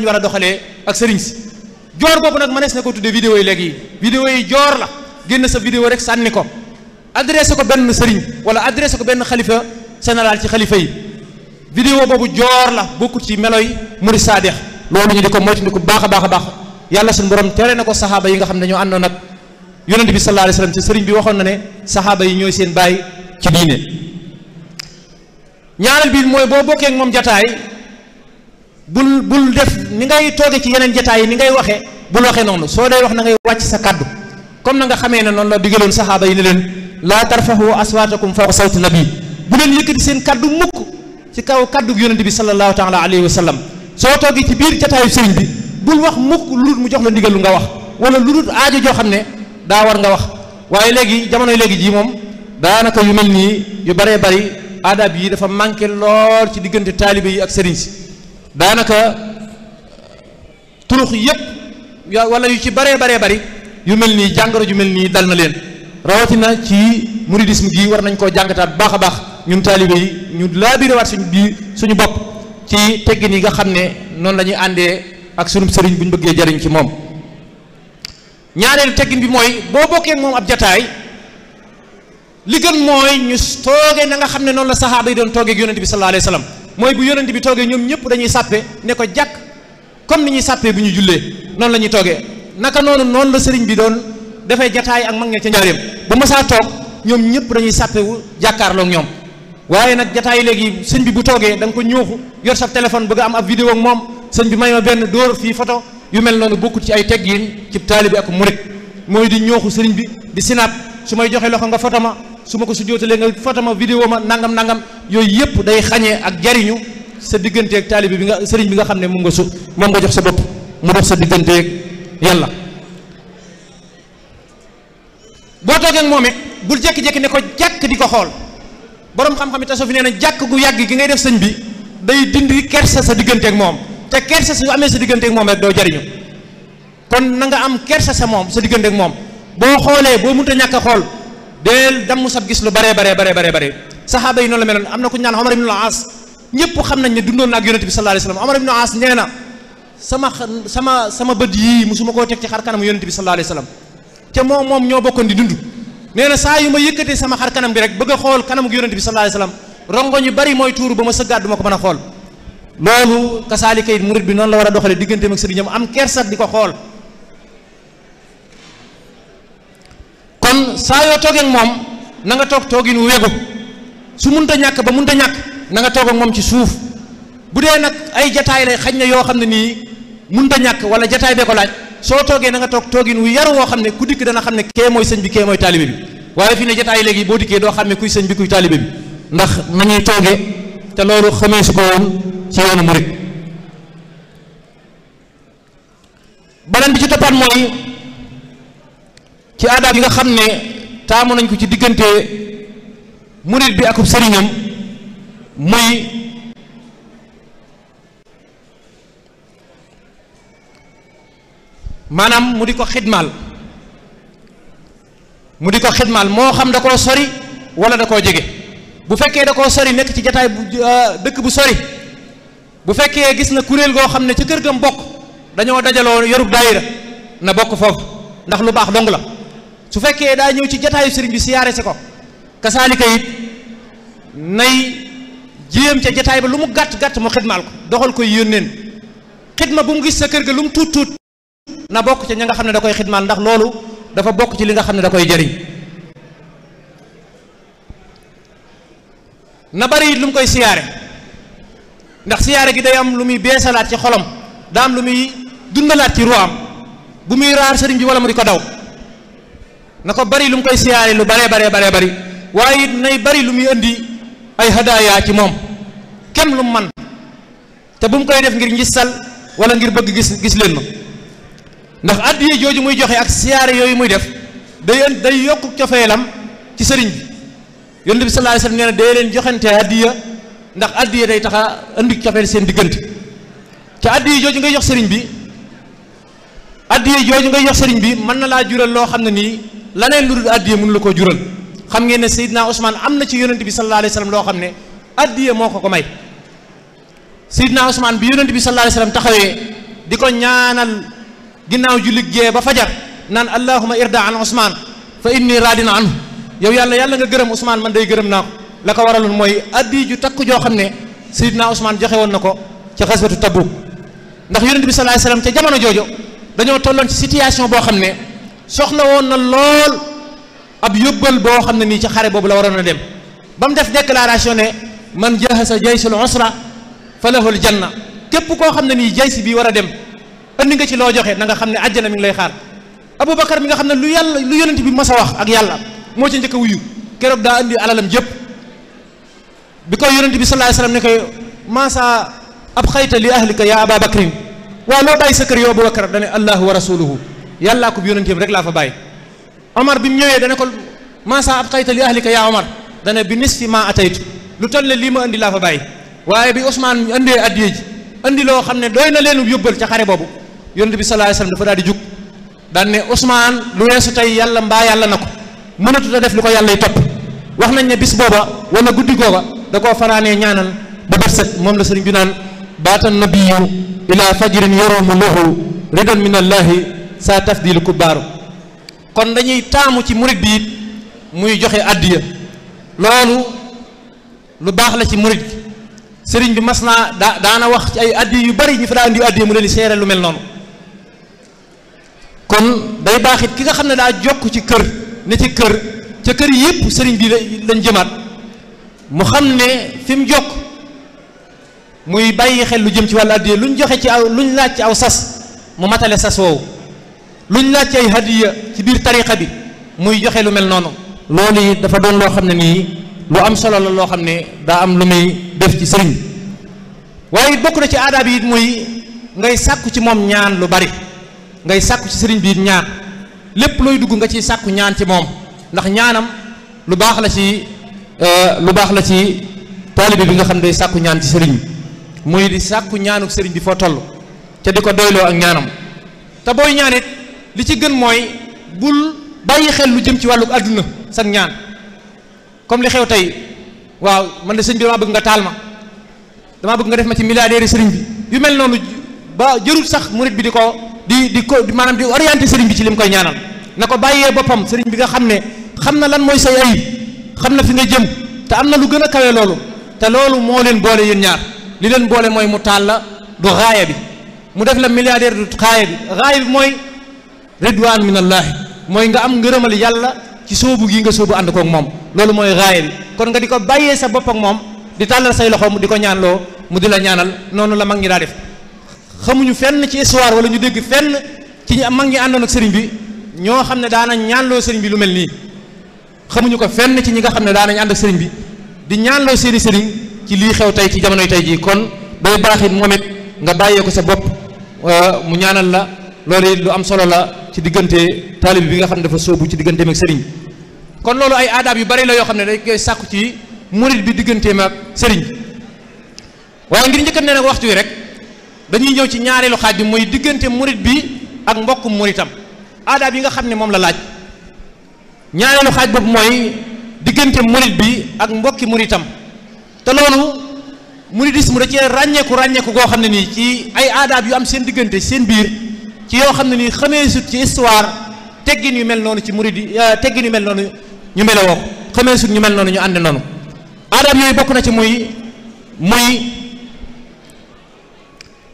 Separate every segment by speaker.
Speaker 1: lañ war a doxalee ak sëriñ si joor boobu nag mënees na ko tudde vidéo yi léegi vidéo yi joor la génn sa vidéo rek sànni ko adressé ko benn sëriñ wala adressé ko benn xalifa général ci xalifa yi vidéo boobu joor la bokkut ci meloy murid saadex loolu ñu di ko moytu di ko baax a baax a baax yàlla suñu borom tere na ko saxaaba yi nga xam ne ñoo àndoon ak yonent bi sallallahu alayhi wasallam sëriñ bi waxoon na ne saxaaba yi ñooy seen baay ci diine ñaareel bi mooy boo moom jataay bul bul def ni ngay tooge ci yeneen jataay yi ni ngay waxee bul waxee noonu soo dee wax na ngay wàcc sa kàddu comme na nga xamee ne noonu la digaloon saxaaba yi ne leen laa tarfahu aswaatakum fawqa sawti nabi bu leen yëkkati seen kàddu mukk ci kaw kàddu yonente bi sallallahu taala alayhi wa sallam soo toogee ci biir jataayu sëriñ bi bul wax mukk lu dul mu jox la ndigal lu nga wax wala lu dul aajo joo xam ne daa war nga wax waaye léegi jamono léegi jii moom daanaka yu mel nii yu baree bari adab yi dafa manqué lool ci diggante taalibe yi ak sëriñ si daanaka turux yépp wala yu ci baree bare bari yu mel nii jàngoro ju mel nii dal na leen rawatina ci muridisme gi war nañ koo jàngataat baax a baax ñun taalibe yi ñu laa biirawaat suñu bii suñu bopp ci teggin yi nga xam ne noonu la ñuy àndee ak sunu sëriñ bu ñu bëggee jariñ ci moom ñaareelu teggin bi mooy boo bokkee moom ab jataay li gën mooy ñu toogee na nga xam ne noonu la saxaaba yi doon toogee ak bi sallallahu alayhi wa mooy bu yonent bi toogee ñoom ñëpp dañuy sàppe ne ko jàkk comme ni ñuy sàppee bu ñu jullee noonu la ñuy toogee naka noonu noonu la sëriñ bi doon dafay jataay ak mag ña ca njaareem bu masaa toog ñoom ñëpp dañuy sàppewu jàkkaarlook ñoom waaye nag jataay léegi sëñ bi bu toogee da nga ko ñuuxu yor sa téléphone bëgg am ab vidéo ak moom sëñ bi may ma benn dóor fii foto yu mel noonu bokkut ci ay teggiin ci taalibe ak murit mooy di ñooxu sëriñ bi di sinaab su may joxe loxo nga su ma ko sujjootalee nga foto ma vidéo ma nangam nangam yooyu yëpp day xañee ak jariñu sa digganteeg taalibe bi nga sëriñ bi nga xam ne moom nga su moom nga jox sa bopp mu dox sa digganteeg yàlla boo toogee ak moom it bul jékki-jékki ne ko jàkk di ko xool boroom xam-xam it tasawuf nee na jàkk gu yàgg ki ngay def sëñ bi day dindi kersa sa digganteeg moom te kersa su amee sa digganteeg moom rek doo jariñu kon na nga am kersa sa moom sa digganteeg moom boo xool deel damm sab gis lu bare bare bare bare bare saxaaba yi noonu la meloon am na ku ñaan naan Omar ibnul Aas ñëpp xam nañ ne dundoon na ak yonent bi sallallahu alayhi wasallam Omar ibnul Aas sama sama sama bët yii musuma koo teg ci xar kanam yonent bi sallallahu alayhi wasallam te moom moom ñoo bokkoon di dund nee na saa yu ma yëkkatee sama xar kanam bi rek bëgg a xool kanamu yonent bi sallallahu alayhi wasallam rongoñ yu bari mooy tuuru ba ma sëggaat du ma ko mën a xool loolu kasaalika it murid bi noonu la war a doxale digganteem ak sëriñam am kersak di ko xool kon saa yoo toogee moom na nga toog toogin wu wegu su mun ta ñàkk ba mun ta ñàkk na nga toog moom ci suuf bu dee nag ay jataay lay xaj na yoo xam ne nii mun ta ñàkk wala jataay bee ko laaj soo toogee na nga toog toogin wu yaru woo xam ne ku dikk dana xam ne kee mooy sëñ bi kee mooy taalibe bi waaye fi ne jataay léegi boo dikkee doo xam ne kuy sëñ bi kuy taalibe ndax nañuy tooge te loolu xamee su ko woon ci yoonu murit beneen bi ci toppaat mooy ci aadaab bi nga xam ne taamu nañ ko ci diggante murit bi akub sëriñam muy maanaam mu di ko xidmaal mu di ko xidmaal moo xam da koo sori wala da koo jege bu fekkee da koo sori nekk ci jataay bu euh, dëkk bu sori bu fekkee gis na kuréel goo xam ne ci kër gam bokk dañoo dajaloo yorub daayira na bokk foofu ndax lu baax dong la su fekkee daa ñëw ci jataayu sëriñ bi siyaare si ko kasaalika it nay jéem ca jataay ba lu mu gàtt gàtt mu xidmaal ko doxal koy yónneen xidma bu mu gis sa kër ga lu mu tuut tuut na bokk ca ña nga xam ne da koy xidmaal ndax loolu dafa bokk ci li nga xam ne da koy jariñ na bari it lu mu koy siyaare ndax siyaare gi day am lu muy beesalaat ci xolom daa am lu muy dundalaat ci ruwaam bu muy raar sëriñ bi wala mu di ko daw na ko bari lu mu koy siyaare lu baree baree baree bari waaye it nay bari lu muy indi ay hadaaya ci moom kem lu man te bu mu koy def ngir sal wala ngir bëgg gis gis leen ma ndax addiye jooju muy joxe ak siyaare yooyu muy def day ënd day yokku cofeelam ci sëriñ bi yonent bi sallallahu alayhi wasallam nee na day leen joxante addiya ndax addiya day taxa indi cofeel seen diggante ca addiya jooju ngay jox sëriñ bi addiya jooju ngay jox sëriñ bi mën na laa jural loo xam ne nii laneen lu dul addiye mënu la koo jural xam ngeen ne Seydina Ousmane am na ci yonent bi sallallahu alayhi wasallam loo xam ne addiye moo ko ko may Seydina Ousmane bi yonent bi sallallahu alayhi taxawee di ko ñaanal ginnaaw ju liggéey ba fajar naan allahuma irda an Ousmane fa inni radina anhu yow yàlla yàlla nga gërëm Ousmane man day gërëm naa ko la ko waraloon mooy addi ju takk joo xam ne Seydina Ousmane joxe woon na ko ca xaswatu Tabuk ndax yonent bi sallallahu ca jamono joojo dañoo boo xam ne soxla woon na lool ab yóbbal boo xam ne nii ci xare boobu la waroon a dem ba mu def déclaration ne man jahasa jaysul usra falahul janna képp koo xam ne nii jaysi bii war a dem andi nga ci loo joxe na nga xam ne àjjana mi ngi lay xaar Aboubacar bi nga xam ne lu yàlla lu yonent bi mas a wax ak yàlla moo ci njëkk a wuyu keroog daa andi alalam jëpp bi koy yonent bi sallallahu alayhi wasallam ne koy maasa ab xayta li ahlika ya aba bakrin waaw loo bàyyi sa kër yow Aboubacar dane allahu wa yàllaa ko bi yonenteem rek laa fa bàyyi omar bi mu ñëwee dana ko maasa ab xayta li ahlika yaa omar dana bi nisfi ma ataytu lu toll lii ma indi laa fa bàyyi waaye bi Ousmane indee addiye ji indi loo xam ne doy na leen yóbbal ca xare boobu yonent bi sallallahu alayhi dafa daal di jug daan ne Ousmane tey yàlla mbaa yàlla na ko mënatu ta def lu ko yàlla yi wax nañ ne bis booba wala guddi googa da koo fanaanee ñaanal ba bët set moom la sëriñ bi naan baatan nabiyu ila fajrin yarumu lahu ridan min allahi saa tafdilu ku baaru kon dañuy taamu ci murit bi it muy joxe addiya loolu lu baax la ci murit bi sëriñ bi mas naa daa daana wax ci ay addiya yu bari ñu fa daa andi addiya mu leen seere lu mel noonu kon day baax ki nga xam ne daa jokk ci kër ne ci kër ca kër yëpp sëriñ bi lañ jëmaat mu xam ne fi mu jokk muy bàyyi xel lu jëm ci wàllu addiya luñ joxe ci aw luñ laaj ci aw sas mu matale sas woowu luñ laaj ci ay hadiya ci biir tariqa bi muy joxe lu mel noonu loolu yi dafa doon loo xam ne nii lu am solo la loo xam ne daa am lu muy def ci sëriñ waaye it bokk na ci aadaab yi it muy ngay sàkku ci moom ñaan lu bari ngay sàkku ci sëriñ bi it lépp looy dugg nga ciy sàkku ñaan moom ndax ñaanam lu baax la ci euh, lu baax la ci taalibe bi nga xam ne day sàkku ñaan sëriñ bi muy di sàkku ñaanu sëriñ bi foo toll ca di ko doyloo ak ñaanam te booy ñaan li ci gën mooy bul bàyyi xel lu jëm ci wàllu àdduna sag ñaan comme li xew tey waaw man de sëñ bi damaa bëgg nga taal ma damaa bëgg nga def ma ci milliardaire sëriñ bi yu mel noonu ba jërul sax murit bi di ko di di ko maanaam di orienté sëriñ bi ci li mu koy ñaanal na ko bàyyee boppam sëriñ bi nga xam ne xam na lan mooy say ayib xam na fi nga jëm te am na lu gën a kawe loolu te loolu moo leen boole yéen ñaar li leen boole mooy mu taal la du raaya bi mu def la milliardaire ridwaan minallaahi mooy nga am ngërëmal yàlla ci sóobu gi nga sóobu ànd kook moom loolu mooy raaya bi kon nga di ko bàyyee sa bopp ak moom di tàllal say loxo di ko ñaanloo mu di la ñaanal noonu la mag ñi daa def xamuñu fenn ci histoire wala ñu dégg fenn ci mag ñi àndoon ak sëriñ bi ñoo xam ne daanañ ñaanloo sëriñ bi lu mel nii xamuñu ko fenn ci ñi nga xam ne daanañ ànd ak sëriñ bi di ñaanloo seeni sëriñ ci lii xew tey ci jamonoy tey jii kon day baaxit moom nga bàyyee ko sa bopp euh, mu ñaanal la loolu it lu am solo la ci diggante taalib bi nga xam ne dafa sóobu ci digganteem ak sëriñ kon loolu ay aadaab yu bari la yoo xam ne dañ koy sàkku ci murid bi digganteem ak sëriñ waaye ngir njëkkat ne nag waxtu wi rek dañuy ñëw ci ñaareelu xaaj bi mooy diggante murid bi ak mbokkum muritam aadaab yi nga xam ne moom la laaj ñaareelu xaaj boobu mooy diggante murid bi ak mbokki muritam te loolu muridisme da cee ràññeeku ràññeeku goo xam ne nii ci ay aadaab yu am seen diggante seen biir ci yoo xam ne nii xamee sut ci histoire teggin yu mel noonu ci murid yi euh, teggin yu mel noonu ñu meloo ko xamee sut ñu mel noonu ñu ànd noonu aadab yooyu bokk na ci mooy muy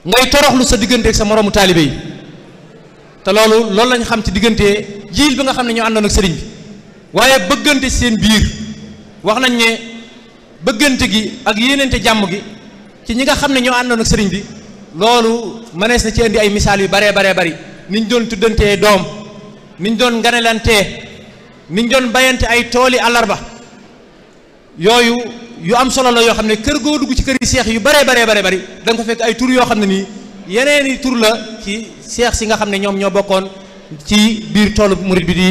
Speaker 1: ngay toroxlu sa diggante sa moroomu taalibe yi te loolu loolu lañ xam ci diggante jiil bi nga xam ne ñu àndoon ak sëriñ bi waaye bëggante seen biir wax nañ ne bëggante gi ak yéenante jàmm gi ci ñi nga xam ne ñoo àndoon ak sëriñ bi loolu mënees na ci indi ay misaal yu baree baree bari niñ doon tuddantee doom niñ doon nganelantee niñ doon bayante ay tooli àllarba yooyu yu am solo la yoo xam ne kër goo dugg ci kër yi seex yu baree baree baree bari da nga ko fekk ay tur yoo xam ne nii yeneen i tur la ci seex si nga xam ne ñoom ñoo bokkoon ci biir toolu murit bi di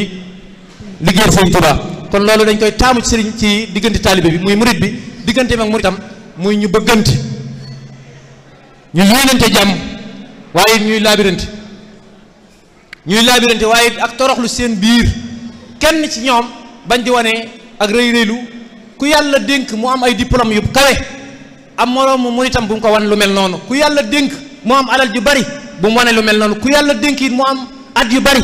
Speaker 1: liggéeyal sëriñ Tuubaa kon loolu dañ koy taamu ci sëriñ ci diggante taalibe bi muy murit bi digganteem ak muritam muy ñu bëggante ñu yéenante jàmm waaye ñuy laabirante ñuy laabirante waaye ak toroxlu seen biir kenn ci ñoom bañ di wane ak rëy rëylu ku yàlla dénk mu am ay diplôme yu kawe am moroom mu itam bu mu ko wan lu mel noonu ku yàlla dénk mu am alal ju bari bu mu wane lu mel noonu ku yàlla dénk it mu am at yu bari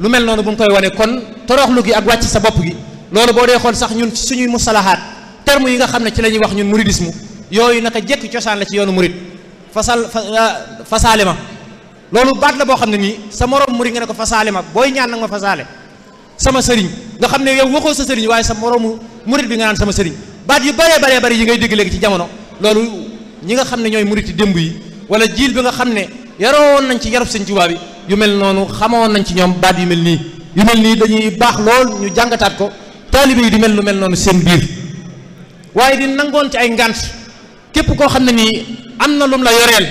Speaker 1: lu mel noonu bu mu koy wane kon toroxlu gi ak wàcc sa bopp gi loolu boo dee xool sax ñun ci suñuy musalahaat terme yi nga xam ne ci la ñuy wax ñun muridisme yooyu naka jekk cosaan la ci yoonu murid fasal fasaale ma loolu baat la boo xam ne nii sa morom murid nga ne ko fasaale ma booy ñaan nag ma fasaale sama sëriñ nga xam ne yow waxoo sa sëriñ waaye sa moromu murid bi nga naan sama sëriñ baat yu bëree baree bëri yi ngay dégg léegi ci jamono loolu ñi nga xam ne ñooy murid démb yi wala jiil bi nga xam ne woon nañ ci yarub sëñ Tuubaa bi yu mel noonu xamoon nañ ci ñoom baat yu mel nii yu mel nii dañuy baax lool ñu jàngataat ko taalibe yi di mel lu mel noonu seen biir waaye di nangoon am na lum la yoreel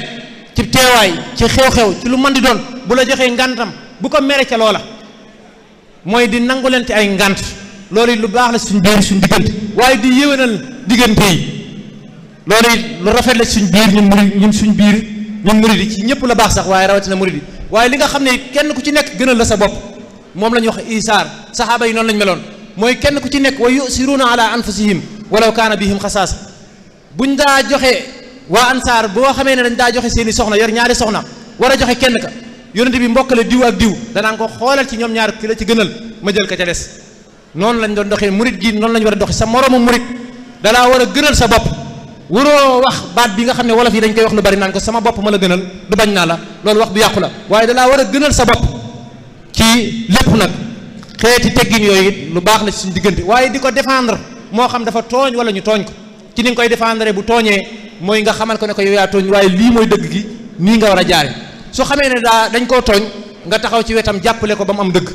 Speaker 1: ci teewaay ci xew-xew ci lu man di doon bu la joxee ngantam bu ko mere ca loola mooy di nangu leen ci ay ngant loolu it lu baax la suñ biir suñ waaye di yéwénal diggante yi lu rafet suñ biir ñun murid ñun suñ biir ñun murid yi ci ñëpp la baax sax waaye rawatina murid yi waaye li nga xam ne kenn ku ci nekk gënal la sa bopp moom la ñuy wax isaar saxaaba yi noonu lañ meloon mooy kenn ku ci nekk wa yusiruuna ala anfusihim walaw kaana bihim xasaasa buñ daa joxe waa ansaar boo xamee ne dañ daa joxe seeni soxna yor ñaari soxna war a joxe kenn ka yonente bi mbokkale diw ak diw danaa ko xoolal ci ñoom ñaar ki la ci gënal ma jël ka ca des noonu lañ doon doxee murit gi noonu lañ war a doxee sa moroomu murit dalaa war a gënal sa bopp waroo wax baat bi nga xam ne wolof yi dañ koy wax lu bari naan ko sama bopp ma la gënal du bañ naa la loolu wax bu yàqu la waaye dalaa war a gënal sa bopp ci lépp nag xeeti teggin yooyu lu baax la ci suñu diggante waaye di ko défendre moo xam dafa tooñ wala ñu tooñ ci ni nga koy défendre bu tooñee mooy nga xamal ko ne ko yow yaa tooñ waaye lii mooy dëgg gi nii nga war a jaare su xamee ne daa dañ koo tooñ nga taxaw ci wetam jàppale ko ba mu am dëgg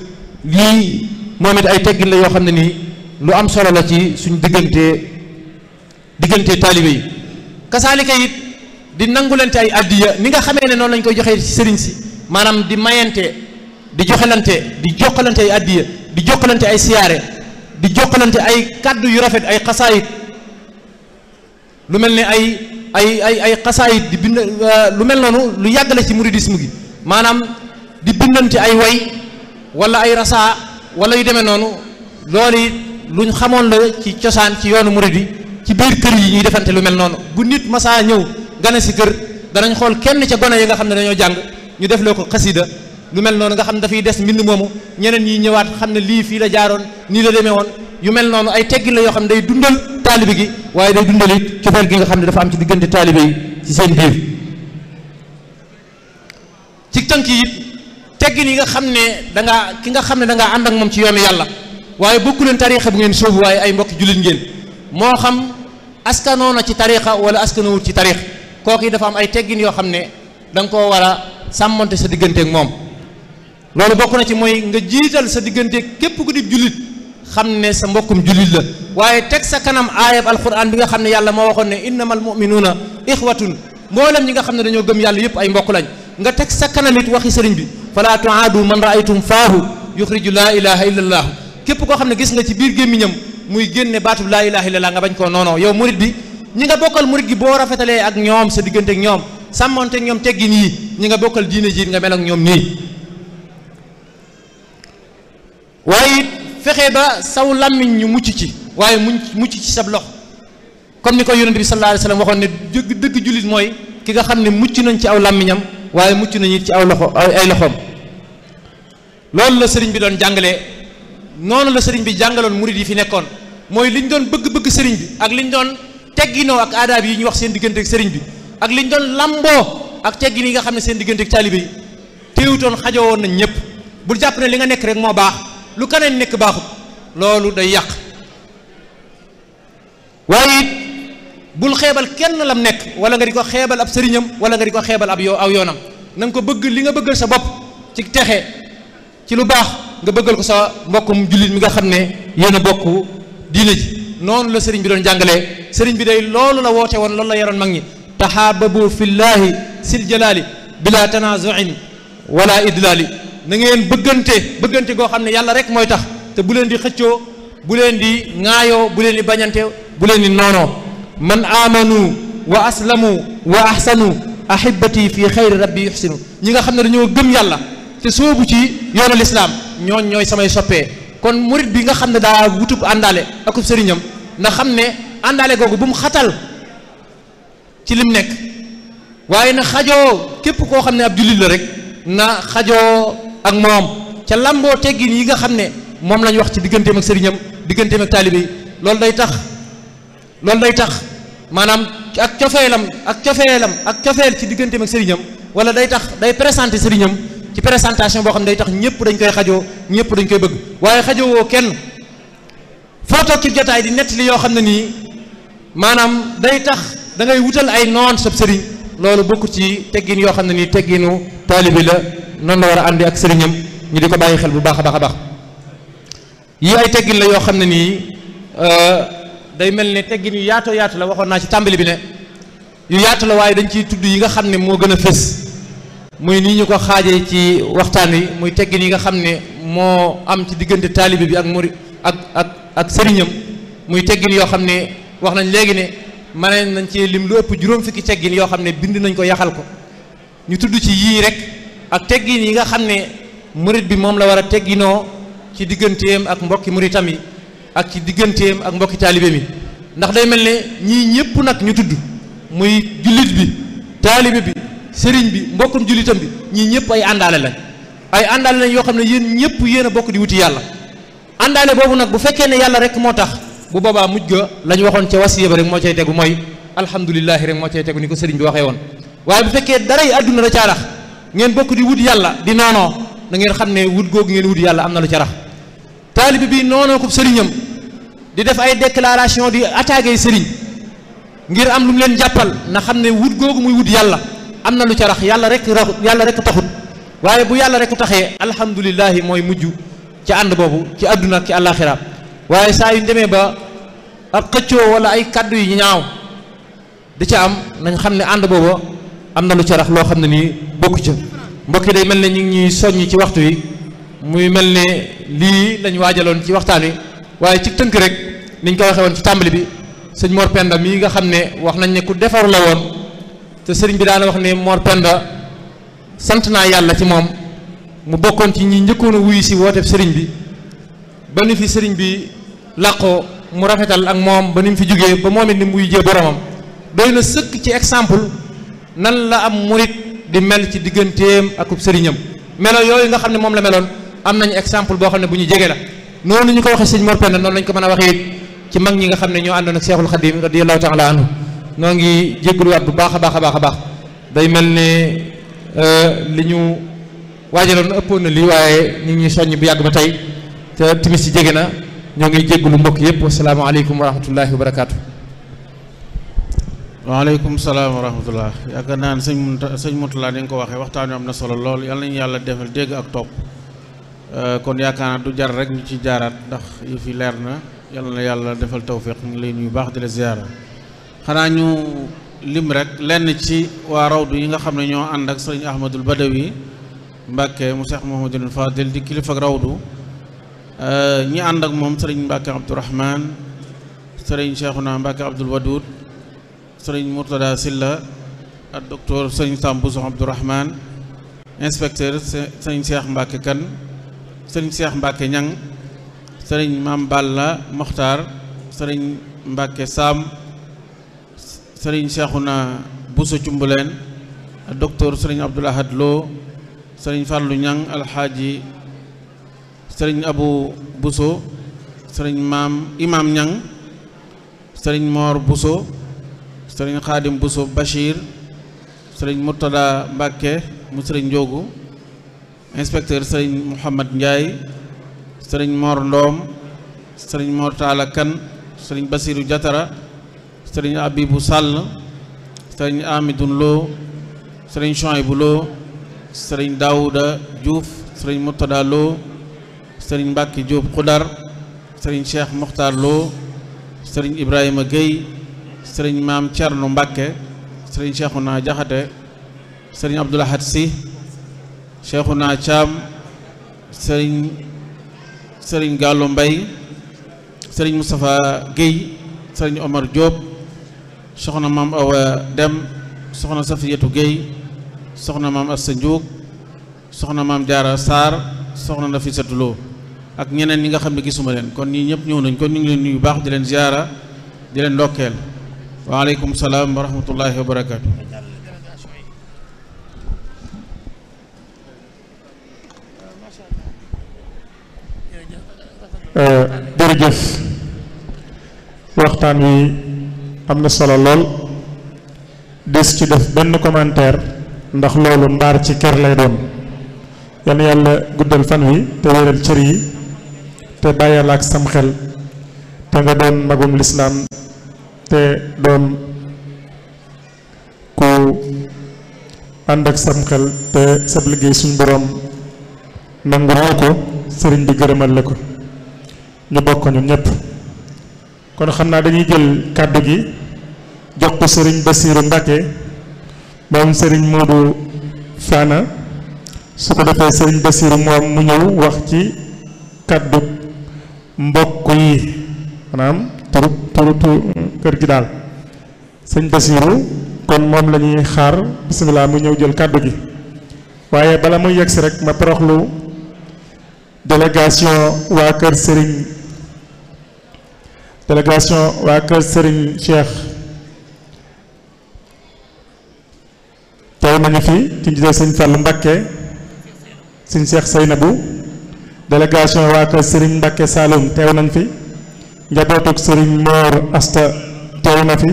Speaker 1: lii moo it ay teggin la yoo xam ne nii lu am solo la ci suñ diggante diggante taalibe yi kasaalika it di nangulante ay addiya ni nga xamee ne noonu lañ koy joxee ci sëriñ si maanaam di mayante di joxelante di jokkalante ay addiya di jokkalante ay siyaare di jokkalante ay kàddu yu rafet ay xasaayit lu mel ni ay ay ay ay xasaayit di bind euh, lu mel noonu lu yàgg la ci muridisme gi maanaam di bindante ay woy wala ay rasaa wala yu demee noonu loolu lu ñu xamoon la ci cosaan ci yoonu murid yi ci biir kër yi ñuy defante lu mel noonu bu nit masaa ñëw gane si kër danañ xool kenn ca gone yi nga xam ne dañoo jàng ñu def loo ko xasida lu mel noonu nga xam ne dafay des mbind moomu ñeneen ñi ñëwaat xam ne lii fii la jaaroon nii la demee woon yu mel noonu ay teggin la yoo xam ne day dundal taalibe gi waaye day dundal it cofeel gi nga xam ne dafa am ci diggante taalibe yi ci seen biir ci tënk yi teggin yi nga xam ne da ngaa ki nga xam ne da ngaa ànd ak moom ci yoonu yàlla waaye bokku leen tariixa bu ngeen sóobu waaye ay mbokki jullit ngeen moo xam askanoo na ci tariixa wala askanoowul ci tariix kooku yi dafa am ay teggin yoo xam ne danga nga koo war a sàmmante sa digganteek moom loolu bokk na ci mooy nga jiital sa digganteeg képp ku di jullit xam ne sa mbokkum jullit la waaye teg sa kanam aayab alquran bi nga xam ne yàlla moo waxoon ne innamal muminuuna ixwatun mboolem ñi nga xam ne dañoo gëm yàlla yëpp ay mbokk lañ nga teg sa kanamit it waxi sëriñ bi fala tuaadu man raaytum faahu yuxriju laa ilaha illa allaahu képp koo xam ne gis nga ci biir gémmiñam muy génne baatub laa ilaha illa allah nga bañ koo noonoo yow murit bi ñi nga bokkal murit gi boo rafetalee ak ñoom sa diggante ñoom sàmmonte ak ñoom teggin yi ñi nga bokkal diine ji nga mel ak ñoom nii fexe ba saw làmmiñ ñu mucc ci waaye mucc mucc ci sab lox comme ni ko yonent bi sallallahu waxoon ne dëgg dëgg jullit mooy ki nga xam ne mucc nañ ci aw làmmiñam waaye mucc nañu ci aw loxo ay loxoom loolu la sëriñ bi doon jàngalee noonu la sëriñ bi jàngaloon murid yi fi nekkoon mooy liñ doon bëgg-bëgg sëriñ bi ak liñ doon tegginoo ak aadaab yi ñu wax seen diggante sëriñ bi ak liñ doon làmboo ak teggin yi nga xam ne seen diggante ak taalibe yi téewutoon xajoo woon nañ ñëpp bul jàpp ne li nga nekk rek moo baax lu keneen nekk baaxut loolu day yàq waaye it bul xeebal kenn la mu nekk wala nga di ko xeebal ab sëriñam wala nga di ko xeebal ab yoo aw yoonam na ko bëgg li nga bëggal sa bopp ci texe ci lu baax nga bëggal ko sa mbokkum jullit mi nga xam ne yéen a bokk diine ji noonu la sëriñ bi doon jàngalee sëriñ bi day loolu la woote woon loolu la yaroon mag ñi taxaababu fillahi sil jalaali bila tanazuin wala idlaali na ngeen bëggante bëggante goo xam ne yàlla rek mooy tax te bu leen di xëccoo bu leen di ŋaayoo bu leen di bañante bu leen di noonoo man amanu wa aslamu wa ahsanu ahibati fi xayri rabbi yuxsinu ñi nga xam ne dañoo gëm yàlla te soobu ci yoonu lislaam ñooñ ñooy samay soppee kon murit bi nga xam ne daa wutub àndaale akub sëriñam na xam ne àndaale googu bu mu xatal ci lim nekk waaye na xajoo képp koo xam ne ab jullit la rek na xajoo ak moom ca làmboo teggin yi nga xam ne moom lañ wax ci digganteem ak sëriñam digganteem ak taalibe yi loolu day tax loolu day tax maanaam ak cofeelam ak cofeelam ak cofeel ci digganteem ak sëriñam wala day tax day présenté sëriñam ci présentation boo xam ne day tax ñëpp dañ koy xajoo ñëpp dañ koy bëgg waaye xajoo woo kenn foo toog ci jotaay di nettali yoo xam ne nii maanaam day tax da ngay wutal ay noon sab sëriñ loolu bokk ci teggin yoo xam ne nii tegginu taalibe la noonu la war a àndi ak sëriñam ñu di ko bàyyi xel bu baax a baax a baax yi ay teggin la yoo xam ne nii euh, day mel ne teggin yu yaato yaatu la waxoon naa ci tàmbali bi ne yu yaatu la waaye dañ ciy tudd yi nga xam ne moo gën a fës muy nii ñu ko xaajee ci waxtaan wi muy teggin yi nga xam ne moo am ci diggante taalibe bi ak muri ak ak ak muy teggin yoo xam ne wax nañ léegi ne mën nañ cee lim lu ëpp juróom fukki teggin yoo xam ne bind nañ ko yaxal ko ñu tudd ci yii rek ak teggin yi nga xam ne murit bi moom la war a tegginoo ci digganteem ak mbokki muritam yi ak ci digganteem ak mbokki taalibe mi ndax day mel ne ñii ñëpp nag ñu tudd muy jullit bi taalibe bi sëriñ bi mbokkum jullitam bi ñii ñëpp ay àndaale lañ ay àndaale lañ yoo xam ne yéen ñëpp yéen a bokk di wuti yàlla àndaale boobu nag bu fekkee ne yàlla rek moo tax bu boobaa mujj ga la ñu waxoon ca wasiya ba rek moo cay tegu mooy alhamdulilahi rek moo tegu ni ko sëriñ bi waxee woon ngeen bokk di wut yàlla di naanoo na ngeen xam ne wut googu ngeen wut yàlla am na lu ca rax taalibe bi noonoo ko sëriñam di def ay déclaration di attaqué sëriñ ngir am lu mu leen jàppal na xam ne wut googu muy wut yàlla am na lu ca yàlla rek yàlla rek taxut waaye bu yàlla rek taxee alhamdulilahi mooy mujj ci ànd boobu ci àdduna ak ci àllaaxira waaye saa yu demee ba ab xëccoo wala ay kàddu yu ñaaw di ca am nañ xam ne ànd booba am na lu ca loo xam ne nii bokku ca mbokk yi day mel ne ñi ngi ñuy soññ ci waxtu wi muy mel ne lii lañ waajaloon ci waxtaan wi waaye ci tënk rek niñ ko waxee ci tàmbali bi sëñ Mor Penda nga xam ne wax nañ ne ku defaru la woon te sëriñ bi daana wax ne Mor sant naa yàlla ci moom mu bokkoon ci ñu njëkkoon a wuyu si wooteef sëriñ bi ba ni fi sëriñ bi làqoo mu rafetal ak moom ba ni fi jógee ba moom it ni mu wuyjee boromam doy na sëkk ci exemple nan la am murit di mel ci digganteem akub sëriñam melo yooyu nga xam ne moom la meloon am nañu exemple boo xam ne bu ñu jege la noonu ñu ko waxee sëñ Mor Penda noonu lañ ko mën a waxee it ci mag ñi nga xam ne ñoo àndoon ak Seexul Xadim radiyallahu taala anhu noo ngi jégaluwaat bu baax a baax a baax a baax day mel ne euh, li ñu waajaloon ëppoon na lii waaye ñu ngi soññ bu yàgg ba tey te timis ci jege na
Speaker 2: ñoo ngi jégalu mbokk yëpp wasalaamaaleykum wa rahmatullahi wa barakaatu. waaleykum salaam wa rahmatullah yaakaar naa ne sëñ Munta sëñ Muntala ni nga ko waxee waxtaan wi am na solo lool yal nañu yàlla defal dégg ak topp euh, kon yaakaar naa du jar rek ñu ci jaaraat ndax yu fi leer na yàlla na yàlla defal tawfiq ñu ngi lay nuyu baax di la xanaa ñu lim rek lenn ci waa yi nga xam ne ñoo ànd ak sëñ Ahmadul Badawi Mbàkke mu Cheikh Mouhamadul Fadil di kilifa ak rawdu euh, ñi ànd ak moom sëriñ Mbàkke Abdourahman sëriñ Cheikhuna Mbàkke Abdoul Wadoud sëriñ Mourtada Silla ak docteur sëriñ Samb Bousso Abdourahmane inspecteur sëriñ Cheikh Mbacke Kane sëriñ Cheikh Mbacke Ñang sëriñ Mame Balla Mokhtar sëriñ Mbacke Sam sëriñ Cheikhouna Bousso Cumbuleen ak docteur sëriñ Abdoul Ahad Lo sëriñ Fallou Ñang alxaaji sëriñ Abou Bousso sëriñ maam Imam Ñang sëriñ Mor Bousso sëriñ xaadim Bousso Bachir sëriñ Murtada Mbàkke mu sëriñ Njoogu inspecteur sëriñ Mouhamad Ndiaye sëriñ Mor Ndoom sëriñ Mor Kan sëriñ Basiru Jatara sëriñ Abibu Sàll sëriñ Amidun Lo sëriñ Chouaïbou Lo sëriñ Daouda Diouf sëriñ Murtada Lo sëriñ Mbàkke Diop Xudar sëriñ Cheikh Mokhtar Lo sëriñ Ibrahima Gueye sëriñ maam Thierno Mbacke sëriñ naa jaxate sëriñ Abdoul si Sy naa Thiam sëriñ sëriñ Gallo mbay sëriñ Moustapha Guèye sëriñ Omar Diop soxna maam Awa Dem soxna Safiyetu Guèye soxna maam Assa Ndiouk soxna maam Diarra Sarr soxna Nafissatou Lo ak ñeneen ñi nga xam ne gisuma leen kon ñii ñëpp ñëw nañ kon ñu ngi leen nuyu baax di leen ziyaara di leen ndokkeel waaleykum salaam wa rahmatullahi wa
Speaker 3: eh, waxtaan wi am na solo lool des ci def benn commentaire ndax loolu mbaar ci kër lay doon yal yàlla guddal fan wi te wéral cër yi te bàyyal ak sam xel te nga doon magum lislaam te doon ku ànd ak sam te sab liggéey suñu boroom nangu loo ko sëriñ bi gërëmal la ko ñu bokk ñun ñëpp kon xam naa dañuy jël kàddu gi jox ko sëriñ Basiiru Mbàkke moom sëriñ Moodu Faana su ko defee sëriñ Basiiru moom mu ñëw wax ci kàddu mbokk yi maanaam turub turutu kër gi daal sëñ Basiiru kon moom la ñuy xaar bisimilah mu ñëw jël kàddu gi waaye bala muy yegsi rek ma poroxlu délégation waa kër sëriñ délégation waa kër sëriñ Cheikh teew nañu fi ci njiital sëñ Fall Mbakke sëñ Cheikh Seynabou délégation waa kër sëriñ Mbakke Saloum teew nañ fi njabootug sëriñ Mor Asta teew na fi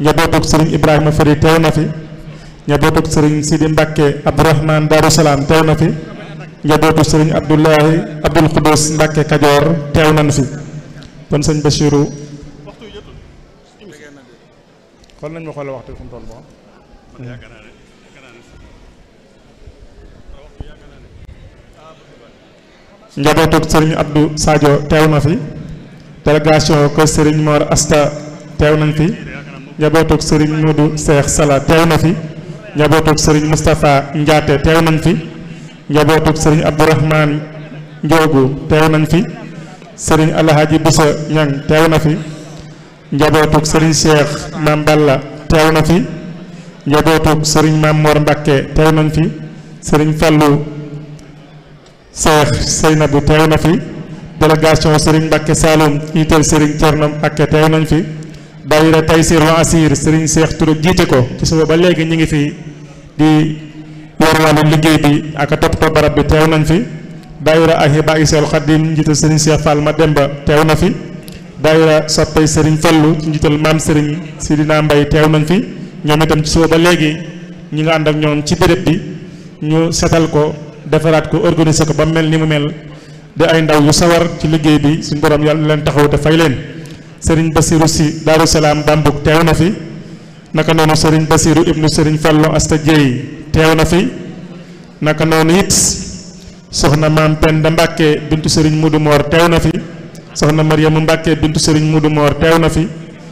Speaker 3: njabootug sëriñ Ibrahima Fari teew na fi njabootug sëriñ Sidi Mbacke Abdourahman Darou teew na fi njabootu sëriñ Abdoulahi Abdoul Khoudous Mbacke Kajoor teew nañ fi kon sëñ Bachirou xool nañ ma xool sëriñ Abdou Sadio teew na fi délégation ko Serigne Mor Asta teew nañ fi njabootuk Serigne Modou Cheikh Sala teew na fi njabootuk Serigne Moustapha Ndiaté teew nañ fi njabootuk sëriñ Abdourahmane Ndiogu teew nañ fi Serigne Alhaji Boussa Niang teew na fi njabootuk Serigne Cheikh Mame Balla teew na fi njabootuk Serigne Mame Mor Mbacké teew nañ fi Serigne Fallou Cheikh Seynabou teew na fi délégation Serigne Mbacke Saloum iital Serigne Thierno ak teew nañ fi tey Taysir wa Asir Serigne seex Touré jiite ko ci suba ba léegi ñu ngi fi di yor wàllu liggéey bi ak a toppatoo barab bi teew nañ fi daayira Ahiba Isel Khadim njiital Serigne Cheikh Fall Mademba teew na fi daayira soppay Serigne Fallu ci njiital maam Serigne Sidina mbay teew nañ fi ñoom itam ci suba ba léegi ñi nga ànd ak ñoom ci béréb bi ñu setal ko defaraat ko organiser ko ba mu mel ni mu mel. di ay ndaw yu sawar ci liggéey bi suñ boroom yàlla leen taxaw te fay leen sëriñ Basiru si Daaru Salaam Bambuk teew na fi naka noonu sëriñ Basiru sëriñ Fallu Asta Jeey teew na fi naka noonu it soxna maam Penda Mbàkke bintu sëriñ Mudu Moor teew na fi soxna Maryamu Mbàkke bintu sëriñ Mudu Moor teew na fi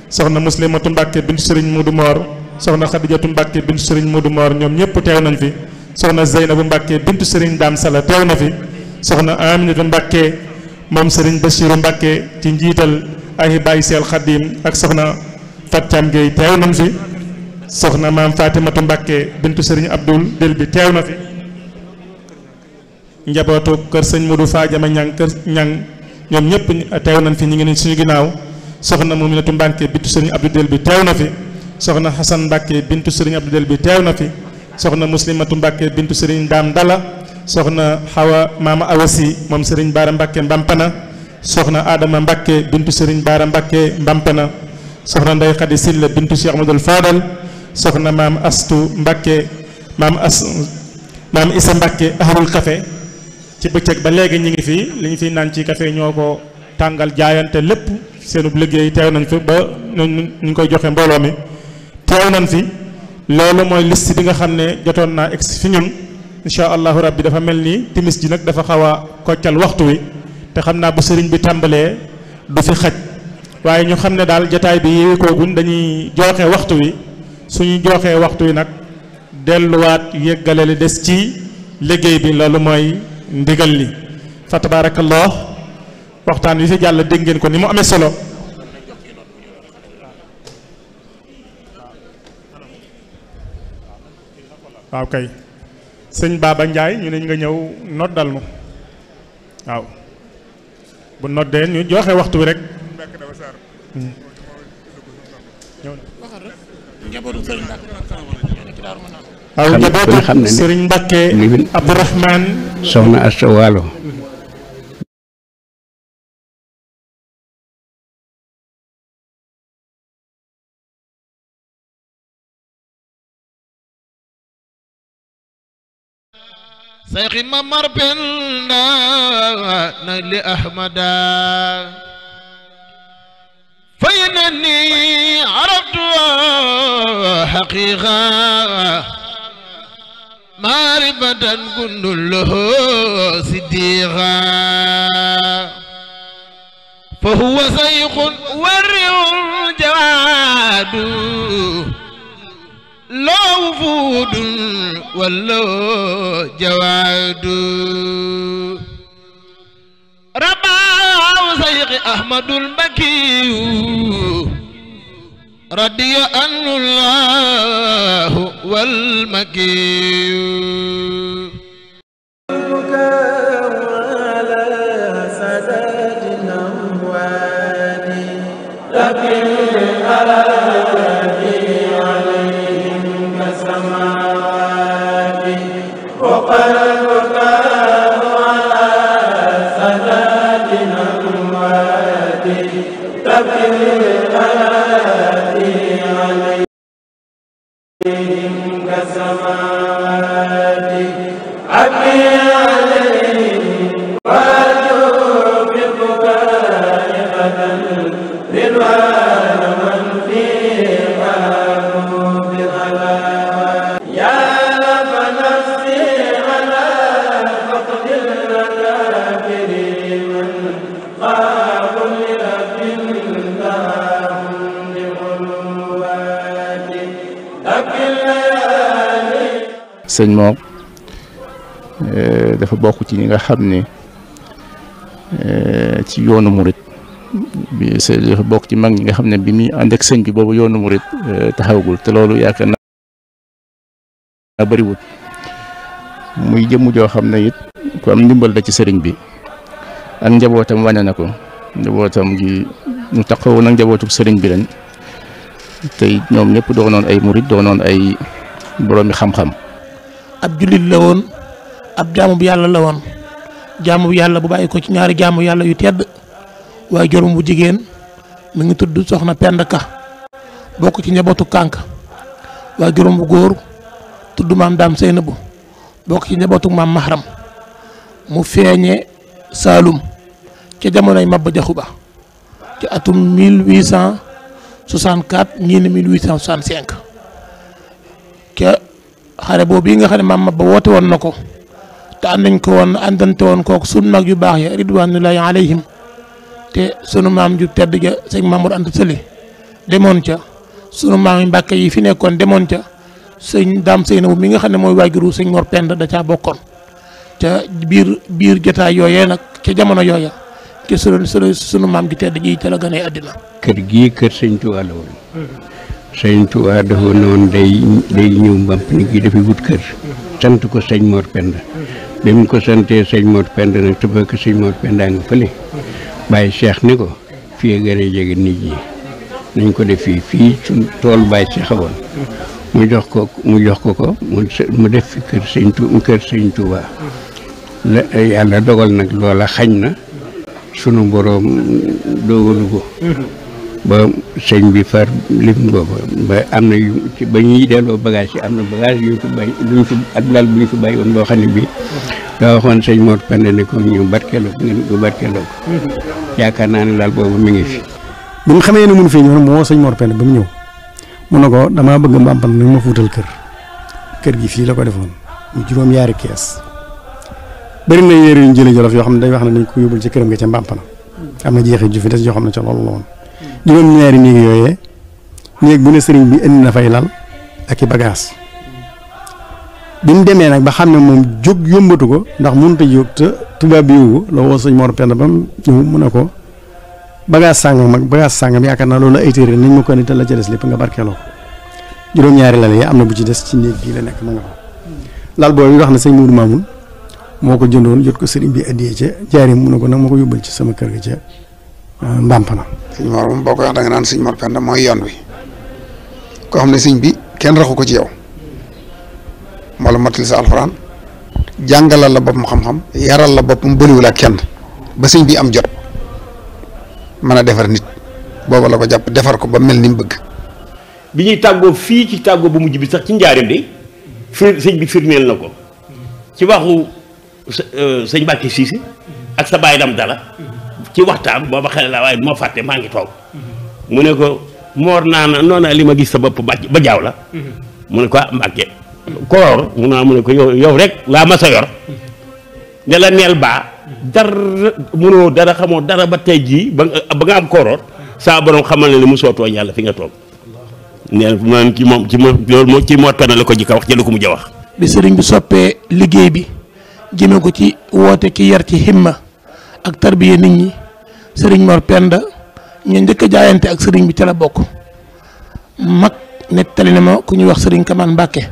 Speaker 3: soxna Muslimatu Mbàkke bintu sëriñ Mudu Moor soxna Xadijatu Mbàkke bintu sëriñ Mudu Moor ñoom ñëpp teew nañ fi soxna Zeynabu mbàkkee bintu sëriñ Daam Sala teew na fi soxna Aminata mbakke moom sëriñ Bassirou Mbàkke ci njiital ay bàyyi seel xaddiim ak soxna Fat Thiam Gueye teew nañ fi soxna maam Fatimatu Mbàkke bintu sëriñ Abdul del bi teew na fi kër sëñ Modou Fadiama ñang kër ñang ñoom ñëpp teew nañ fi ñu ngi ne suñu ginnaaw soxna Muminatu Mbàkke bintu sëriñ Abdul del bi teew na fi soxna Xasan Mbàkke bintu sëriñ Abdul del bi teew na fi soxna Muslimatu Mbàkke bintu sëriñ Daam Dala soxna Xawa Maama Awasi moom Serigne Baara Mbacke Mbampana soxna Adama Mbacke bintu Serigne Baara Mbacke Mbampana soxna Ndeye Khady Silla bintu Cheikh Amadou Fadal soxna maam Astu Mbacke maam as mbakke Issa Mbacke ahlul café ci bëccëg ba léegi ñu ngi fii li ñu fiy naan ci kafe ñoo ko tàngal jaayante lépp seenub liggéey teew nañ fi ba ñu ñu koy joxe mbooloo mi teew nañ fi loolu mooy liste bi nga xam ne jotoon naa egg fi ñun. incha allahu bi dafa mel ni timis ji nag dafa xaw a koccal waxtu wi te xam naa bu sëriñ bi tàmbalee du fi xaj waaye ñu xam ne daal jataay bi yeewi koogun dañuy jooxe waxtu wi suñu jooxee waxtu wi nag delluwaat yëggale li des ci liggéey bi loolu mooy ndigal li fa tabaarakallah waxtaan wi fi jàll dégg ngeen ko ni mu amee solo waaw kay sëñ Baba Ndiaye ñu ne nga ñëw noddal ma waaw bu noddee ñu joxe waxtu wi rek.
Speaker 4: aw njabootu sëriñ Mbakke
Speaker 5: Abdourahman soxna Asta Waalo
Speaker 6: sayxi ma mar penda na li ahmada فإنني عرفت حقيقة معرفة كنت له صديقا فهو سيخ ور جواد loo wufuudun walloo jawaadu rabaaw sayxi ahmadul bakiyu radiya anullahu walmakiyu Rabbi
Speaker 2: sëñ moom
Speaker 3: dafa bokk ci ñi nga xam ni ci yoonu murit
Speaker 2: bi dafa bokk ci mag ñi nga xam ne bi muy ànd ak sëñ bi boobu yoonu murit taxawagul te loolu yaakaar naa bëriwul muy jëmm
Speaker 7: joo xam ne it ku am ndimbal la ci sëriñ bi ak njabootam wane na ko
Speaker 3: njabootam gi ñu taxawoon ak njabootub sëriñ bi lañ tey ñoom ñëpp
Speaker 8: doonoon ay murit doonoon ay boroomi xam-xam.
Speaker 4: ab jullit la woon ab jaamu bu yàlla la woon jaamu bu yàlla bu bàyyi ko ci ñaari jaamu yàlla yu tedd waa juróom bu jigéen mi ngi tudd soxna Penda Ka bokk ci njabootu Kànk waaye juróom bu góor tudd maam Daam Seynabu bokk ci njabootu maam Mahram mu feeñe Saalum ca jamonoy Maba Jaxu Ba ci atum 1864 ñii ne 1865 ca xare boobu yi nga xam ne maam Maba woote woon na ko te àndañ ko woon àndante woon kooku sunu mag yu baax ya ridwanullahi alayhim te sunu maam ju tedd ja sëñ Mamour Anta Sëli demoon ca sunu maam yi Mbàkke yi fi nekkoon demoon ca sëñ Daam Seynabu mi nga xam ne mooy waajuru sëñ Mor Penda da caa bokkoon ca biir biir jotaay yooyee nag ca jamono yooya ca sunu sunu maam ju tedd ji ca la gane àddina
Speaker 9: kër gii kër sëñ Tuubaa
Speaker 4: la
Speaker 9: sëñ Tuubaa
Speaker 8: dafa noonu day day ñëw mbamp ni gi dafay wut kër sant ko sëñ Mor Penda
Speaker 9: bi mu ko santee sëñ Mor Penda te fekk sëñ Mor Penda nga fële bàyyi Cheikh ni ko fii gën a jege nit ñi dañ ko def fii fii suñ tool bàyyi Cheikh woon mu jox ko mu jox ko ko mu def fi kër sëñ Tuubaa yàlla dogal nag loola xañ na sunu boroom dogalu ko ba sëñ bi far lim boobu ba am na yu ci ba ñuy delloo bagage yi am na bagage yu ñu fi bàyyi ñu fi ak lal bu ñu fi bàyyi woon boo xam ne bii mhm.
Speaker 8: daa waxoon señ Mor Penda ne ko ñu barkeeloo ko ngeen mhm. yaakaar naa ne lal boobu mi ngi fi
Speaker 7: bi mu xamee ne mun fii ñëw mu woo sëñ Mor ba mu ñëw mu ne ko damaa bëgg mbàmpan ni ma fuutal kër kër gi fii la ko defoon mu juróom yaari kees bëri na yére yu ñu Jolof yoo xam ne dañ wax na dañ ko yóbbul ci këram nga ca mbàmpana mhm. am na jeexi ju fi yoo xam ne ca loolu la juróom-ñaari néeg yooyee néeg bu ne sëriñ bi indi na fay lal ak i bagaas bi mu demee nag ba xam ne moom jóg yombatu ko ndax mënut a jóg te tubaab yooyu la woo sëñ Mor Penda ba mu ñëw mu ne ko bagaas sàngam mag bagaas sàngam yaakaar naa loolu ma ko la ca lépp nga barkeeloo ko juróom-ñaari lal yi am na bu ci des ci néeg bii la nekk ma nga fa lal boobu wax na sañ Mourou Mamoun moo ko jëndoon jot ko sëriñ bi addiyee ca jaari mu ne ko nag moo ko yóbbal ci sama kër gi ca ndàmp na. sëñ Mor moom boo koy wax da nga naan sëñ Mor mooy yoon wi koo xam ne sëñ bi kenn raxu ko ci yow moo la matal sa alxuraan jàngalal la boppam xam-xam yaral la boppam bëriwul ak kenn ba sëñ bi am jot mën a defar nit booba la ko jàpp defar ko ba mel ni mu bëgg. bi ñuy tàggoo
Speaker 8: fii ci tàggoo bu mujj bi sax ci njaareem de fir sëñ bi firndeel na ko ci waxu euh, sëñ Mbàkke Siise ak sa bàyyi dam dala ci waxtaan booba xale la waaye du ma fàtte maa ngi toog mu ne ko moor naa na noona li ma gis sa bopp bàcc ba jaaw la mu ne ko ah, mbàkke koor mu naa mu ne ko yow yow rek laa ma sa yor la neel baa dara mënoo dara xamoo dara ba tey jii ba nga am kooroor saa xamal ne li mu soo tooñ yàlla fi nga toog neel man ci moom ci moom loolu moo ci moo penn la ko jikka wax jëlu ko mujj wax
Speaker 4: bi sëriñ bi soppee liggéey bi jëme ko ci woote ki yar ci himma ak tarbiye nit ñi sëriñ Mor Penda ñoo njëkk a jaayante ak sëriñ bi ca la bokk mag nettali na ma ku ñuy wax sëriñ Kamaan Mbàkke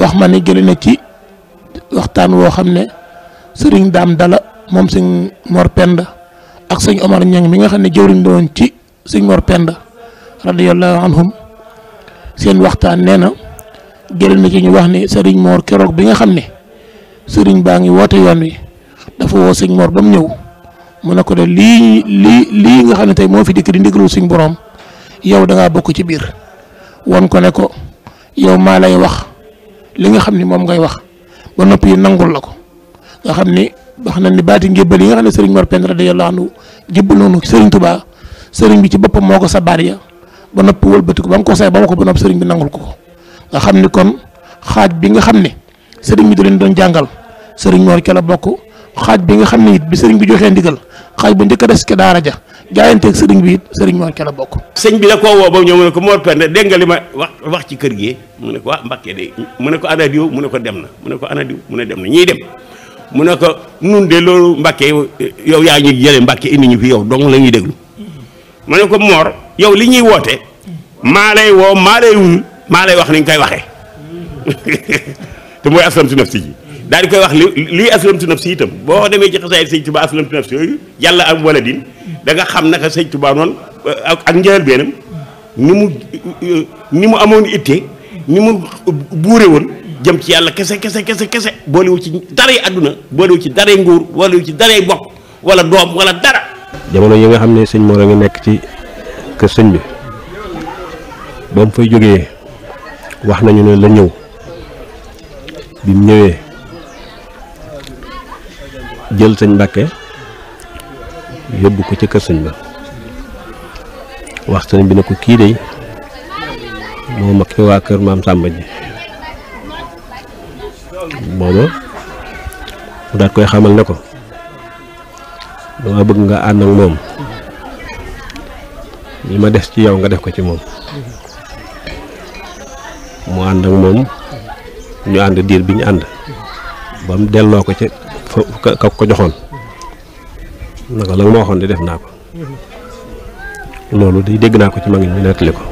Speaker 4: wax ma ne jële na ci waxtaan woo xam ne sëriñ daam dala moom sëñ Mor Penda ak sëñ Omar mi nga xam ne jëwriñ la ci sëñ Mor Penda radiyallahu anhum seen waxtaan nee na jële na ci ñu wax ne sëriñ Mor keroog bi nga xam ne sëriñ baa ngi woote yoon wi dafa woo sëñ moor ba mu ñëw mu ne ko de lii lii lii nga xam ne tey moo fi dikk di ndigalu suñ borom yow dangaa bokk ci biir won ko ne ko yow maa lay wax li nga xam ni moom ngay wax ba noppi yi nangul la ko nga xam ni wax nañ ni baati ngébbal yi nga xam ne sëriñ Mor Penda radiyallaahu anhu jébbal noonu sëriñ Tuubaa sëriñ bi ci boppam moo ko sa baat ba noppi wëlbati ko ba ko say ba ko ba noppi sëriñ bi nangul ko ko nga xam ni kon xaaj bi nga xam ne sëriñ bi da leen doon jàngal sëriñ Mor ke la bokk. xaaj bi nga xam ne it bi sëriñ bi joxee ndigal xaaj bu njëkk des ke daara ja jaayanteeg sëriñ bi it sëriñ Mor ca la bokk.
Speaker 8: sëñ bi da koo woo ba ñëw mu ne ko Mor Penda dégg nga ma wax wax ci kër gi mu ne ko waa ah Mbacke mu ne ko ana diw mu ne ko dem na mu ne ko ana diw mu ne dem na ñiy dem mu ne ko nun de loolu Mbacke yow yaa ñu jëlee Mbacke indi ñu fi yow dong lañuy ñuy mu ne ko Mor yow li ñuy woote maa lay woo maa lay wul maa lay wax ni ñu koy waxee te mooy aslam si nafsi daal di koy wax li lii aslamtu si itam boo demee ci xasaay sëñ Tuubaa aslamtu nafsi yooyu yàlla am waladin da danga xam naka sëñ tu noonu ak ak njëlbeenam ni mu ni mu amoon ittee ni mu buure jëm ci yàlla kese kese kese kese boolewu ci daray àdduna boolewu ci daray nguur boolewu ci daray bopp wala doom wala dara. jamono yi nga xam ne sëñ moo a nekk ci kër sëñ bi ba mu fay jógee wax nañu ne la ñëw bi mu ñëwee. jël sëñ Mbàkke yóbbu ko ca kër sëñ ba wax sëñ bi ne ko kii dey moo mag ci kër maam Sàmba ji booba mu daat koy xamal ne ko dama bëgg nga ànd ak moom li ma des ci yow nga def ko ci moom mu ànd ak moom ñu ànd diir bi ñu ànd ba delloo ko ca fa ko joxoon naka la nga ma waxoon di def naa ko
Speaker 10: mm-hmm.
Speaker 8: loolu di dégg naa ko ci mag ñi nettali ko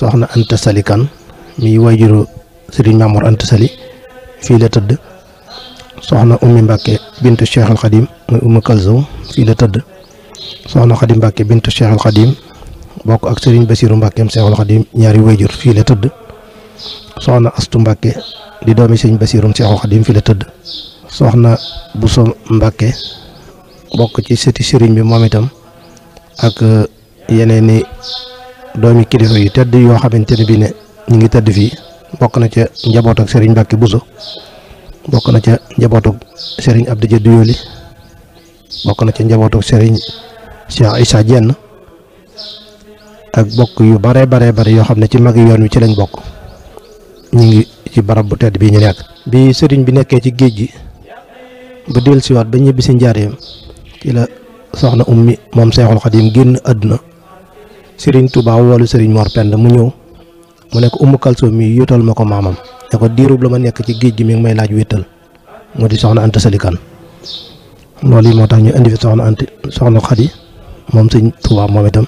Speaker 11: soxna Anta Sali Kan mi wayjuru Serigne Mamour Anta Sali fii tëdd soxna Ummi Mbàkke bintu Cheikh al Xadim muy Ummu Kalsum fii tëdd soxna Xadim Mbàkke bintu Cheikh Xadim ak Serigne Basiru Mbàkkeem Cheikh al ñaari wayjur fii la tëdd soxna Astu Mbàkke di doomi Serigne Basirum Cheikh Xadim fii la tëdd soxna Buso Mbàkke bokk ci sëti Serigne bi moom itam ak yeneeni doomi kilifa yi tedd yoo xamante ne bi ne ñu ngi tedd fii bokk na ca njabootu sëriñ Mbacke Bousso bokk na ca njabootu Serigne Abdou Dia Doyoly bokk na ca njabootu Serigne ay sa jenn ak bokk yu bare bare bare yoo xam ne ci mag yoon wi ci lañ bokk ñu ngi ci barab bu tedd bii ñu nekk. bi sëriñ bi nekkee ci géej gi ba siwaat ba ñibbi si njaareem ci la soxna ummi moom Seexul Xadim génn àdduna Serigne Touba woolu Serigne Mor Penda mu ñëw mu nekk Umu Kalsoom mi yóotal ma ko maamam ne ko diirub la ma nekk ci géej gi mi ngi may laaj wéttal moo di soxna Anta Sali Kan loolu yi moo tax ñu indi fi soxna Anta soxna Xadi moom sëñ Touba moom itam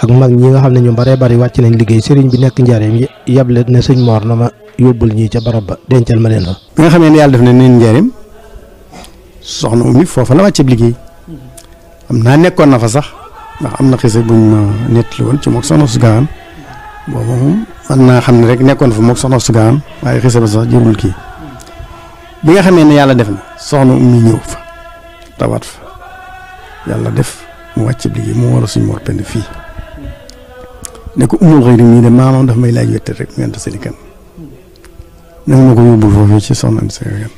Speaker 11: ak mag ñi nga xam ne ñu bare bari wàcc nañ liggéey Serigne bi nekk njaareem yable ne sëñ Mor na ma yóbbul ñii ca barab ba dencal ma leen fa.
Speaker 7: bi nga xamee ne yàlla def na ne njaareem soxna Oumy foofa la wàcceeb liggéey am naa nekkoon na fa sax. ndax am na xisa buñ ma euh, nettali woon ci mook soxna su gaan boobu moom mën naa xam ne rek nekkoon fa mook soxna su gaan waaye xisa ba sax jërul kii bi nga xamee ne yàlla def na soxna mi ñëw fa tawaat fa yàlla def mu wàcc liggéey mu war a suñ mor pend fii ne umul xëy daf may laaj wette rek mu yanta seen i kan nanga ma ko yóbbul foofee ci soxna seen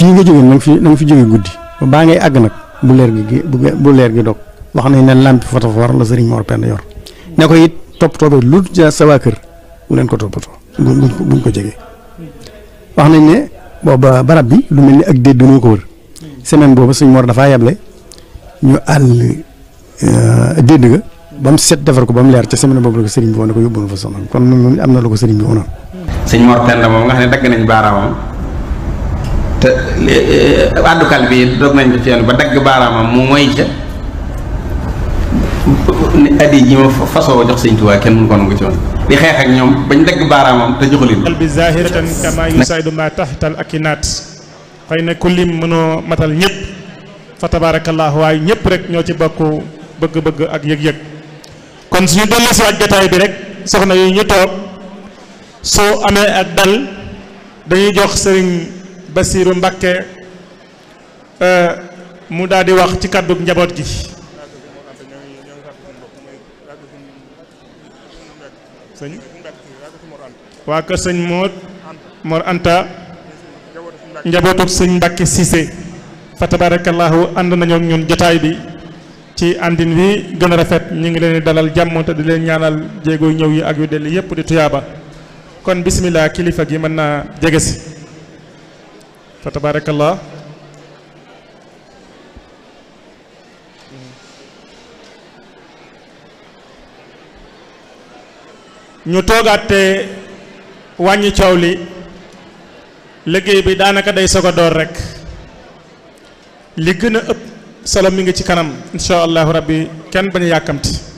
Speaker 7: i nga jógee na nga fi nga fi jógee guddi ba baa ngay àgg nag bu leer gi bu leer gi dog wax nañ ne làmpi fotofor la sëriñ Mor Penda yor ne ko it toppatoo ba lu sa waa kër bu leen ko toppatoo buñ ko buñ ko jege wax nañ ne booba barab bi lu mel ni ak déet dañoo ko wër semaine boobu sëriñ Mor dafaa yeble ñu àll euh, déet ga ba mu set defar ko ba mu leer ca semaine boobu la ko sëriñ bi woon ne ko yóbbu na fa soxna kon moom am na lu ko sëriñ bi wonoon.
Speaker 8: sëriñ Mor Penda moom nga xam ne dagg nañ baaraamam. te eh, eh, àddukal bi doog nañ ko ci ba dagg baaraamam mu moy ca ni addi ji ma fasoo jox sëñ Tuubaa kenn mënu ko nangu ci woon di xeex ak ñoom bañ dagg baaraamam te joxu leen bi zahiratan kama
Speaker 3: yusaydu ma tahtal akinaat xëy na ku mënoo matal ñëpp fa tabarakallah waaye ñëpp rek ñoo ci bokk bëgg-bëgg ak yëg-yëg kon suñu dellu si ak bi rek soxna yi ñu toog soo amee ak dal dañuy jox sëriñ Basiiru Mbakke euh, mu daal wax ci kàddu njaboot gi sëñ waa kër sëñ Mor Mor Anta njabootuk sëñ Mbakke Cissé fa tabarakallahu ànd nañoo ak ñun jotaay bi ci àndin bi gën rafet ñu ngi leen di dalal jàmm te di leen ñaanal jéego ñëw yi ak yu delli yépp di tuyaaba kon bismillah kilifa gi mën naa jege si fa ñu toogaate wàññi coow li léggéey bi daanaka day soog a door rek li gën a ëpp solo mi ngi ci kanam incha allahu rabbi kenn bañ yàkkamti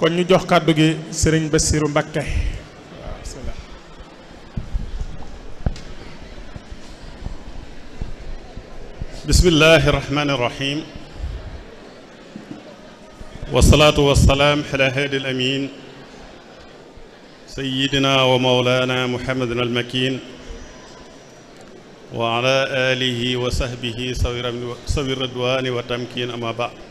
Speaker 3: kon ñu jox kàddu gi sëriñ Bassirou Mbacké
Speaker 12: bismillahi irrahmani irrahim wasalaatu wasalaam ala haadi al amin sayidina wa maulana muhammadin almakin wa ala alihi wa sahbihi sawi radwani wa tamkin ama baad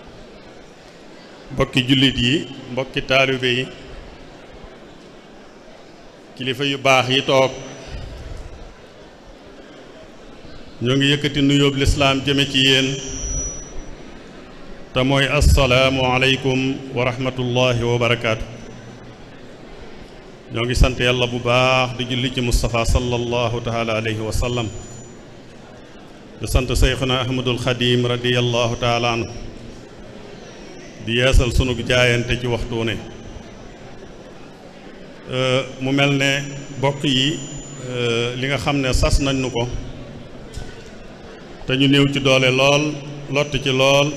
Speaker 12: mbokki jullit yi mbokki taalibe yi kilifa yu baax yi toog ñoo ngi yëkkati nuyóob lislaam jëme ci yéen te mooy assalaamu aleykum wa rahmatullahi wa barakaatu ñoo ngi sant yàlla bu baax di julli ci Moustapha sallallahu taala aleyhi wa sallam di sant seyxuna ahmadul xadim radiallahu taala anhu di yeesal sunu jaayante ci waxtu ne euh, mu mel ne bokk yi euh, li nga xam ne sas nañ nu ko te ñu néew ci doole lool lott ci lool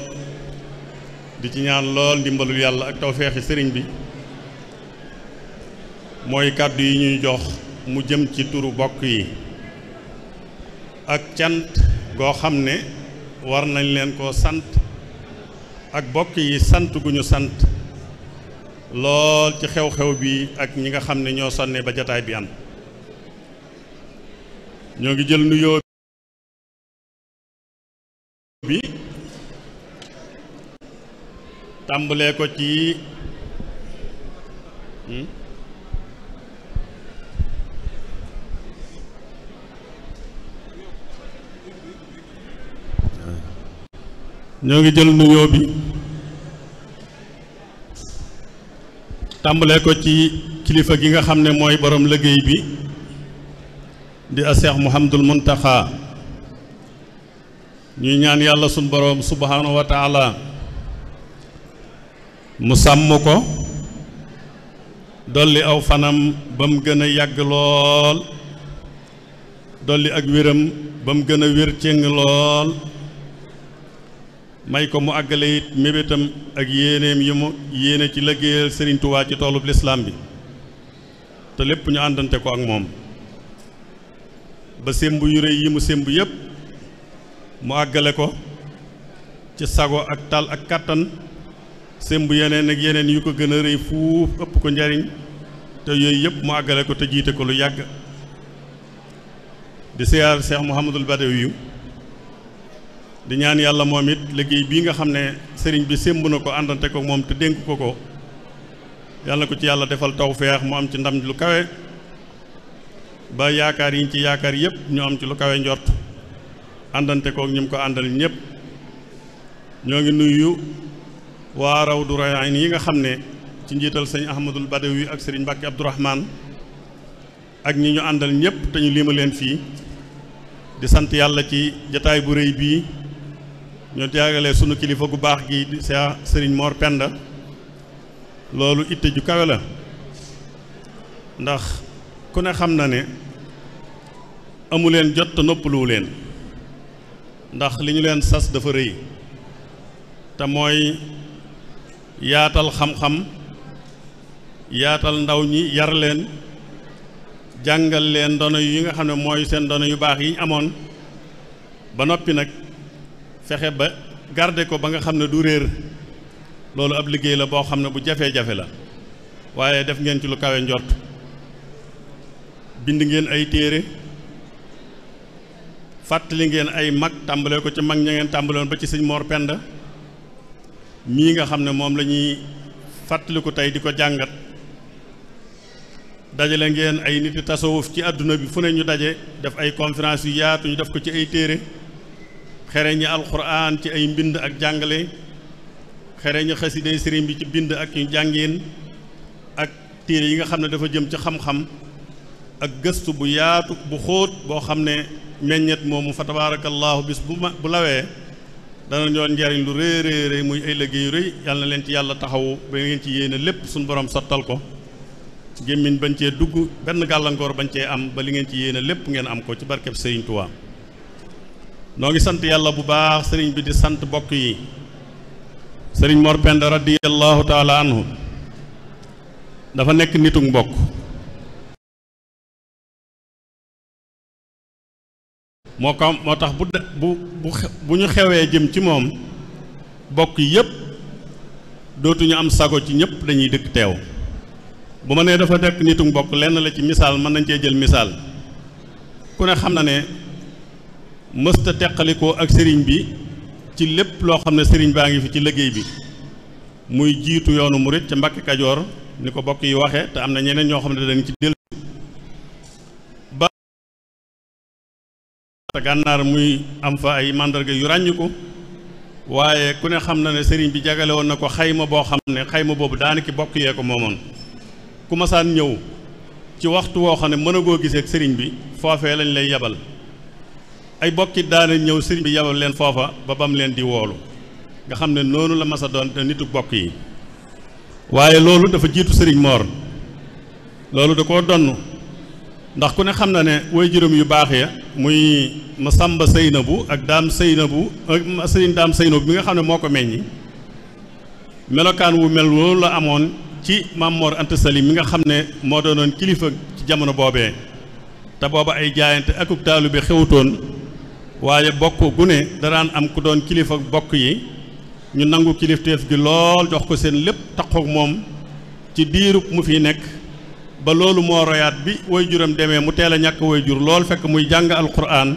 Speaker 12: di ci ñaan lool ndimbalul yàlla ak tawfeexi sëriñ bi mooy kàddu yi ñuy jox mu jëm ci turu bokk yi ak cant goo xam ne war nañ leen koo sant ak bokk yi sant gu ñu sant lool ci xew-xew bi ak ñi nga xam ne ñoo sonne ba jataay bi am ñoo ngi jël nuyoo bi tàmbalee ko ci hmm? ñoo ngi jël nuyoo bi tàmbalee ko ci kilifa gi nga xam ne mooy boroom liggéey bi di a Seex Muhammadul Muntaxa ñuy ñaan yàlla suñ borom subhaanahu mu sàmm ko dolli aw fanam ba mu gën a yàgg lool dolli ak wiram ba mu gën a wér céng lool may ko mu àggale it mébétam ak yéeneem yi mu yéene ci liggéeyal Sëriñ Tuubaa ci toolub lislaam bi te lépp ñu àndante ko ak moom ba sémb yu réy yi mu sémb yépp mu àggale ko ci sago ak tal ak kàttan sémb yeneen ak yeneen yu ko gën a rëy fuuf ëpp ko njariñ te yooyu yëpp mu àggale ko te jiite ko lu yàgg di siyaar Cheikh Mouhamadul Badawi yu di ñaan yàlla moom it léggéey bii nga xam ne sëriñ bi sémb na ko àndante ko moom te dénk ko ko yàlla ko ci yàlla defal tawfeex mu am ci ndam lu kawe ba yaakaar yiñ ci yaakaar yépp ñu am ci lu kawe njort àndante kook ñu ko àndal ñépp ñoo ngi nuyu waa Rawdu Rayaan yi nga xam ne ci njiital sëñ Ahmadul Badawi ak sëriñ Mbàkke Abdourahman ak ñi ñu àndal ñépp te ñu liima leen fii di sant yàlla ci jataay bu rëy bii ñoo jaagale sunu kilifa gu baax gi di sa sëriñ Mor Penda loolu it yu kawe la ndax ku ne xam na ne amuleen jot te noppaluwu leen ndax li ñu leen sas dafa rëy te mooy yaatal xam-xam yaatal ndaw ñi yar leen jàngal leen ndono yi nga xam ne mooy seen ndono yu baax yi amoon ba noppi nag fexe ba garder ko ba nga xam ne du réer loolu ab liggéey la boo xam ne bu jafee-jafe la waaye def ngeen ci lu kawe njort bind ngeen ay téere fàttali ngeen ay mag tàmbalee ko ci mag ña ngeen tàmbaloon ba ci sëñ Mor pend mii nga xam ne moom la ñuy fàttaliku tey di ko jàngat dajale ngeen ay nit tasawuf ci àdduna bi fu ne ñu daje def ay conférence yu yaatu ñu def ko ci ay téere xereñi alxuraan ci ay mbind ak jàngale xereñi xasiday sëriñ bi ci bind ak yu jàngeen ak téere yi nga xam ne dafa jëm ci xam-xam ak gëstu bu yaatu bu xóot boo xam ne meññet moomu fa tabaarakallaahu bis bu ma bu lawee dana ñoon njariñ lu rëy rëy rëy muy ay liggéey yu rëy yàlla na leen ci yàlla taxawu ba ngeen ci yéene lépp suñu borom sottal ko gémmiñ bañ cee dugg benn gàllankoor bañ cee am ba li ngeen ci yéene lépp ngeen am ko ci barkeb Sëriñ Tuubaa noo ngi sant yàlla bu baax sëriñ bi di sant bokk yi sëriñ Mor Penda radiyallahu taala anhu dafa nekk nituk mbokk
Speaker 5: moo moo tax
Speaker 12: bu bu bu xewee jëm ci moom bokk yépp dootuñu am sago ci ñépp dañuy dëkk teew bu ma nee dafa nekk nituk mbokk lenn la ci misaal mën nañ cee jël misaal ku ne xam na ne mësta teqalikoo ak sëriñ bi ci lépp loo xam ne sëriñ baa ngi fi ci liggéey bi muy jiitu yoonu murit ca mbakk Kajoor ni ko bokk yi waxee te am na ñeneen ñoo xam ne dañ ci del ba gànnaar muy am fa ay màndarga yu ràññ ko waaye ku ne xam na ne sëriñ bi jagale woon na ko xayma boo xam ne xayma boobu daanaka bokk yee ko moomoon ku masaan ñëw ci waxtu woo xam ne mën a gisee ak sëriñ bi foofee lañ lay yebal ay bokki daana ñëw sëriñ bi yabal leen foofa ba bam leen di woolu nga xam ne noonu la masa doon te nitu bokk yi waaye loolu dafa jiitu sëriñ moor loolu da ko donn ndax ku ne xam na ne way juróom yu baax ya muy Masamba bu ak daam Seynabu ak sëriñ daam Seynabu bi nga xam ne moo ko meññi melokaan wu mel loolu la amoon ci Maam Mor Anta Sali mi nga xam ne moo doonoon kilifa ci jamono boobee te booba ay jaayante akuk taalu bi xewutoon waaye bokk gu ne daraan am ku doon kilifa bokk yi ñu nangu kilifteef gi lool jox ko seen lépp taqoog moom ci diirub mu fi nekk ba loolu moo royaat bi way juram demee mu teel a ñàkk way jur lool fekk muy jàng alquran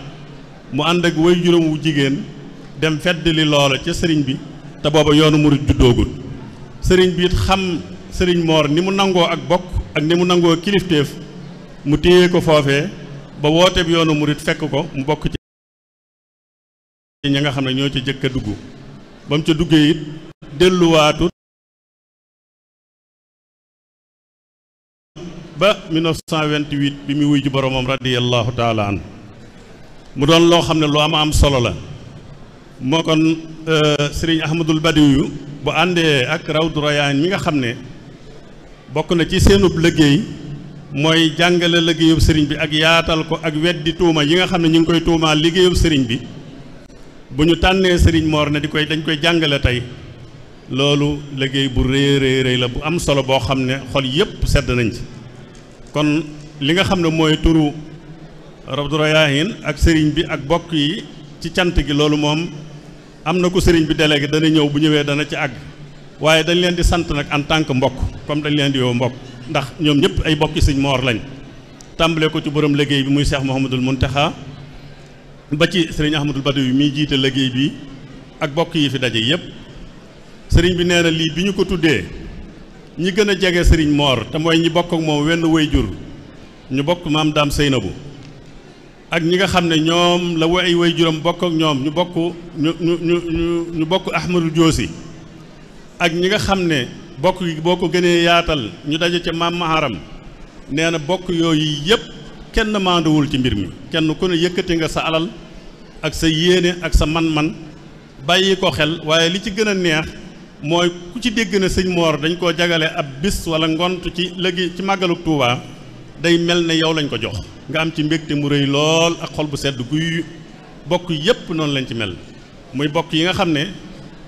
Speaker 12: mu ànd ak way juram wu jigéen dem fedd li loola ca sëriñ bi te booba yoonu murit juddoogul sëriñ bi xam sëriñ moor ni mu nangoo ak bokk ak ni mu nangoo kilifteef mu téye ko foofee ba woote yoonu murit fekk ko mu bokk ci nga xam ne ñoo ca jëkk dugg ba ca duggee it delluwaatut ba 1928 bi mu wuy ji boroomam radiyallahu taala mu doon loo xam ne lu am am solo la moo kon euh, sëriñ ahmadul badiyu bu àndee ak rawdu rayaan mi nga xam ne bokk na ci seenub liggéey mooy jàngale liggéeyub sëriñ bi ak yaatal ko ak weddi tuuma yi nga xam ne ñu ngi koy tuumaa liggéeyub sëriñ bi bu ñu tànnee sëriñ moor ne di koy dañ koy jàngale tey loolu liggéey bu rëy rëy la bu am solo boo xam ne xol yépp sedd nañ ci kon li nga xam ne mooy turu Rabdu ak sëriñ bi ak bokk yi ci cant gi loolu moom am na ko sëriñ bi délégué dana ñëw bu ñëwee dana ci àgg waaye dañ leen di sant nag en tant que mbokk comme dañ leen di yow mbokk ndax ñoom ñëpp ay bokki sëriñ Mor lañ tàmbalee ko ci borom liggéey bi muy Cheikh Mouhamadul Mountakha ba ci sëriñ Ahmadul Badawi muy jiite liggéey bi ak bokk yi fi daje yépp sëriñ bi nee na lii bi ñu ko tuddee ñi gën a jege sëriñ Moor te mooy ñi bokk ak moom wenn way jur ñu bokk maam daam Seynabu ak ñi nga xam ne ñoom la way way juram bokk ak ñoom ñu bokk ñu ñu ñu bokk Ahmadul Joosi ak ñi nga xam ne bokk yi boo ko gënee yaatal ñu daje ca maam Maharam nee na bokk yooyu yépp kenn maanduwul ci mbir mi kenn ku ne yëkkati nga sa alal ak sa yéene ak sa man-man bàyyi ko xel waaye li ci gën a neex mooy ku ci dégg na sëñ Moor dañ koo jagale ab bis wala ngont ci léegi ci màggalu Tuubaa day mel ne yow lañ ko jox nga am ci mbégte mu rëy lool ak xol bu sedd guy bokk yépp noonu lañ ci mel muy bokk yi nga xam ne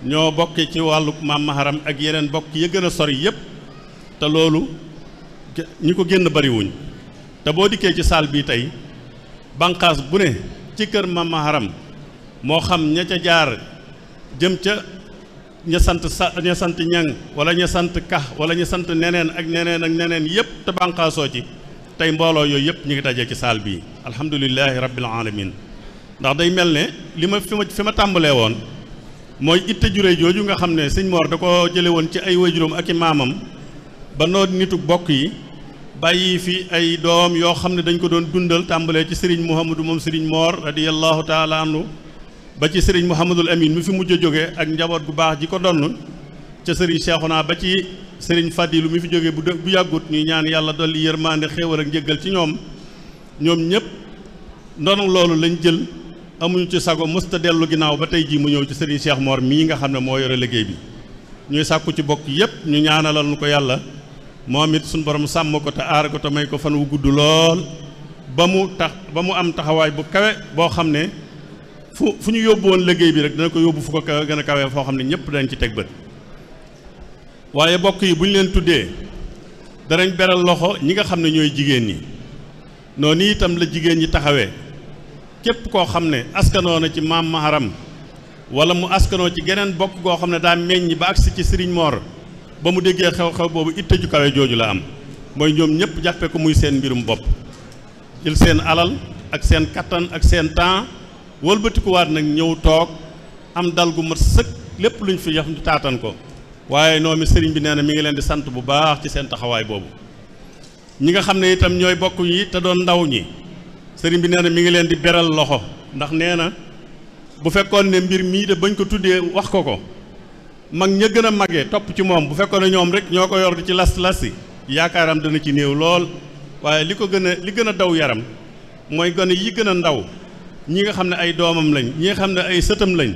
Speaker 12: ñoo bokk ci wàllu maam maharam ak yeneen bokk yi gën a sori yépp te loolu ñi ko génn bariwuñ te boo dikkee ci saal bii tey banqaas bu ne ci kër Mame Maharam moo xam ña ca jaar jëm ca ña sant sa ña sant ñang wala ña sant kax wala ña sant neneen ak neneen ak neneen yépp te banqaasoo ci tey mbooloo yooyu yëpp ñu ngi dajee ci saal bii alhamdulilahi rabbil alamin ndax day mel ne li ma fi ma fi ma tàmbalee woon mooy itte jure jooju nga xam ne sëñ Mor da ko jële woon ci ay waajuram ak i maamam ba noo nitu bokk yi bàyyi fi ay doom yoo xam ne dañ ko doon dundal tàmbalee ci sëriñ Mouhamadou moom sëriñ Moor radiyallahu taala anhu ba ci sëriñ Mouhamadul Amin mi fi mujj a jóge ak njaboot gu baax ji ko donn ca sëriñ naa ba ci sëriñ faddilu mi fi jóge bu bu yàggut ñuy ñaan yàlla dolli yërmande xéewal ak njëggal ci ñoom ñoom ñëpp ndono loolu lañ jël amuñu ci sago mësta dellu ginnaaw ba tey jii mu ñëw ci sëriñ Cheikh moor mii nga xam ne moo yore liggéey bi ñuy sàkku ci bokk yépp ñu ñaanalal nu ko yàlla moom it suñu borom sàmm ko te aar ko te may ko fan wu gudd lool ba mu tax ba mu am taxawaay bu kawe boo xam ne fu fu ñu yóbbu woon liggéey bi rek dana ko yóbbu fu ko kawe gën a kawe foo xam ne ñëpp dañ ci teg bët waaye bokk yi bu ñu leen tuddee danañ beral loxo ñi nga xam ne ñooy jigéen ñi noonu itam la jigéen ñi taxawee képp koo xam ne askanoo na ci maam maharam wala mu askanoo ci geneen bokk goo xam ne daa meññ ba agsi ci sëriñ moor ba mu déggee xew-xew boobu itte ju kawe jooju la am mooy ñoom ñëpp jàppe ko muy seen mbirum bopp jël seen alal ak seen kattan ak seen temps wëlbatikuwaat nag ñëw toog am dal gu mat sëkk lépp luñ fi yaf ñu taatan ko waaye noomi sëriñ bi nee na mi ngi leen di sant bu baax ci seen taxawaay boobu ñi nga xam ne itam ñooy bokk yi te doon ndaw ñi sëriñ bi nee na mi ngi leen di beral loxo ndax nee na bu fekkoon ne mbir mii de bañ ko tuddee wax ko ko mag ña gën a magee topp ci moom bu fekkoon ne ñoom rek ñoo ko yor di ci las las yi yaakaaram dana ci néew lool waaye li ko gën a li gën a daw yaram mooy gone yi gën a ndaw ñi nga xam ne ay doomam lañ ñi nga xam ne ay sëtam lañ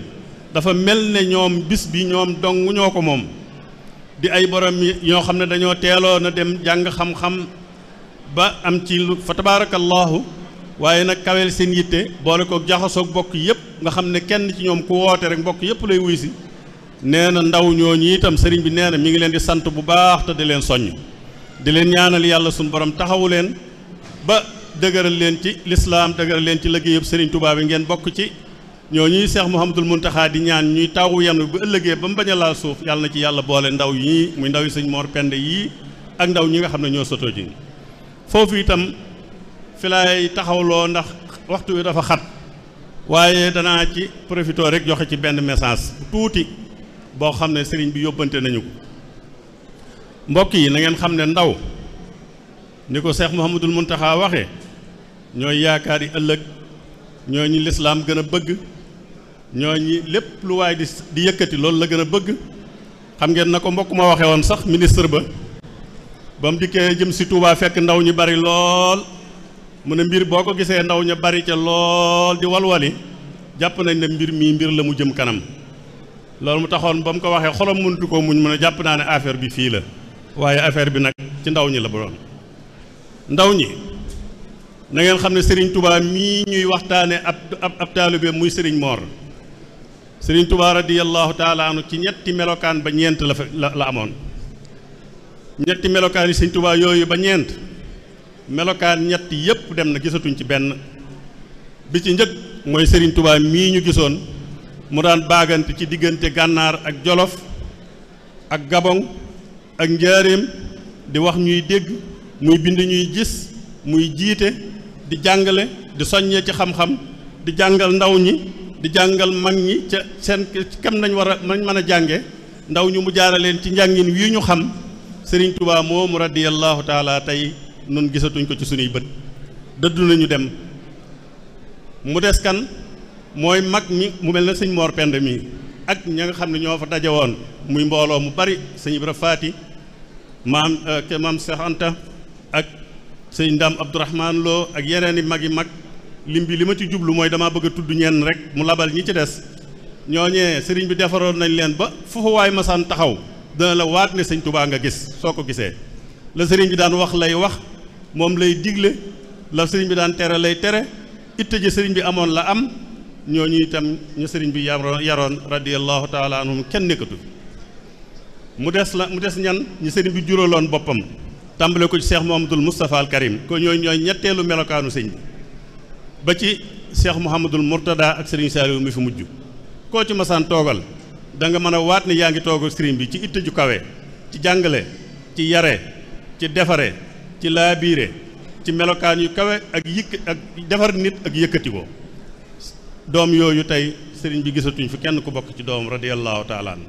Speaker 12: dafa mel ne ñoom bis bi ñoom dong ñoo ko moom di ay borom ñoo xam ne dañoo teeloo na dem jàng xam-xam ba am ci lu fa tabaarakallaahu waaye nag kaweel seen yitte boole ko jaxasoog bokk yëpp nga xam ne kenn ci ñoom ku woote rek mbokk yëpp lay wuy nee na ndaw ñoo ñooñu itam sëriñ bi nee na mi ngi leen di sant bu baax te di leen soññ di leen ñaanal yàlla suñu borom taxawu leen ba dëgëral leen ci lislaam dëgëral leen ci liggéeyub sëriñ tubaab yi ngeen bokk ci ñoo ñuy Seex Muhammadul Muntaxaa di ñaan ñuy tawu yanu bu ëllëgee ba mu bañ a laal suuf yàlla na ci yàlla boole ndaw yii muy ndaw yi sëñ Mor Pende yii ak ndaw ñi nga xam ne ñoo sotoo ji foofu itam fi laay taxawloo ndax waxtu wi dafa xat waaye danaa ci profité rek joxe ci benn message tuuti boo xam ne sëriñ bi yóbbante nañu ko mbokk yi na ngeen xam ne ndaw ni ko seex Muhammadul Muntaxa waxee ñooy yaakaar yi ëllëg ñoo ñi lislaam gën a bëgg ñoo ñi lépp lu waay di di yëkkati loolu la gën a bëgg xam ngeen na ko mbokk ma waxee woon sax ministre ba ba mu dikkee jëm si Touba fekk ndaw ñu bari lool mu ne mbir boo ko gisee ndaw ñu bari ca lool di walwali jàpp nañ ne mbir mii mbir la mu jëm kanam loolu mu taxoon ba mu ko waxee xolom mëntu koo muñ mën a jàpp naa ne affaire bi fii la waaye affaire bi nag ci ndaw ñi la ba ndaw ñi na ngeen xam ne sëriñ Touba mii ñuy waxtaane ab ab ab muy sëriñ moor sëriñ Touba radiyallahu taala ci ñetti melokaan ba ñeent la fa la amoon ñetti melokaan yi Serigne Touba yooyu ba ñeent melokaan ñetti yépp dem na gisatuñ ci benn bi ci njëkk mooy sëriñ tubaa mii ñu gisoon mu daan baagante ci diggante gànnaar ak jolof ak gabon ak njaareem di wax ñuy dégg muy bind ñuy gis muy jiite di jàngale di soññee ci xam-xam di jàngal ndaw ñi di jàngal mag ñi ca seen kam nañ war a nañ mën a jànge ndaw ñi mu jaara leen ci njàngin wii ñu xam sëriñ tubaa moomu radiyallahu taala tey nun gisatuñ ko ci sunuy bët dëddu nañu dem mu des kan mooy mag mi mu mel na sëñ Mor Penda mi ak ña nga xam ne ñoo fa daje woon muy mbooloo mu bari sëñ Ibra Faati maam euh, ke maam ak sëñ Ndam Abdourahman Lo ak yeneen i mag yi mag lim bi li ma ci jublu mooy damaa bëgg a tudd ñenn rek mu labal ñi ci des ñoo ñooñee sëriñ bi defaroon nañ leen ba foofu waay masaan taxaw dana la waat ne sëñ Touba nga gis soo ko gisee la sëriñ bi daan wax lay wax moom lay digle la sëriñ bi daan tere lay tere itte ji sëriñ bi amoon la am ñooñu itam ñu sëriñ bi yaroon radiyallahu taala anhum kenn nekkatu mu des la mu des ñan ñu sëriñ bi juraloon boppam tàmbale ko ci seex Muhammadul Moustapha al ko ñooy ñoo ñetteelu melokaanu sëñ bi ba ci seex Muhammadul Mourtada ak sëriñ Saliou mi fi mujj koo ci masaan toogal danga mën a waat ne yaa ngi toogal sëriñ bi ci itte ju kawe ci jàngale ci yare ci defare ci laabiire ci melokaan yu kawe ak yëkk ak defar nit ak yëkkati ko doom yooyu tey sëriñ bi gisatuñ fi kenn ku bokk ci doom radiyallahu taala an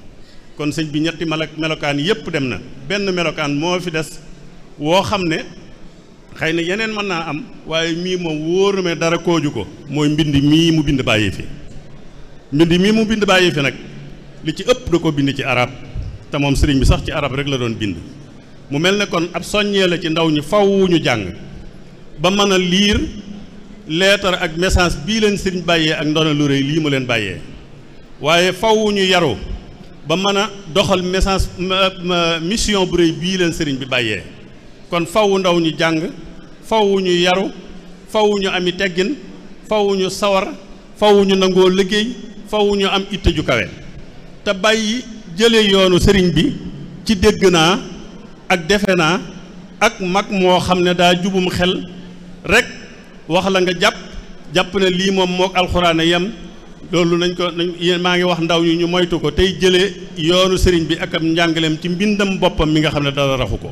Speaker 12: kon sëñ bi ñetti malak melokaan yépp dem na benn melokaan moo fi des woo xam ne xëy na yeneen mën naa am waaye mii moom wóoru dara kooju ko mooy mbind mii mu bind bàyyi fi mbind mii mu bind bàyyi fi nag li ci ëpp da ko bind ci arab te moom sëriñ bi sax ci arab rek la doon bind mu mel ne kon ab soññee la ci ndaw ñi faw ñu jàng ba mën a liir leetar ak message bii leen sëriñ bàyyee ak ndono lu rëy lii mu leen bàyyee waaye faw ñu yaru ba mën a doxal message mission bu rëy bii leen sëriñ bi bàyyee kon faw ndaw ñu jàng faw ñu yaru faw ñu ami teggin faw ñu nangoo liggéey faw am itte ju kawe te bàyyi jële yoonu sëriñ bi ci dégg naa ak defe naa ak mag moo xam ne daa jubum xel rekk wax la nga jàpp jàpp ne lii moom mook alxuraan a yem loolu nañ ko nañ maa ngi wax ndaw ñu ñu moytu ko tey jëlee yoonu sëriñ bi ak am njàngaleem ci mbindam boppam mi nga xam ne dara raxu ko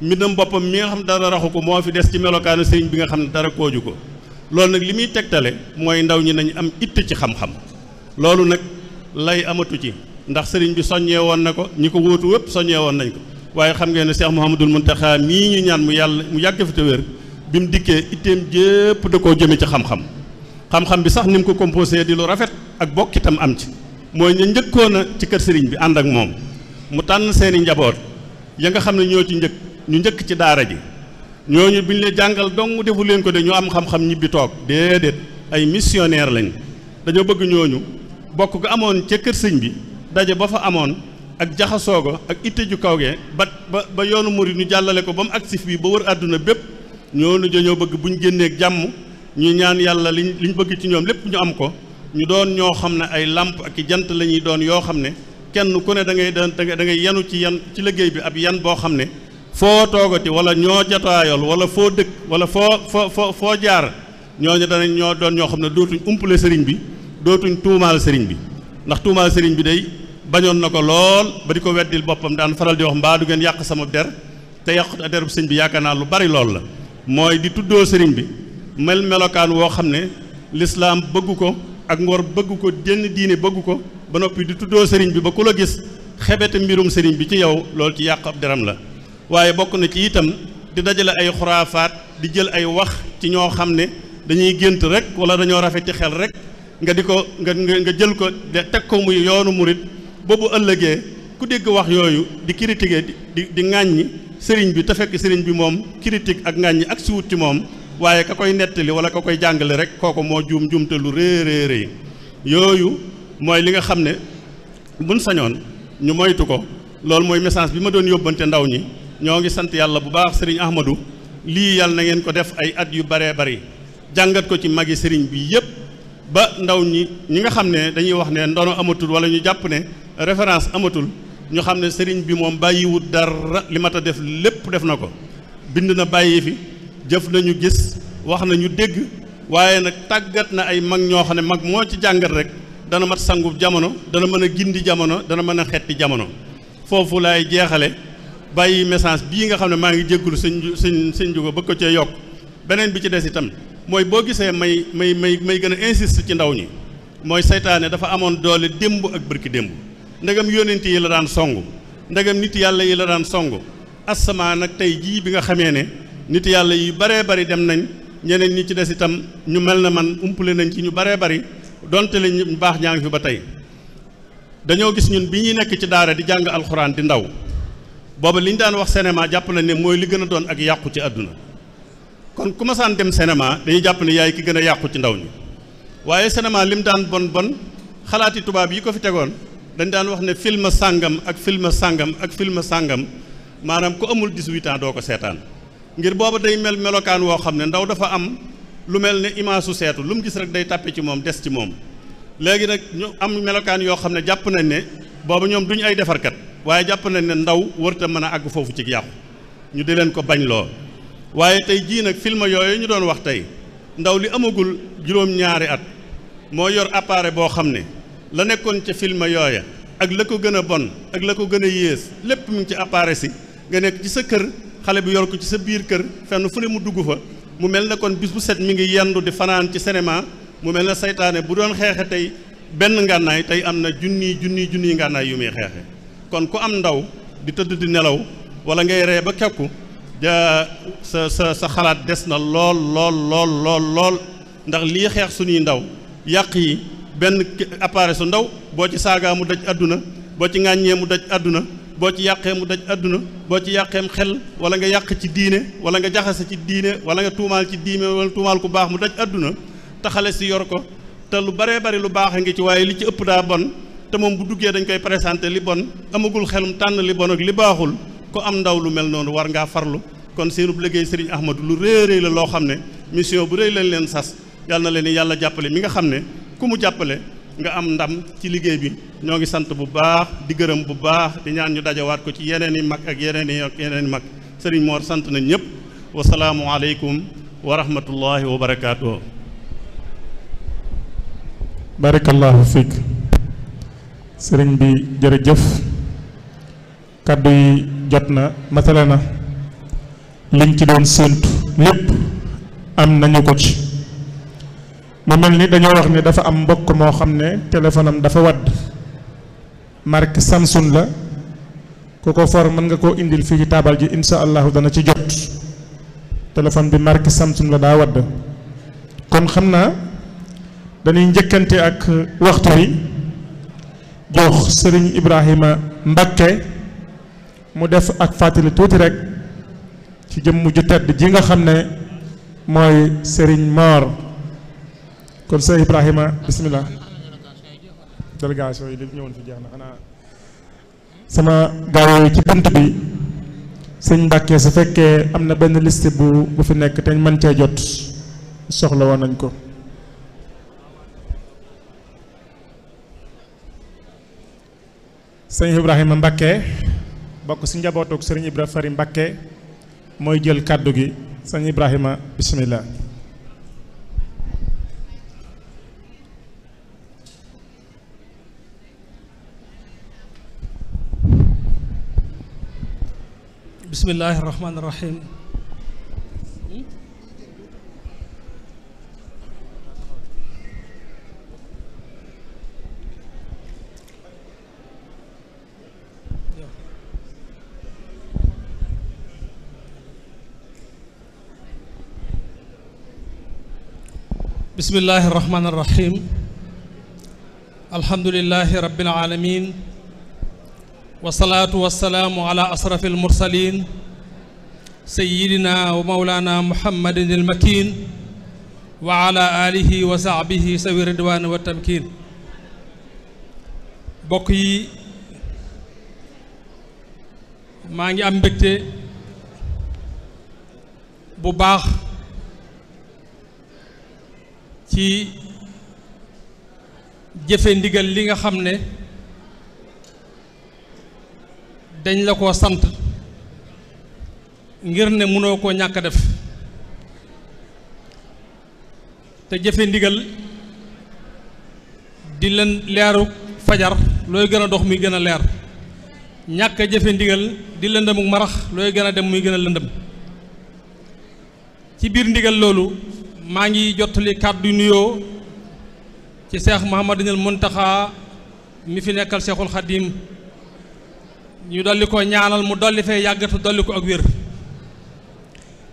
Speaker 12: mbindam boppam mi nga xam ne dara raxu ko moo fi des ci melokaanu sëriñ bi nga xam ne dara kooju ko loolu nag li muy tegtale mooy ndaw ñi nañu am itte ci xam-xam loolu nag lay amatu ci ndax sëriñ bi soññee woon na ko ñi ko wóotu wépp soññee woon nañ ko waaye xam ngeen ne Cheikh Mouhamadoul Mountakha mii ñu ñaan mu yàlla mu yàgg fi te wér bi mu dikkee itteem jépp da koo jëme ci xam-xam xam-xam bi sax ni mu ko composé di lu rafet ak bokk itam am ci mooy ñu njëkkoon a ci kër sëriñ bi ànd ak moom mu tànn seeni njaboot ya nga xam ne ñoo ci njëkk ñu njëkk ci daara ji ñooñu bi ñu leen jàngal dong defu leen ko de ñu am xam-xam ñibbi toog déedéet ay missionnaire lañ dañoo bëgg ñooñu bokk ga amoon ca kër sëñ bi daje ba fa amoon ak jaxasoo ak itte ju kaw gee ba ba yoonu murid ñu jàllale ko ba mu agsi fii ba wër àdduna bépp ñooñu dañoo bëgg bu ñu génnee jàmm ñu ñaan yàlla liñ ñu bëgg ci ñoom lépp ñu am ko ñu doon ñoo xam ne ay làmp ak i jant la ñuy doon yoo xam ne kenn ku ne da ngay da ngay yanu ci yan ci liggéey bi ab yan boo xam ne foo toogati wala ñoo jataayool wala foo dëkk wala foo foo foo foo jaar ñoo ñooñu danañ ñoo doon ñoo xam ne dootuñ umpale sëriñ bi dootuñ tuumaal sëriñ bi ndax tuumaal sëriñ bi day bañoon na ko lool ba di ko weddil boppam daan faral di wax mbaa yàq sama der te yàq derub sëñ bi yaakaar naa lu bari lool la mooy di tuddoo sëriñ bi mel melokaan woo xam ne lislaam bëgg ko ak ngor bëgg ko jenn diine bëgg ko ba noppi di tuddoo sëriñ bi ba ku la gis xebete mbirum sëriñ bi ci yow loolu ci yàq ab deram la waaye bokk na ci itam di dajale ay xuraafaat di jël ay wax ci ñoo xam ne dañuy gént rek wala dañoo rafet ci xel rek nga di ko nga nga jël ko teg ko muy yoonu murit boobu ëllëgee ku dégg wax yooyu di critiquer di di ŋàññi sëriñ bi te fekk sëriñ bi moom critique ak ŋàññi ak si wut ci moom waaye ka koy nettali wala ka koy jàngale rek kooku moo juum juumte lu rëy rëy yooyu mooy li nga xam ne buñ sañoon ñu moytu ko loolu mooy message bi ma doon yóbbante ndaw ñi ñoo ngi sant yàlla bu baax sëriñ Ahmadou lii yàlla na ngeen ko def ay at yu baree bari jàngat ko ci magi sëriñ bi yépp ba ndaw ñi ñi nga xam ne dañuy wax ne ndono amatul wala ñu jàpp ne référence amatul ñu xam ne sëriñ bi moom bàyyiwut dara li mat a def lépp def na ko bind na bàyyi fi jëf nañu gis wax nañu dégg waaye nag tàggat na ay mag ñoo xam ne mag moo ci jàngat rek dana mat sangu jamono dana mën a gindi jamono dana mën a xetti jamono foofu lay jeexale bàyyi message bii nga xam ne maa ngi jéggulu sëñ sëñ sëñ Ndiouga bëgg ko cee yokk beneen bi ci des itam mooy boo gisee may may may may gën a insiste ci ndaw ñi mooy seytaane dafa amoon doole démb ak bërki démb ndegam yonent yi la daan song ndegam nit yàlla yi la daan song asamaan nag tey jii bi nga xamee ne nit yàlla yi baree bari dem nañ ñeneen ñi ci des itam ñu mel na man umpule nañ ci ñu baree bari donte la ñu baax ñaa ngi fi ba tey dañoo gis ñun bi ñuy nekk ci daara di jàng alxuraan di ndaw booba li ñu daan wax cinéma jàpp nañ ne mooy li gën a doon ak yàqu ci àdduna kon ku masaan dem cinéma dañuy jàpp ne yaay ki gën a yàqu ci ndaw ñi waaye cinéma li mu daan bon bon xalaati tubaab yi ko fi tegoon dañ daan wax ne film sàngam ak film sàngam ak film sàngam maanaam ku amul 18 ans doo ko seetaan ngir booba day mel melokaan woo xam ne ndaw dafa am lu mel ne image su seetu lu mu gis rek day tàppe ci moom des ci moom léegi nag ñu am melokaan yoo xam ne jàpp nañ ne booba ñoom duñ ay defarkat waaye jàpp nañ ne ndaw warta mën a àgg foofu ci yàqu ñu di leen ko bañ loo waaye tey jii nag film yooyu ñu doon wax tey ndaw li amagul juróom-ñaari at moo yor appareil boo xam ne la nekkoon ca film yooya ak la ko gën a bon ak la ko gën a yées lépp mu ngi ci appareil si nga nekk ci sa kër xale bi yor ko ci sa biir kër fenn fu ne mu dugg fa mu mel na kon bis bu set mi ngi yendu di fanaan ci cinéma mu mel na seytaane bu doon xeexe tey benn ngànnaay tey am na junni junni junni ngànnaay yu muy xeexe kon ku am ndaw di tëdd di nelaw wala ngay ree ba kekku ja sa sa sa xalaat des na lool lool lool lool ndax lii xeex suñuy ndaw yàq yi benn appareil su ndaw boo ci saagaa mu daj àdduna boo ci ŋàññee mu daj àdduna boo ci yàqee mu daj àdduna boo ci yàqeem xel wala nga yàq ci diine wala nga jaxase ci diine wala nga tuumaal ci diine wala tuumaal ku baax mu daj àdduna te xale si yor ko te lu baree bari lu baax a ngi ci waaye li ci ëpp daa bon te moom bu duggee dañ koy présenté li bon amagul xelum tànn li bon ak li baaxul ko am ndaw lu mel noonu war ngaa farlu kon seenub liggéey Serigne Ahmadou lu réer la loo xam ne mission bu rëy lañ leen sas yàlla leen yàlla jàppale mi nga xam ne ku mu jàppale nga am ndam ci liggéey bi ñoo ngi sant bu baax di gërëm bu baax di ñaan ñu dajawaat ko ci yeneen yi mag ak yeneen i ak mag sëriñ Mor sant na ñëpp wasalaamu aleykum wa rahmatullahi wa barakaatu.
Speaker 3: barakallahu fiik sëriñ bi jërëjëf kàddu yi jot na matale na liñ ci doon séentu lépp am nañu ko ci mu mel ni dañoo wax ne dafa am mbokk moo xam ne téléphone am dafa wadd marque Samsung la ku ko for mën nga koo indil fii taabal ji insha allahu dana ci jot téléphone bi mark Samsung la daa wadd kon xam naa dañuy njëkkante ak waxtu wi jox sëriñ Ibrahima Mbakke mu def ak fàttali tuuti rek ci jëmm ju tedd ji nga xam ne mooy sëriñ Mor kon sëñ Ibrahima bisimilah délégation yi li ñëwoon fi jeex na xanaa sama gaawee ci bunt bi sëñ Mbàkke su fekkee am na benn liste bu bu fi nekk te mën cee jot soxla woon nañ ko sëñ Ibrahima Mbàkke bokk si njabootu sëriñ Ibra Fari mooy jël kàddu gi sëñ Ibrahima bisimilah
Speaker 13: bismillaahi rahmaani rahiim bismillaahi rahmaani rahiim alhamdulillaahi rabbil aalamiin wasalaatu wasalaamu ala asrafi almursalin sayidina wa maulana muhammadin almakin wa ala alihi wa sahbihi sawi ridwaan wa tamkin bokk yi maa ngi am mbégte bu baax ci jëfe ndigal li nga xam ne dañ la ko sant ngir ne mënoo ko ñàkk def te jëfe ndigal di leen leeru fajar looy gën a dox muy gën a leer ñàkk jëfe ndigal di lëndëmu marax looy gën a dem muy gën a lëndëm ci biir ndigal loolu maa ngi jottali kàddu nuyoo ci seex Muhammadinil Muntaxa mi fi nekkal seexul xadiim ñu dolli ko ñaanal mu dolli fee yàggatu dolli ko ak wér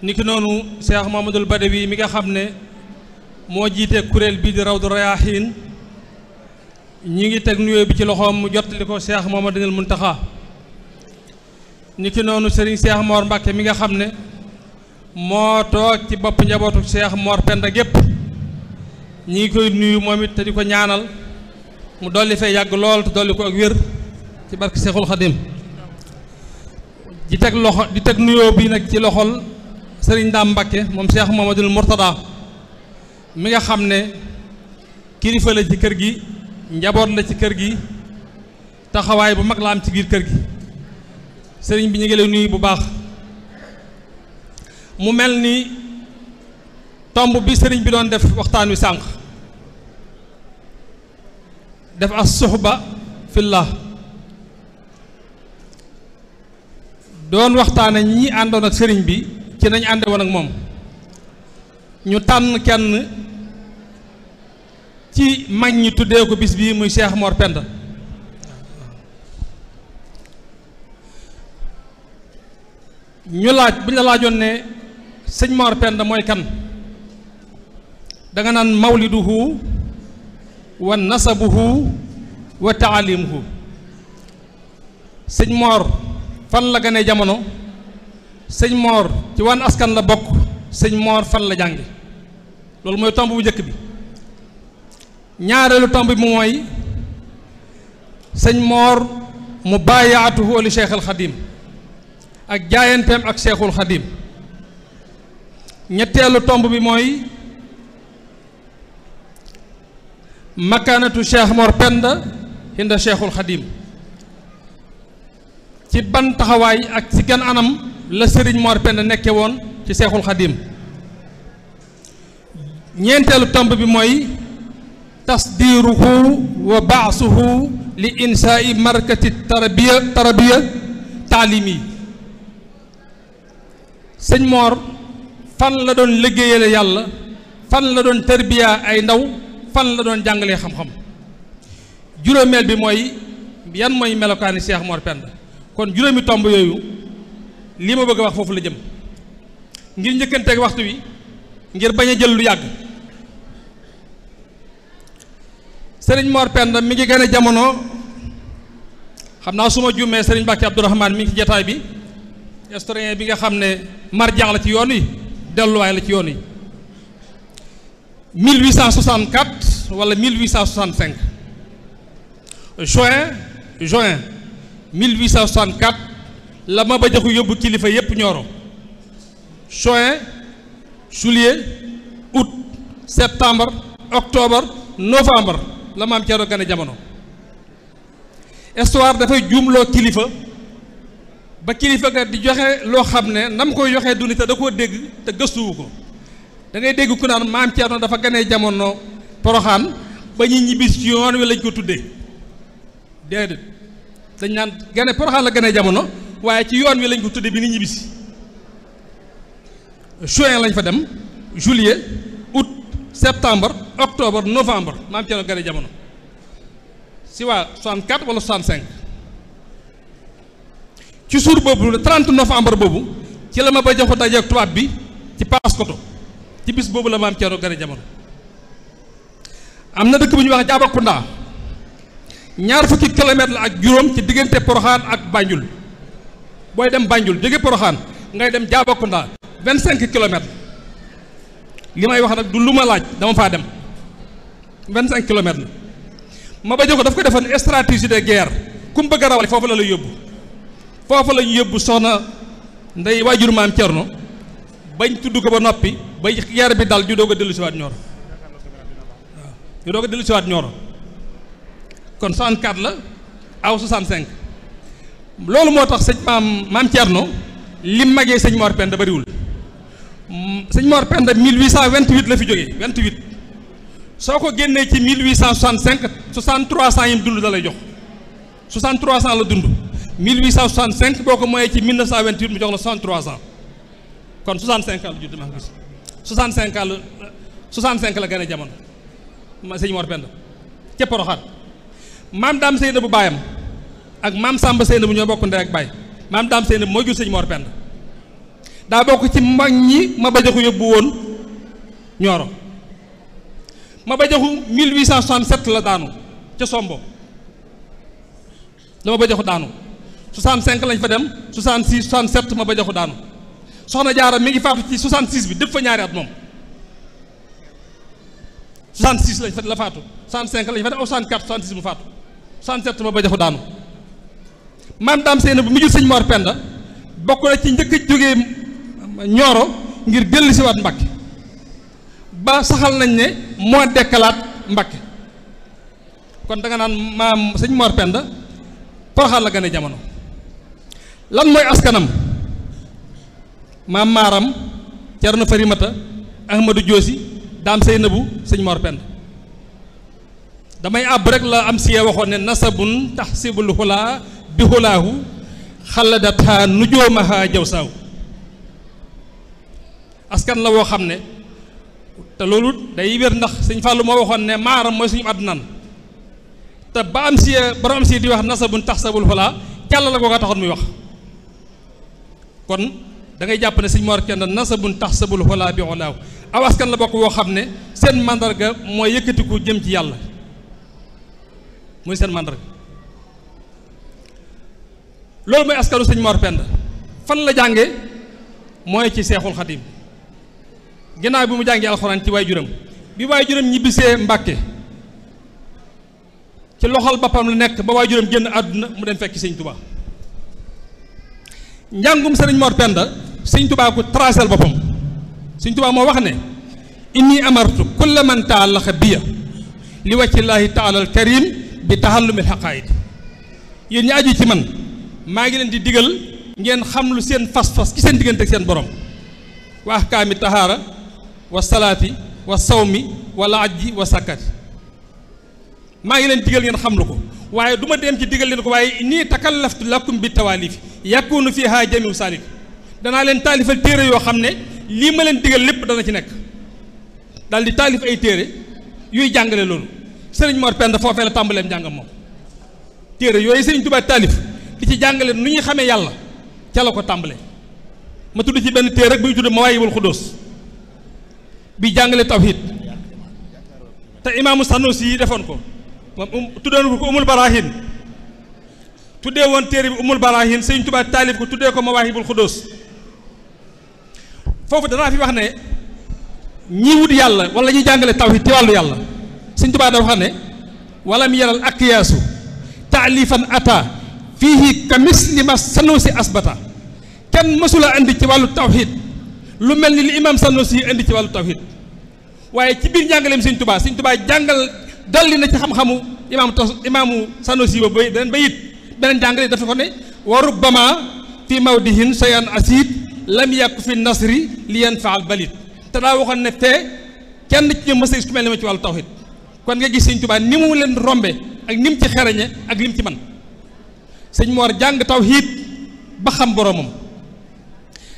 Speaker 13: ki noonu Cheikh Mamadul Badawi mi nga xam ne moo jiite kuréel bii di Rawdu Rayaahiin ñi ngi teg nuyoo bi ci loxoom mu jot jottali ko Cheikh Mamadul Muntaxa niki noonu Serigne Cheikh moor Mbacke mi nga xam ne moo toog ci bopp njabootu Cheikh Mor Penda gépp ñi ngi koy nuyu moom it te di ko ñaanal mu dolli fee yàgg lool te dolli ko ak wér ci barke Seexul Xadim di teg loxo di teg nuyoo bi nag ci loxol sëriñ Daam Mbakke moom moom Cheikh Mamadul Mourtada mi nga xam ne kilifa la ci kër gi njaboot la ci kër gi taxawaay bu mag la am ci biir kër gi sëriñ bi ñu ngi lay nuyu bu baax mu mel ni tomb bi sëriñ bi doon def waxtaan wi sànq def as suxba fillah doon waxtaane ñi àndoon ak sëriñ bi ci nañ ànde woon ak moom ñu tànn kenn ci mag ñi tuddee ko bis bi muy Cheikh Mor Penda ñu laaj bu ñu la laajoon ne sëñ Mor Penda mooy kan danga naan mawliduhu wa nasabuhu wa taalimuhu sëñ Mor fan la gane jamono sëñ moor ci wan askan la bokk sëñ moor fan la jànge loolu mooy tomb bu njëkk bi ñaareelu tomb bi mu mooy sëñ moor mu bàyyaatuhu li cheikh al ak jaayanteem ak cheikhul xadim ñetteelu tomb bi mooy makaanatu cheikh moor penda hinda cheikhul xadim ci ban taxawaay ak ci gan anam la sëriñ Mor Penda nekke woon ci seexul xadim ñeenteelu tomb bi mooy tasdiruhu wa baasuhu li insaai markati tarabiya tarabiya yi sëñ Mor fan la doon liggéeyale yàlla fan la doon tarbiya ay ndaw fan la doon jàngalee xam-xam juróomeel bi mooy yan mooy melokaani Seex Mor Penda kon juróomi tomb yooyu lii ma bëgg a wax foofu la jëm ngir njëkkanteeg waxtu wi ngir bañ a jël lu yàgg sëriñ Mor pend mi ngi gën a jamono xam naa su ma juumee sëriñ Mbàkke Abdourahmane mi ci jataay bi historien bi nga xam ne marjaan la ci yoon yi delluwaay la ci yoon yi 1864 wala 1865 juin juin 1864 la ma ba jaxu yóbbu kilifa yépp ñooro juin juillet août septembre octobre novembre la maam Ceerno gane jamono histoire dafay juumloo kilifa ba kilifa ga di joxe loo xam ne nam koy joxee duni te da koo dégg te gëstuwu ko dangay dégg ku naan maam Ceerno dafa ganee jamono poroxaan ba ñu ñibbis yoon wi lañ ko tuddee déedéet dañ naan gane Porokhane la gane jamono waaye ci yoon wi lañ ko tudde bi ni ñibbisi juin lañ fa dem juillet août septembre octobre novembre maam Thierno gane jamono si waa 64 wala 65 ci suur boobu le 30 novembre boobu ci la ma ba jox ko dajeeg bi ci Paoskoto ci bis boobu la maam Thierno gane jamono am na dëkk bu ñuy wax Diabakounda ñaar fukki kilomètre la ak juróom ci diggante Poroxaan ak Banjul booy dem Banjul jóge Poroxaan ngay dem Jaabakounda vingt cinq kilomètres li may wax nag du lu ma laaj dama faa dem vingt cinq kilomètres la ma bajo ko daf ko defoon stratégie de guerre ku mu bëgg a rawale foofu la lay yóbbu foofu la ñu yóbbu soxna ndey waajur maam Thierno bañ tudd ko ba noppi ba guerre bi dal ju doog ko dellu siwaat ñooro waaw ñu siwaat ñooro kon 64 la aw 65 loolu moo tax sëñ maam maam Thierno li magee sëñ Mor Penda bariwul mm, sëñ Mor Penda 1828 la fi jógee 28 soo ko génnee ci 1865 6300 yim dund da lay jox 6300 la dund 1865 boo ko moyee ci 1928 mu jox la 6300 kon 65 ans la judd maa ngi gis 65 ans la 65 la gën a jamono ma sëñ Mor Penda maam daam sëy na bu baayam ak maam sàmba sëy na bu ñoo bokk ndey ak baay maam daam sëy na bu moo jur sëñ Mor Penda daa bokk ci mag ñi ma bajaxu yóbbu woon ñooro ma bajaxu 1867 la daanu ca sombo la ma bajaxu daanu 65 lañ fa dem 66 67 ma bajaxu daanu soxna jaara mi ngi faatu ci 66 bi def fa ñaari at moom 66 lañ fa la faatu 65 lañ fa dem aw 64 66 mu faatu 67 ba ba jaxu daanu maam daam seen bu mu jur sëñ Mor Penda bokk na ci njëkk a ñooro ngir dellu siwaat Mbàkke ba saxal nañ ne moo dekkalaat Mbàkke kon danga naan maam sëñ Mor Penda Poroxaan la gane jamono lan mooy askanam maam maaram Cerno Farimata Ahmadou Diosi daam Seynabu sëñ Mor Penda damay àbb rek la am si waxoon ne nasabun taxsibul xulaa bi xulaahu xaladataa nujoomaha jaw saaw askan la woo xam ne te loolu day wér ndax sëñ Fallou moo waxoon ne maaram mooy suñu àddunaan te ba am si borom am si di wax nasabun taxsabul xulaa càll la kooka taxoon muy wax kon dangay ngay jàpp ne sëñ Mor Kenda nasabun taxsabul xulaa bi xulaahu aw askan la bokk woo xam ne seen màndarga mooy yëkkatiku jëm ci yàlla muy seen màndarga loolu mooy askanu sëñ Mor Penda fan la jànge mooy ci seexul xadim ginnaaw bi mu jàngee alxuraan ci waajuram bi waajuram ñibbisee mbàkke ci loxol boppam lu nekk ba waajuram jën àdduna mu dem fekk sëñ tubaa njàngum sëriñ Mor Penda sëñ tubaa ko trasel boppam sëñ tubaa moo wax ne inni amartu kulla man taalaxa li wàcci laahi taala karim bi taxallumil xaqaayid yéen ñi aju ci man maa ngi leen di digal ngeen xam lu seen fas-fas ci seen diggante ak seen borom wa ahkaami tahaara wa salaati wa sawmi wala ajji wa sàkkati maa ngi leen digal ngeen xam lu ko waaye duma ma dem ci digal leen ko waaye nii takallaftu lakum bi tawaalif yakunu fiha jamiu saalif danaa leen taalifal téere yoo xam ne lii ma leen digal lépp dana ci nekk dal di taalif ay téere yuy jàngale loolu sëriñ Mor Penda foofee la tàmbaleem njàngam moom téere yooyu sëriñ Tuubaa taalif di ci jàngale nu ñuy xamee yàlla ca la ko tàmbale ma tudd ci benn téere rek bu ñu tudd Mawaahibul Xuddoos bi jàngale tawhid te imaamu Sanusi yi defoon ko moom um, tuddoon ko Umul Barahin tuddee woon téere bi Umul Barahin sëriñ Tuubaa taalif ko tuddee ko Mawaahibul Xuddoos foofu danaa fi wax ne ñii wut yàlla wala ñuy jàngale tawhid ci wàllu yàlla Sëñ Tuubaa dafa xam ne walam yaral ak yaasu taalifan ata fiihi ka misli ma sanusi asbata kenn mësula indi ci wàllu tawxid lu mel ni li imam sanusi indi ci wàllu tawxid waaye ci biir njàngaleem Sëñ Tuubaa Sëñ Tuubaa jàngal dolli na ci xam-xamu imaam tos imaamu sanusi ba bay beneen bayit dafa ko ne wa rubbama fi mawdihin sayan asid lam yàkku fi nasri li yanfaal balit te daa waxoon ne fee kenn ci ñoom mësa gis mel ni ma ci wàllu tawxid kon nga gis sëñ Tuubaa ni mu leen rombe ak ni ci xereñe ak lim ci man sëñ Moor jàng tawhiid ba xam boromam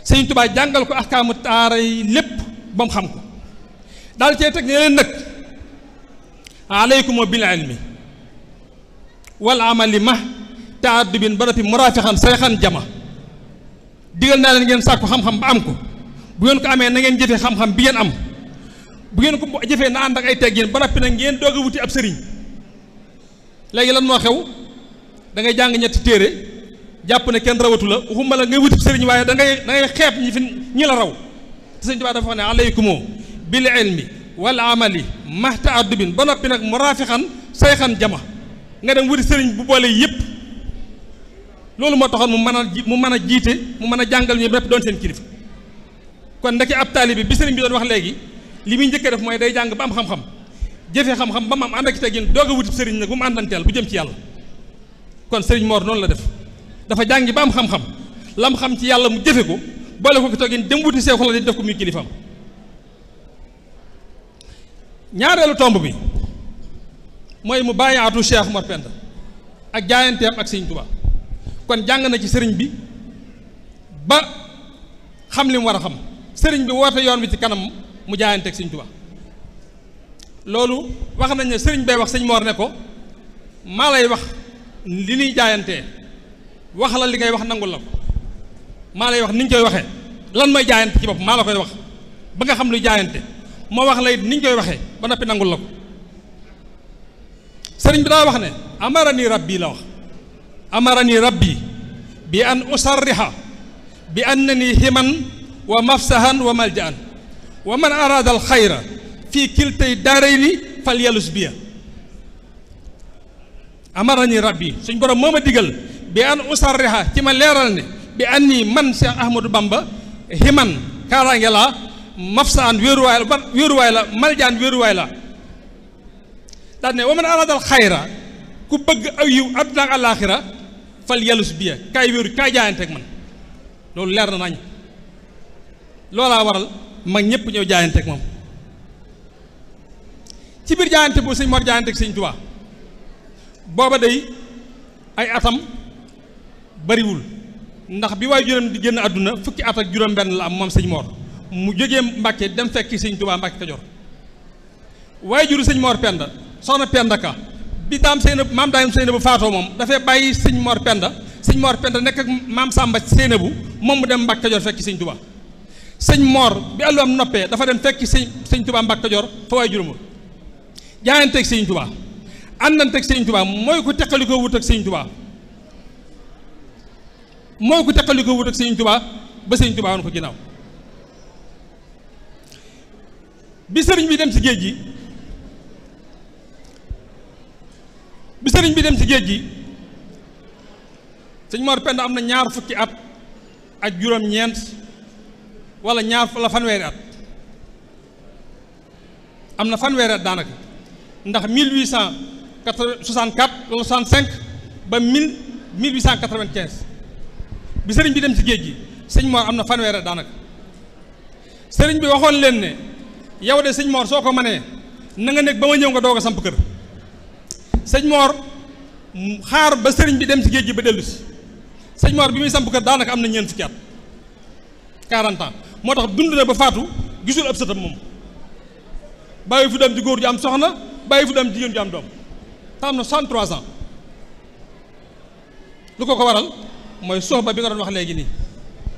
Speaker 13: sëñ Tuubaa jàngal ko ahkaamu taara yi lépp ba mu xam ko daal cee teg ne leen nag aleykum bil ilmi wal amali ma taaddubin ba noppi muraafaxan sayxan jama digal naa leen ngeen sàkku xam-xam ba am ko bu ngeen ko amee na ngeen jëfe xam-xam bi ngeen am bu ngeen ko jëfee naan ànd ak ay teggin ba noppi nag ngeen doog a wuti ab sëriñ léegi lan moo xew dangay ngay jàng ñetti téere jàpp ne kenn rawatu la la ngay wuti sëriñ waaye dangay ngay da ngay xeeb ñi fi ñi la raw te sëñ Tuubaa dafa wax ne alaykumoo bil ilmi wal ba noppi nag mu raafixan sayxan jama nga dem wuti sëriñ bu boole yépp loolu moo taxoon mu mën a mu mën a jiite mu mën a jàngal ñu bépp doon seen kilifa kon ndeke ab taalibe bi sëriñ bi doon wax léegi li muy njëkkee def mooy day jàng ba am xam-xam jëfe xam-xam ba mu am ànd ak teggin doog a wuti sëriñ nag bu mu àndanteel bu jëm ci yàlla kon sëriñ Mor noonu la def dafa jàngi ba am xam-xam lam xam ci yàlla mu jëfe ko boole ko ki teggin dem wuti sew la di def ko muy kilifaam ñaareelu tomb bi mooy mu bàyyi aatu Cheikh Mor Penda ak jaayanteem ak sëriñ Tuubaa kon jàng na ci sëriñ bi ba xam li mu war a xam sëriñ bi woote yoon wi ci kanam mu jaayanteeg sëñ Tuubaa loolu wax nañ ne sëriñ bay wax sëñ war ne ko maa lay wax li ñuy jaayantee wax la li ngay wax nangul la ko maa lay wax ni koy waxee lan mooy jaayante ci bopp maa la koy wax ba nga xam luy jaayante moo wax la it koy waxee ba noppi nangul la ko sëriñ bi daa wax ne amara nii rabbi la wax amara nii rabbi bi an usarriha bi annani himan wa mafsahan wa maljaan wa man araada al xayra fii kiltay daarayni fal yalus biya amarani rabbi suñ borom moo ma digal bi an usarriha ci ma leeral ne bi an nii man Cheikh Ahmadou Bamba himan kaaraange laa mafsaan wéeruwaay la maljaan wéeruwaay la daal ne wa man ku bëgg aw yiw àdduna ak fal yalus biya kaay wéeru kaay jaayante ak man loolu leer na nañ loolaa waral mag ñëpp ñëw jaayante ak moom ci biir jaayante bu sëñ Mor jaayante ak sëñ Tuubaa booba day ay atam bariwul ndax bi waaye juróom di génn àdduna fukki at ak juróom benn la am moom sëñ Mor mu jógee Mbàkke dem fekk sëñ Tuubaa Mbàkke Kajoor waaye juru sëñ moor Penda soxna Penda ka bi daam sëy na maam daam sëy bu faatoo moom dafay bàyyi sëñ moor Penda sëñ Mor Penda nekk ak maam Sàmba sëy na bu moom mu dem Mbàkke Kajoor fekki sëñ Tuubaa sëñ moor bi àllu am noppee dafa dem fekk sëñ sëñ Tuubaa Mbàkke Kajoor fa waay juróom jaayanteeg sëñ Tuubaa àndanteeg sëñ Tuubaa mooy ku teqali ko wut ak sëñ Tuubaa mooy ku teqali ko wut ak sëñ Tuubaa ba sëñ Tuubaa woon ko ginnaaw bi sëriñ bi dem ci géej gi bi sëriñ bi dem ci géej gi sëñ Mor Penda am na ñaar fukki at ak juróom-ñeent. wala ñaar la fanweeri at am na fanweeri at daanaka ndax 1864 wala 65 ba 1895 bi sëriñ bi dem ci géej gi sëñ Mor am na fanweeri at daanaka sëriñ bi waxoon leen ne yow de sëñ Mor soo ko mënee na nga nekk ba ma ñëw nga doog a samp kër sëñ Mor xaar ba sëriñ bi dem ci géej gi ba dellu sëñ Mor bi muy samp kër daanaka am na ñeent fukki at 40 moo tax dund na ba faatu gisul sa sëtam moom bàyyi fi doom ji góor ji am soxna bàyyi fi doom jigéen ju am doom te am na 103 ans lu ko ko waral mooy sooba bi nga doon wax léegi nii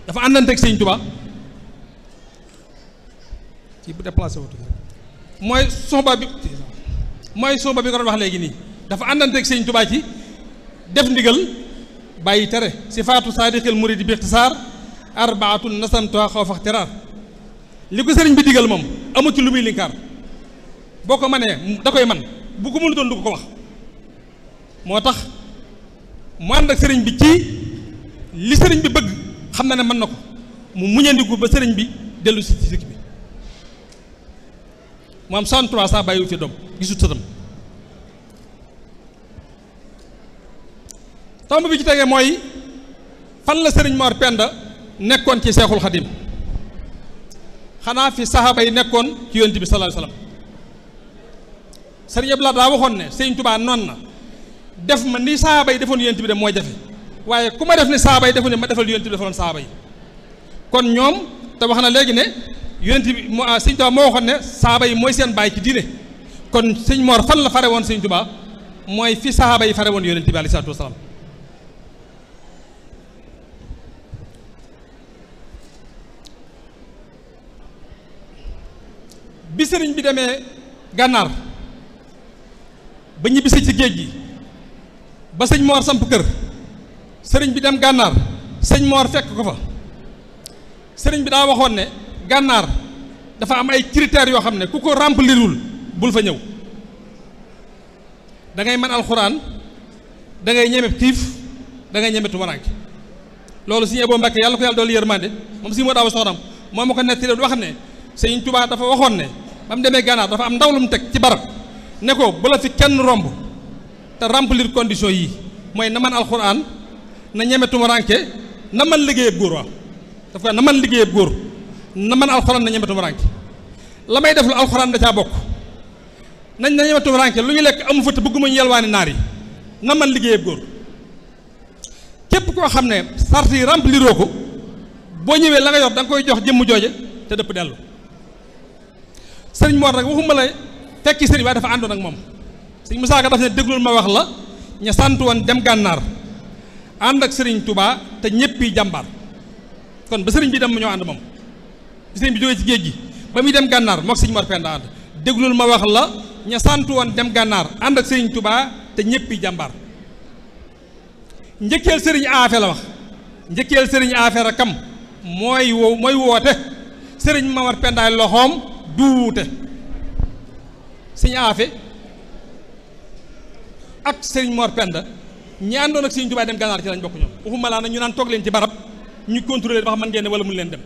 Speaker 13: dafa àndanteeg sëñ Tuubaa ci bu déplacé wutu mooy soxba bi mooy soxba bi nga doon wax léegi nii dafa àndanteeg sëñ Tuubaa ci def ndigal bàyyi tere si faatu saadiqil muridi bi ixtisaar arbaatun nasamtuha xaw fax tiraar li ko sëriñ bi digal moom amu ci lu muy linkaar boo ko manee da koy man bu ko mënutoon du ko wax moo tax mu ànd sëriñ bi ci li sëriñ bi bëgg xam na ne mën na ko mu muñandiku ba sëriñ bi dellu si ci sikk bi mu am 63 saa bàyyiwu fi doom gisut sëtam tomb bi ci tegee mooy fan la sëriñ Mor Penda nekkoon ci seexul xadim xanaa fi saxaaba yi nekkoon ci yonent bi sallallahu alayhi wasallam sëriñ laa daa waxoon ne sëriñ Tuubaa noon na def ma ni saxaaba yi defoon yonent bi dem mooy jafe waaye ku ma def ni saxaaba yi defoon ne ma defal yonent bi defaloon kon ñoom te wax na léegi ne yonent bi moo ah, sëriñ Tuubaa moo waxoon ne saxaaba yi mooy seen baay ci diine kon sëriñ moor fan la fare woon sëriñ Tuubaa mooy fi saxaaba yi fare woon yonent bi alayhi salaatu wasalaam bi sëriñ bi demee gànnaar ba ñibbisi ci géej gi ba sëñ Mor samp kër sëriñ bi dem gànnaar sëñ Mor fekk ko fa sëriñ bi daa waxoon ne gànnaar dafa am ay critères yoo xam ne ku ko remplirul bul fa ñëw dangay ngay mën alxuraan da ngay ñeme tiif da ngay ñeme tumuraanke loolu suñu Ebo Mbacke yàlla ko yàlla doolu yërmande moom si moo daaw soxnaam moom ma ko nettali wax ne sëñ Tuubaa dafa waxoon ne ba mu demee Gànnaar dafa am ndaw lu mu teg ci barab ne ko bu la fi kenn romb te remplir condition yi mooy na man alxuraan na ñeme tumuranke na man liggéeyab góor waaw dafa na man liggéeyab góor na man alxuraan na ñeme tumuranke la may def lu alxuraan da caa bokk nañ na ñeme tumuranke lu ñu lekk amu fa te bëgguma ñu yelwaani naar yi na man liggéeyab góor képp koo xam ne sart yi rempliroo ko boo ñëwee la nga yor da nga koy jox jëmm jooje te dëpp dellu sëriñ Mor nag waxuma la tekki sëriñ waaye dafa àndoon ak moom sëriñ Musaa Ka daf ne déglul ma wax la ña sant woon dem gànnaar ànd ak sëriñ tubaa te ñéppi jàmbaar kon ba sëriñ bi dem ñoo ànd moom bi ci géej gi ba dem gànnaar mook sëriñ Mor ma wax la ña sant woon dem gànnaar ànd ak sëriñ Touba te ñéppi jàmbaar njëkkeel sëriñ aafe la wax njëkkeel sëriñ aafe rakam mooy woo mooy woote sëriñ Mamar Pendaay loxoom du wuute sëñ aafe ak sëriñ Mor Penda ñi àndoon ak sëriñ Tuubaa dem gànnaar ci lañ bokk ñoom waxuma ñu naan toog leen ci barab ñu contrôler ba xam ngeen ne wala mun leen dem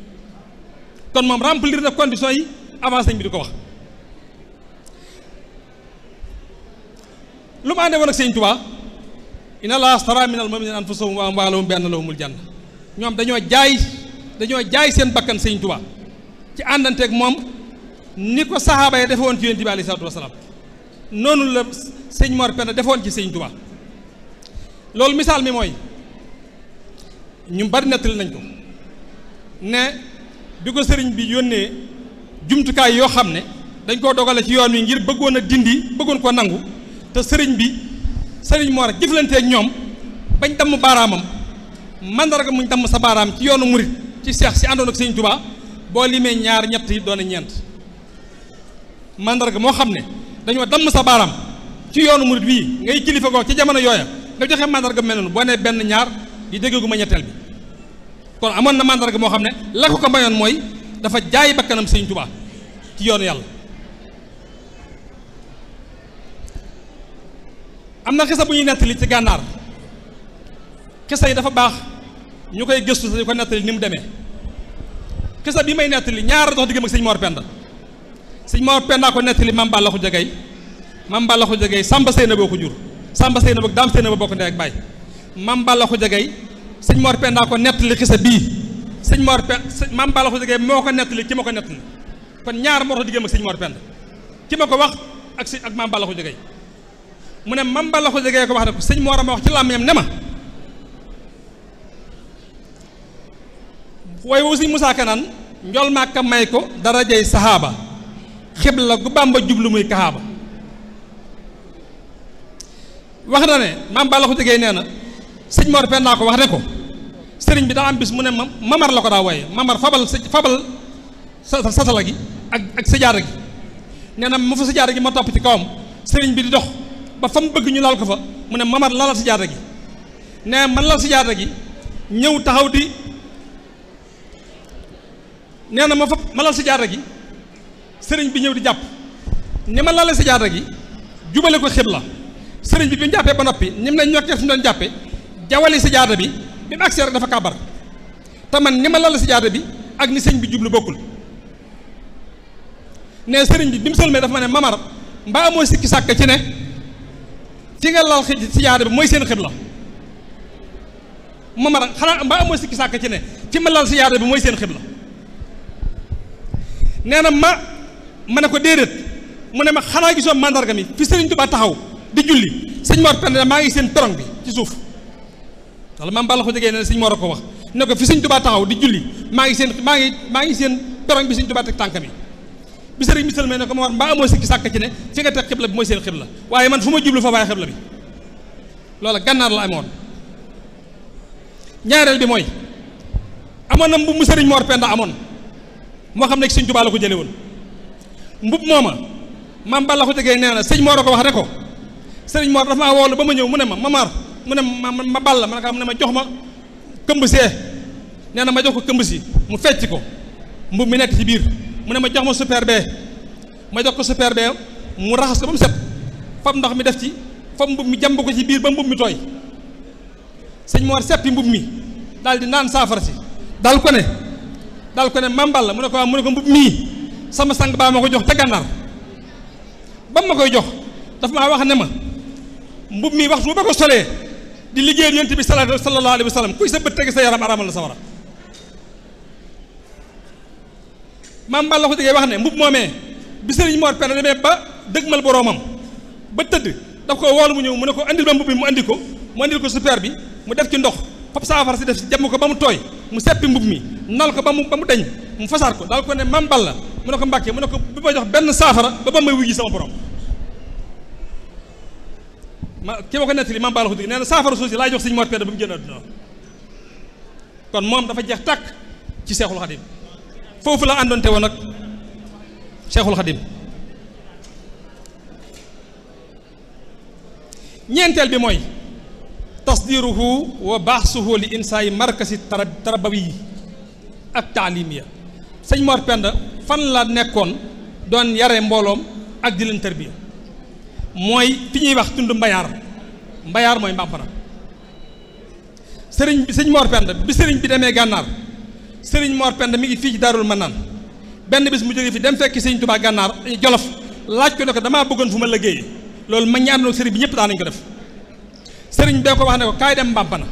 Speaker 13: kon moom remplir na condition yi avant sëñ bi di ko wax lu mu àndee woon ak sëriñ Tuubaa inna Allaha astara minal mu'minina anfusahum wa ñoom dañoo jaay dañoo jaay seen bakkan sëriñ Tuubaa ci àndanteeg moom ni ko saxaaba yi defoon ci yonent bi aleyhi salaatu wasalaam noonu la sëñ Mor Penda defoon ci sëñ Tuubaa loolu misaal mi mooy ñu bari nettali nañ ko ne bi ko sëriñ bi yónnee jumtukaay yoo xam ne dañ koo dogale ci yoon wi ngir bëggoon a dindi bëggoon ko nangu te sëriñ bi sëriñ Mor jëflanteeg ñoom bañ damm baaraamam mandarga muñ damm sa baaraam ci yoonu murit ci seex si àndoon ak sëñ Tuubaa boo limee ñaar ñett yi doon ñeent màndarga moo xam ne dañoo damm sa baaraam ci yoonu murit bii ngay kilifa goo ci jamono yooya nga joxe mandarga mel noonu boo nee benn ñaar di dégg gu ma ñetteel bi kon amoon na màndarga moo xam ne la ko ko mayoon mooy dafa jaay bakkanam sëñ Tuubaa ci yoonu yàlla am na xisa bu ñuy nettali ci gànnaar xisa yi dafa baax ñu koy gëstu sañu ko nettali ni mu demee xisa bi may nettali ñaar dox diggam ak sëñ Mor Penda sëñ Mor Penda ko nettali mam mam Balla Khoudia Gaye Samba Seyna ko jur Samba Seyna boog Dame Seyna ba bokk ndey ak baay mam Balla Khoudia Gaye sëñ Mor Penda ko nettali xisa bii sëñ Mor Penda mam Balla Khoudia moo ko nettali ci ma ko nettali kon ñaar moo tax diggam ak sëñ Mor ci ma ko wax ak si ak mam Balla Khoudia mu ne mam Balla Khoudia Gaye ko wax ne ko sëñ Mor ma may ko darajey sahaaba xibla gu Bàmba jublu muy kaxaaba wax na ne maam Balla nee na sëñ Mor ko wax ne ko sëriñ bi daa mu ne ma mamar la ko daa wooye mamar fabal fabal sa sasala gi ak ak sajaara gi nee na mu fa sajaara gi ma topp ci kawam sëriñ bi di dox ba fa mu bëgg ñu laal ko fa mu ne mamar lalal sajaara gi nee man lal sajaara gi ñëw taxaw di nee na ma fa ma lal sajaara gi sëriñ bi ñëw di jàpp ni ma laale sa jaada gi jubale ko xibla sëriñ bi bi jàppee ba noppi ni mu ne ñokkee fi mu doon jàppee jawali sa jaada bi bi mu agsee rek dafa kàbbar te man ni ma lal sa jaada bi ak ni sëñ bi jublu bokkul ne sëriñ bi bi mu sëlmee dafa ma ne mamar mbaa amoo sikki sàkk ci ne fi nga lal si jaada bi mooy seen xibla mamar xanaa mbaa amoo sikki sàkk ci ne fi ma lal bi mooy seen ma ma ne ko déedéet mu ne ma xanaa gisoo mandarga mi fi Sëriñ Tuubaa taxaw di julli sëñ Mor Penda maa ngi seen torong bi ci suuf wala maam Balla ko jógee ne sëñ Mor a ko wax ne ko fi sëñ Tuubaa taxaw di julli maa ngi seen maa ngi maa ngi seen torong bi sëñ Tuubaa teg tànk mi bi sëriñ bi sëlmee ne ko ma wax mbaa amoo sikki sàkk ci ne fi nga teg xibla bi mooy seen xibla waaye man fu ma jublu foofaay xibla bi loola gànnaar la amoon ñaareel bi mooy amoon na mbubb mu sëriñ Mor Penda amoon moo xam ne sëñ Tuubaa la ko jële woon mbub mooma maam la ko jegee nee na sëñ Mor ko wax ne ko sëñ Mor dafa maa woolu ba ma ñëw mu ne ma Mamar mu ne ma ma Balla ma ne ko mu ne ma jox ma këmb see na ma jox ko këmb si mu fecc ko mbub mi nekk ci biir mu ne ma jox ma super bee ma jox ko super mu raxas ko ba ndox mi def ci fab mbub mi jàmb ko ci biir ba mbub mi tooy sëñ Mor seppi mi daal di naan saafara si daal ko ne ko ne mambal la mu ko mu ne ko mii sama sang baa ma ko jox te gànnaar ba ma koy jox daf maa wax ne ma mbub mi waxtu ba ko solee di liggéey liggéeyal yonent bi salaatu sallallahu alayhi wa sallam kuy sa bët tege sa yaram aramal la ko jegee wax ne mbub moomee bi sëriñ Mor Penda demee ba dëgmal boroomam ba tëdd daf ko woolu mu ñëw mu ne ko andil ba mbub mi mu indi ko mu andil ko super bi mu def ci ndox fab saafara si def si jàmm ko ba mu tooy mu seppi mbub mi nal ko ba mu ba mu deñ mu fasaat ko daal ko ne mam balla mu ne ko mbàkke mu ne ko bi ma jox benn saafara ba ba may wujji sama borom ma ki ma ko nettali mam balla xuddi nee na saafara suuf si laay jox sëñ Mor moom dafa jeex tàkk ci seexul xadim la àndoonte woon bi mooy tasdiruhu wa baaxsuhu li insaay markasi tarab tarabawi ak taalimiya sëñ Mor Penda fan la nekkoon doon yare mbooloom ak di leen tërbiya mooy fi ñuy wax tund mbayaar mbayaar mooy mbàmpara sëriñ bi sëñ moor pend bi sëriñ bi demee gànnaar sëriñ moor pend mi ngi fii ci ma Manaan benn bis mu jógee fi dem fekk sëriñ Tuubaa gànnaar eh, jolof laaj ko ne ko damaa bëggoon fu ma liggéeyee loolu ma ñaan na sëriñ bi ñëpp daanañ ko def sëriñ bee ko wax ne ko kaay dem mbàmpana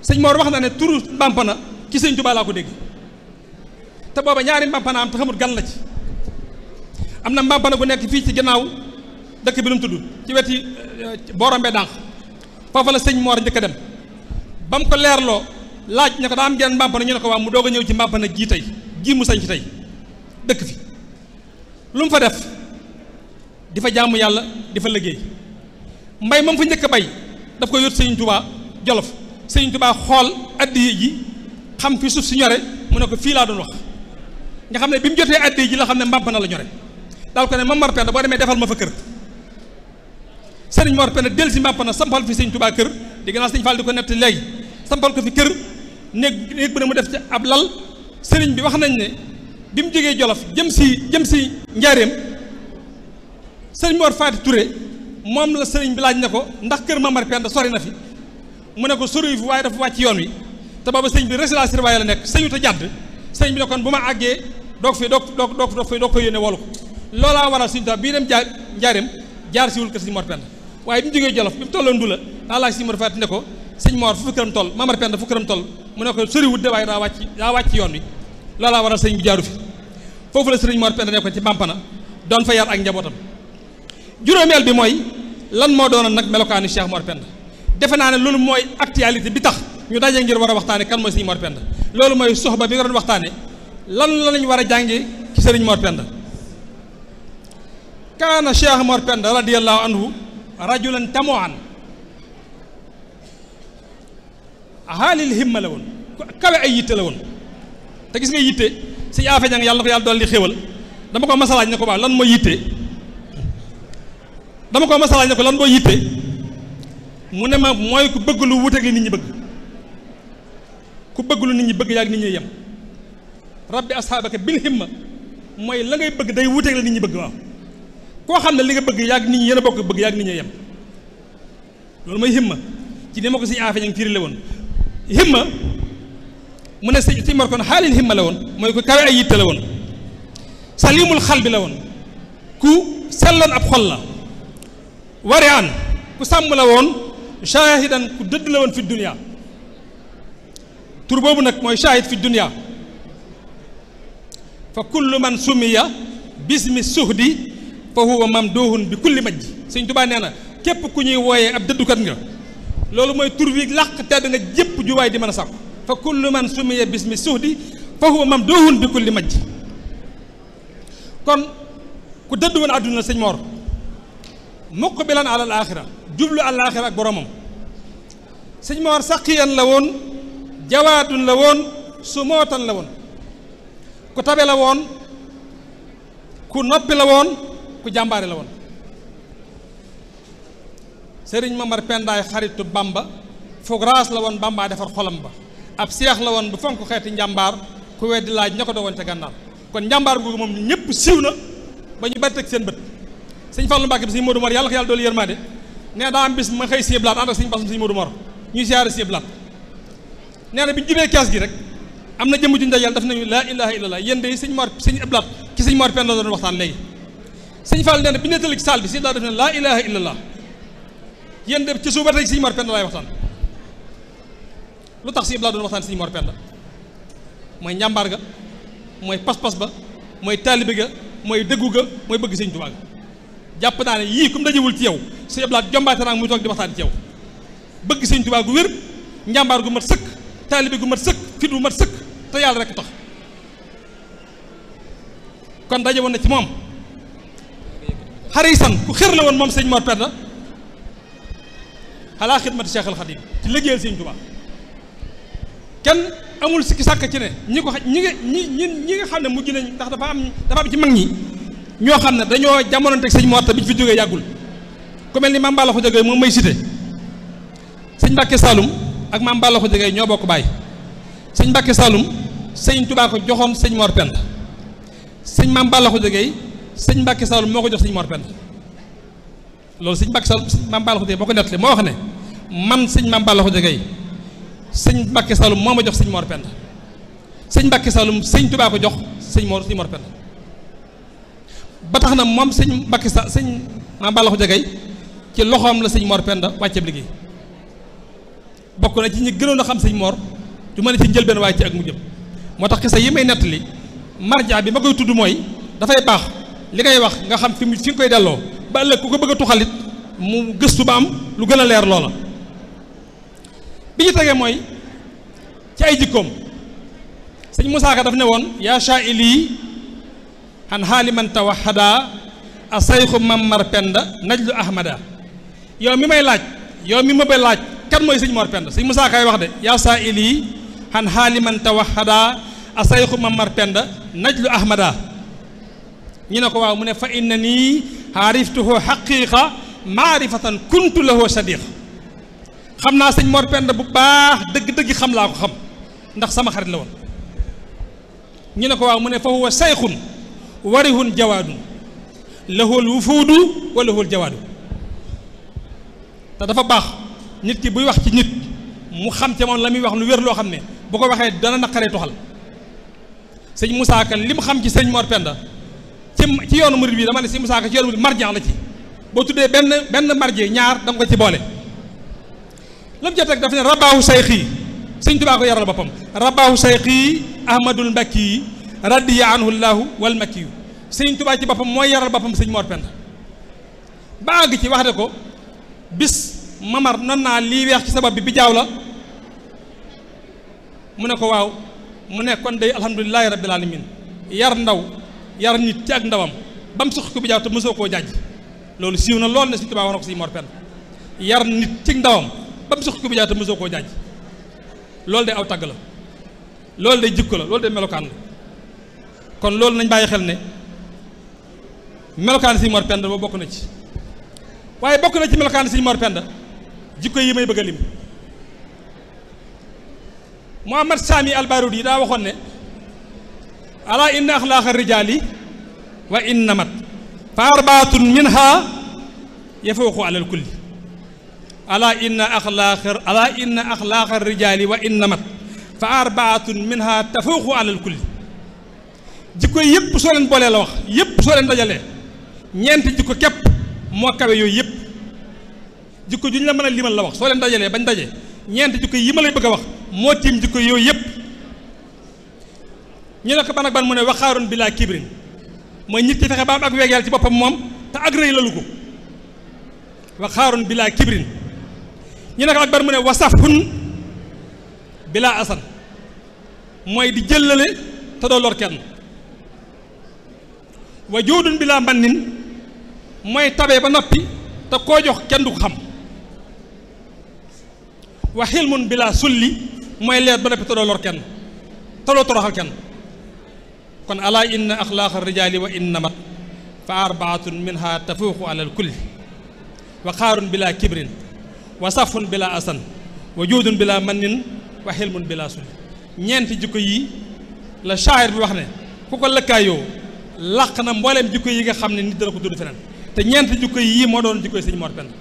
Speaker 13: sëñ moor wax na ne turu mbàmpana ci sëriñ Tuubaa laa ko dégg te booba ñaari mbampana am te xamul gan la ci am na mbampana gu nekk fii ci ginnaaw dëkk bi nu mu tudd ci weti eh, boorombe dànq foofa la sëñ moor njëkk dem ba mu ko leerloo laaj ne ko daa am genn mbampana ñu ne ko waa mu doog a ñëw ci mbampana gii tey gii mu sañ ci tey dëkk fi lu mu fa def di fa jaamu yàlla di fa liggéey mbay moom fa njëkk a bay daf ko yót sëñ tubaa jolof sëñ tubaa xool addiye ji xam fi suuf si ñore mu ne ko fii laa doon wax nga xam ne bi mu jotee addi ji la xam ne mbàmp na la ñore daal ko ne ma Mor Penda boo demee defal ma fa kër sëriñ Mor Penda del si mbàmp na sampal fi sëñ Tuubaa kër di gannaaw sëñ Fall di ko fi kër néeg néeg def ci ab lal sëriñ bi wax nañ ne bi mu Jolof jëm si jëm si njaareem sëriñ Mor Faati Touré moom la sëriñ bi laaj na ko ndax kër ma Mor Penda sori na fi mu ne ko sori fi waaye dafa wàcc yoon wi te booba sëñ bi résidence surveillée la nekk sëñu ta jàdd sëñ bi ne kon bu ma àggee doog fi doog doog doog fi doog ko yéene wolu ko loolaa waral suñu taal bii dem jaar njaareem jaar si wul kër sëñ Mor Penda waaye bi mu jógee Jolof bi mu tolloon Ndula daa laaj sëñ Mor Faati ne ko sëñ Mor fu këram toll Mamar Penda fu ne ko soriwut de waaye daa wàcc daa wàcc yoon wi loolaa waral sëñ bi jaaru fi foofu la sëriñ Mor Penda nekkoon ci Bampana doon fa yar ak njabootam juróomeel bi mooy lan moo doonoon nag melokaanu Cheikh Mor pend defe naa ne loolu mooy actualité bi tax ñu daje ngir war a waxtaane kan mooy sëñ Mor Penda loolu mooy ba bi nga doon waxtaane lan la war a jànge ci sëriñ Mor Penda kaana Cheikh Mor Penda radiyallahu anhu rajulan tamoan xaalil himma la woon kawe ay yitte la woon te gis nga yitte si aafe jàng yàlla ko yàlla dool di xéwal dama ko masalaaj ne ko waaw lan moo yitte dama ko masalaaj ne ko lan mooy yitte mu ne ma mooy ku bëgg lu wuteeg li nit ñi bëgg ku bëgg lu nit ñi bëgg yaag nit ñi yem rabbi asxaabaka bil himma mooy la ngay bëgg day wuteeg la nit ñi bëgg waaw koo xam ne li nga bëgg yàgg nit ñi yéen a bokk bëgg yàgg nit ñi yem loolu mooy himma ci ne ma ko si aafe ña ngi firile woon himma mu ne si si kon xaalin himma la woon mooy ku kawe ay yitte la woon salimul xal bi la woon ku selloon ab xol la wari aan ku sàmm la woon shaahidan ku dëdd la woon fi dunia tur boobu nag mooy shaahid fi dunia fa kullu man sumiya bismi suhdi fa huwa mamduhun bi kulli majj sëñ Tuubaa nee na képp ku ñuy wooyee ab dëddukat nga loolu mooy tur wi làq tedd nga jëpp juwaay di mën a sàkku fa kullu man sumiya bismi suhdi fa huwa mamduhun bi kulli majj kon ku dëdd woon àdduna sëñ Mor muqbilan alal aaxira jublu alaaxira ak boromam sëñ Mor saqiyan la woon jawaadun la woon sumootan la woon ku tabe la woon ku noppi la woon ku jàmbaare la woon sëriñ Mamar Pendaay xaritu Bamba fu raas la woon Bamba defar xolam ba ab seex la woon bu fonk xeeti njàmbaar ku weddi laaj ña ko doon te gànnaar kon njàmbaar googu moom ñëpp siiw na ba ñu bari teg seen bët sëñ Fallu Mbàkke bi sëñ Modou Mor yàlla ko yàlla doolu yërmaade nee daa am bis ma xëy sieblaat ànd ak sëñ Basum sëñ Modou Mor ñuy siyaare sieblaat nee na bi ñu jubee kees gi rek am na jëmm juñ dajal daf nañu laa ilaha illallah yéen day sëñ Mor sëñ Ablaat ci sëñ Mor Penda la doon waxtaan léegi sëñ Fall nee na bi ñu nettali saal bi sëñ Ablaat def ne laa ilaha illallah de ci suba tey sëñ Mor Penda laay waxtaan lu tax si Ablaat doon waxtaan sëñ Mor Penda mooy njàmbaar ga mooy pas-pas ba mooy taalibe ga mooy dëggu ga mooy bëgg sëñ Tuubaa jàpp naa ne yii comme dajewul ci yow sëñ Ablaat jombaate naa muy toog di waxtaan ci yow bëgg sëñ Tuubaa gu njàmbaar gu mat sëkk taalibe gu mat sëkk fit te yàlla rek tax kon daje woon na ci moom xarisan ku xër la woon moom sëñ Mor Penda xalaa xidmati Cheikh al Xadim ci liggéeyal sëñ Tuubaa kenn amul sikki sàkk ci ne ñi ko ñi ñi ñi ñi xam ne mujj nañ ndax dafa am dafa am ci mag ñi ñoo xam ne dañoo jamononteeg sëñ Mor te bi ñu fi jógee yàggul ku mel ni maam Balla Khoudia Gaye moom may cité sëñ Mbàkke saalum ak maam Balla Khoudia Gaye ñoo bokk baay sëñ Mbàkke Saalum sëñ Tubaa ko joxoon sëñ Mor Penda sëñ Maam Balla sëñ Mbàkke Saalum moo ko jox sëñ Mor Penda loolu sëñ Mbàkke Saalum sëñ boo ko nettalee moo wax man sëñ Maam ko jógee sëñ Mbàkke Saalum moo ma jox sëñ Mor sëñ Mbàkke Saalum sëñ Tubaa ko jox sëñ Mor sëñ ba tax na moom sëñ Mbàkke Sa sëñ Maam Balla ko jógee ci loxoom la sëñ Mor Penda wàcceeb liggéey bokk na ci ñi gënoon a xam sëñ Mor. du ma ne ci njëlbeen waaye ci ak mu jëm moo tax xisa yi may li marja bi ma koy tudd mooy dafay baax li ngay wax nga xam fi mu fi nga koy delloo ba ëllëg ku ko bëgg a tuxalit mu gëstu ba am lu gën a leer loola bi ñu tegee mooy ci ay jikkoom sëñ Moussa daf ne woon yaa sha'ili xan haali man tawahada a sayxu mammar penda najlu ahmada yow mi may laaj yow mi ma bay laaj kan mooy suñ Mor penda sëñ Moussa Ka wax de yaa sha'ili han haaliman tawahada asayxu mamar penda najlu ahmada ñu ne ko waaw mu ne fa inna nii ariftuhu xaqiqa maarifatan kuntu lahu sadiq xam naa sëñ mor bu baax dëgg-dëgg xam laa ko xam ndax sama xarit la woon ñu ne ko waaw mu ne fa huwa sayxun warihun jawaadun lahul wufuudu wa lahul jawaadu te dafa baax nit ki buy wax ci nit mu xam ca moom la muy wax lu wér loo xam ne bu ko waxee dana naqaree toxal sëñ Moussa Ka li mu xam ci sëñ Mor Penda ci yoonu murid bi dama ne sëñ Moussa Ka ci yoonu murid marjaan la ci boo tuddee benn benn marje ñaar danga ko ci boole la mu ca teg daf ne rabaahu sayxi sëñ Tuubaa ko yaral boppam rabaahu sayxi ahmadul mbakki radiya anhu llahu wal makkiyu sëñ Tuubaa ci boppam mooy yaral boppam sëñ Mor Penda ba àgg ci wax de ko bis mamar nan naa lii weex ci sabab bi bi jaaw la mu ne ko waaw mu ne kon day alhamdulilahi rabbil alamin yar ndaw yar nit ci ak ndawam ba mu suq ko bi jaaw te mosoo koo jaaj loolu siiw na lool ne suñu tubaab wax na ko si Mor yar nit ci ndawam ba mu ko bi jaaw te mosoo koo jaaj loolu day aw tagg la loolu day jikko la loolu day melokaan la kon loolu nañ bàyyi xel ne melokaan si morpend Penda bokk na ci waaye bokk na ci melokaan si Mor Penda jikko yi may bëgg a lim Muhammad Sami al-Barudi yi daa waxoon ne ala inna axlaaqa rijaali wa innamat fa arbaatun minha yafuuqu alal kulli ala inna axlaaqa ala inna axlaaqa rijaali wa innamat fa arbaatun minha tafuuqu alal kulli jikko yëpp soo leen boolee la wax yëpp soo leen dajalee ñeenti jikko képp moo kawe yooyu yëpp jikko ju ñu la mën a limal la wax soo leen dajalee bañ daje ñeenti jikko yi ma lay bëgg a wax moo tiim jikko yooyu yëpp ñu ne ko ban ak ban mu ne waxaaroon bi kibrin mooy nit ki fexe ba am ak weeg ci boppam moom te ak rëy lalu ko waxaaroon bi laa kibrin ñu ne ko ak ban mu ne wasafun bi asan mooy di jëlale te doo lor kenn wa joodun bi mooy tabee ba noppi te koo jox kenn du ko xam wa xilmun bi sulli mooy leer ba noppi te doo lor kenn te doo toroxal kenn kon alaa inna axlaaqa rijaali wa innamat fa minha tafuuqu ala alkulli wa xaarun bila kibrin wa safun bila asan wa juudun bila mannin wa xilmun bila sul ñeenti jikko yi la shaayir bi wax ne ku ko lëkkaayoo làq na mbooleem jikko yi nga xam ne nit dana ko tudd feneen te ñeenti jikko yi moo doon jikko yi sëñ Mor Penda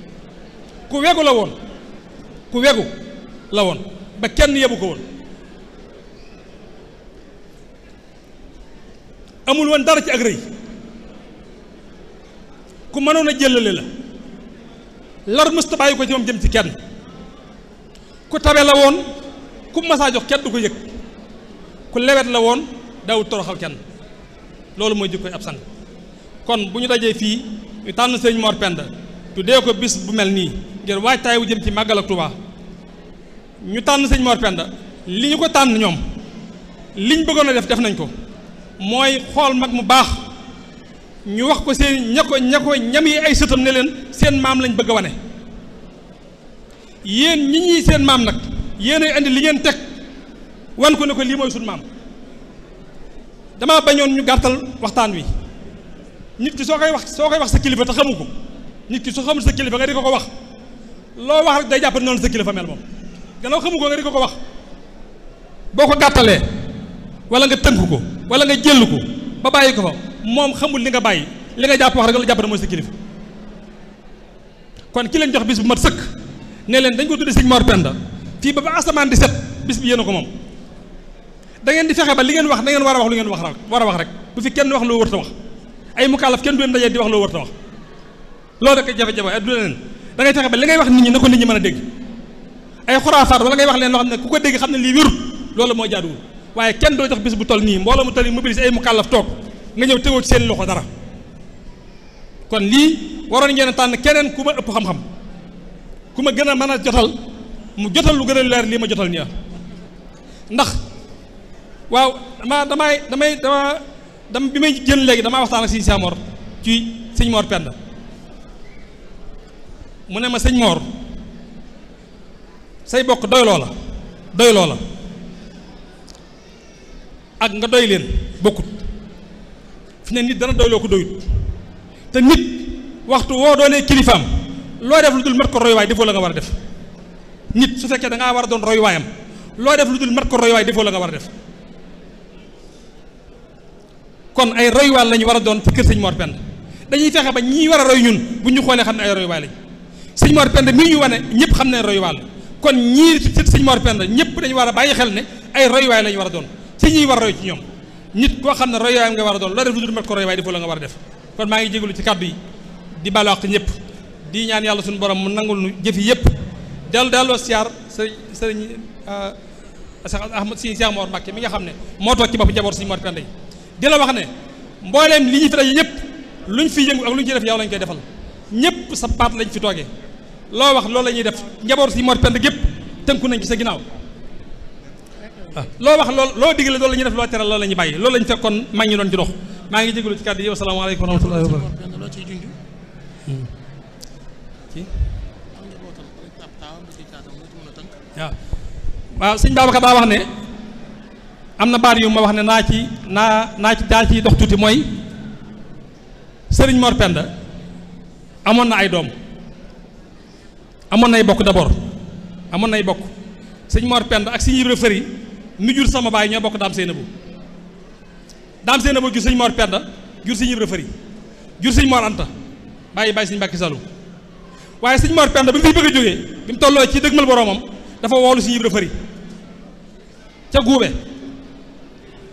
Speaker 13: ku wegu la woon ku wegu la woon ba kenn yebu ko woon amul woon dara ci ak rëy ku mënoon a jëlale la lar mësta bàyyi ko ci moom jëm ci kenn ku tabe la woon ku masaa jox kenn du ko yëg ku lewet la woon daawul toroxal kenn loolu mooy jikkoy ab sang kon bu ñu dajee fii ñu tànn sëñ Mor Penda tuddee ko bis bu mel nii ngir waajtaay wu jëm ci màggal ak Tuubaa ñu tànn sañ Mor Penda li ñu ko tànn ñoom liñ bëggoon a def def nañ ko mooy xool mag mu baax ñu wax ko seen ña ko ña ko ñam yi ay sëtam ne leen seen maam lañ bëgg a wane yéen ñi ñuy seen maam nag yéen ay indi li ngeen teg wan ko ne ko lii mooy suñ maam dama bañoon ñu gàttal waxtaan wi nit ki soo koy wax soo koy wax sa kilifa te xamu ko nit ki soo xamul sa kilifa nga di ko ko wax loo wax rek day jàpp noonu sa kilifa mel moom gannaaw xamu ko nga di ko ko wax boo ko gàttalee wala nga tënk ko wala nga jël ko ba bàyyi ko fa moom xamul li nga bàyyi li nga jàpp wax rek la jàpp ne mooy sa kilifa kon ki leen jox bis bu mat sëkk ne leen dañ ko tudde sëñ moor Penda fii ba ba asamaan di set bis bi yéen ko moom da ngeen di fexe ba li ngeen wax da war a wax lu ngeen wax war a wax rek bu fi kenn wax loo wërta wax ay mukaalaf kenn du leen di wax loo wërta wax loolu rek jafe-jafe ak da ngay fexe li ngay wax nit ñi na ko nit ñi a dégg ay xuraafaat wala ngay wax leen loo xam ne ku ko dégg xam ne lii wérut loolu moo jaaduwul waaye kenn doo jox bis bu toll nii mbooloo mu toll nii mobilise ay mukallaf toog nga ñëw tegoo ci seen loxo dara kon lii waroon ngeen tànn keneen ku ma ëpp xam ku ma gën a mën a jotal mu jotal lu gën a leer lii ma jotal nii ndax waaw dama damay damay dama dama bi may jën léegi damaa waxtaan ak sëñ Samor ci sëñ Mor Penda mu ne ma sëñ moor say bokk doyloo la doyloo la ak nga doy leen bokkut fi ne nit dana doyloo ko doyut te nit waxtu woo doonee kilifaam loo def lu dul mat ko royuwaay defoo la nga war a def nit su fekkee da ngaa war a doon royuwaayam loo def lu dul mat ko royuwaay defoo la nga war a def kon ay royuwaay lañu war a doon ci kër sëñ Mor pend dañuy fexe ba ñii war a roy ñun bu ñu xoolee xam ne ay royuwaay lañ sëñ Mor Penda mii ñu wane ñëpp xam ne royuwaay kon ñii ci sëñ Mor Penda ñëpp dañu war a bàyyi xel ne ay royuwaay la ñu war a doon ci ñuy war a ñoom nit koo xam ne royuwaayam nga war a doon loo def lu dul mat ko royuwaay defoo la nga war a def kon maa ngi jégalu ci kàddu yi di baalu àq ñëpp di ñaan yàlla suñu borom mu nangul nu jëf yëpp dellu delloo siyaar sëriñ sëriñ euh, ahmad si Cheikh Mor Mbacke mi nga xam ne moo toog ci bopp jaboor sëñ Mor Penda yi di la wax ne mbooleem li ñu fi daje lu ñu fi yëngu ak luñ ci def yow lañ koy defal ñëpp sa baat lañ fi toogee loo wax lool la ñuy def njaboot si Mor Penda gépp tënku nañ ci sa ginnaaw ah, loo wax loolu loo digle loolu la ñuy def loo teral loolu la ñuy bàyyi loolu la ñu fekkoon mag ñi doon ci maa ngi jégalu ci kàddu yi wasalaamaaleykum wa rahmatullahi wa
Speaker 4: barakatuh waaw hmm.
Speaker 13: ah. waaw sëñ Babacar daa wax ne am na baat yu ma wax ne naa ci naa naa ci daal ciy dox tuuti mooy sëriñ Mor Penda amoon na ay doom amoon nay bokk d'abord amoon nay bokk sëñ Mor Pend ak sëñ Ibra Fëri mi jur sama baay ñoo bokk daam Seynabou daam Seynabou jur sëñ Mor Pend jur sëñ Ibra Fëri jur sëñ Mor Anta bàyyi bàyyi sëñ Mbàkke Salu waaye sëñ Mor Pend bi mu fiy bëgg a jógee bi mu tolloo ci dëgmal boromam dafa woolu sëñ Ibra Fëri ca guube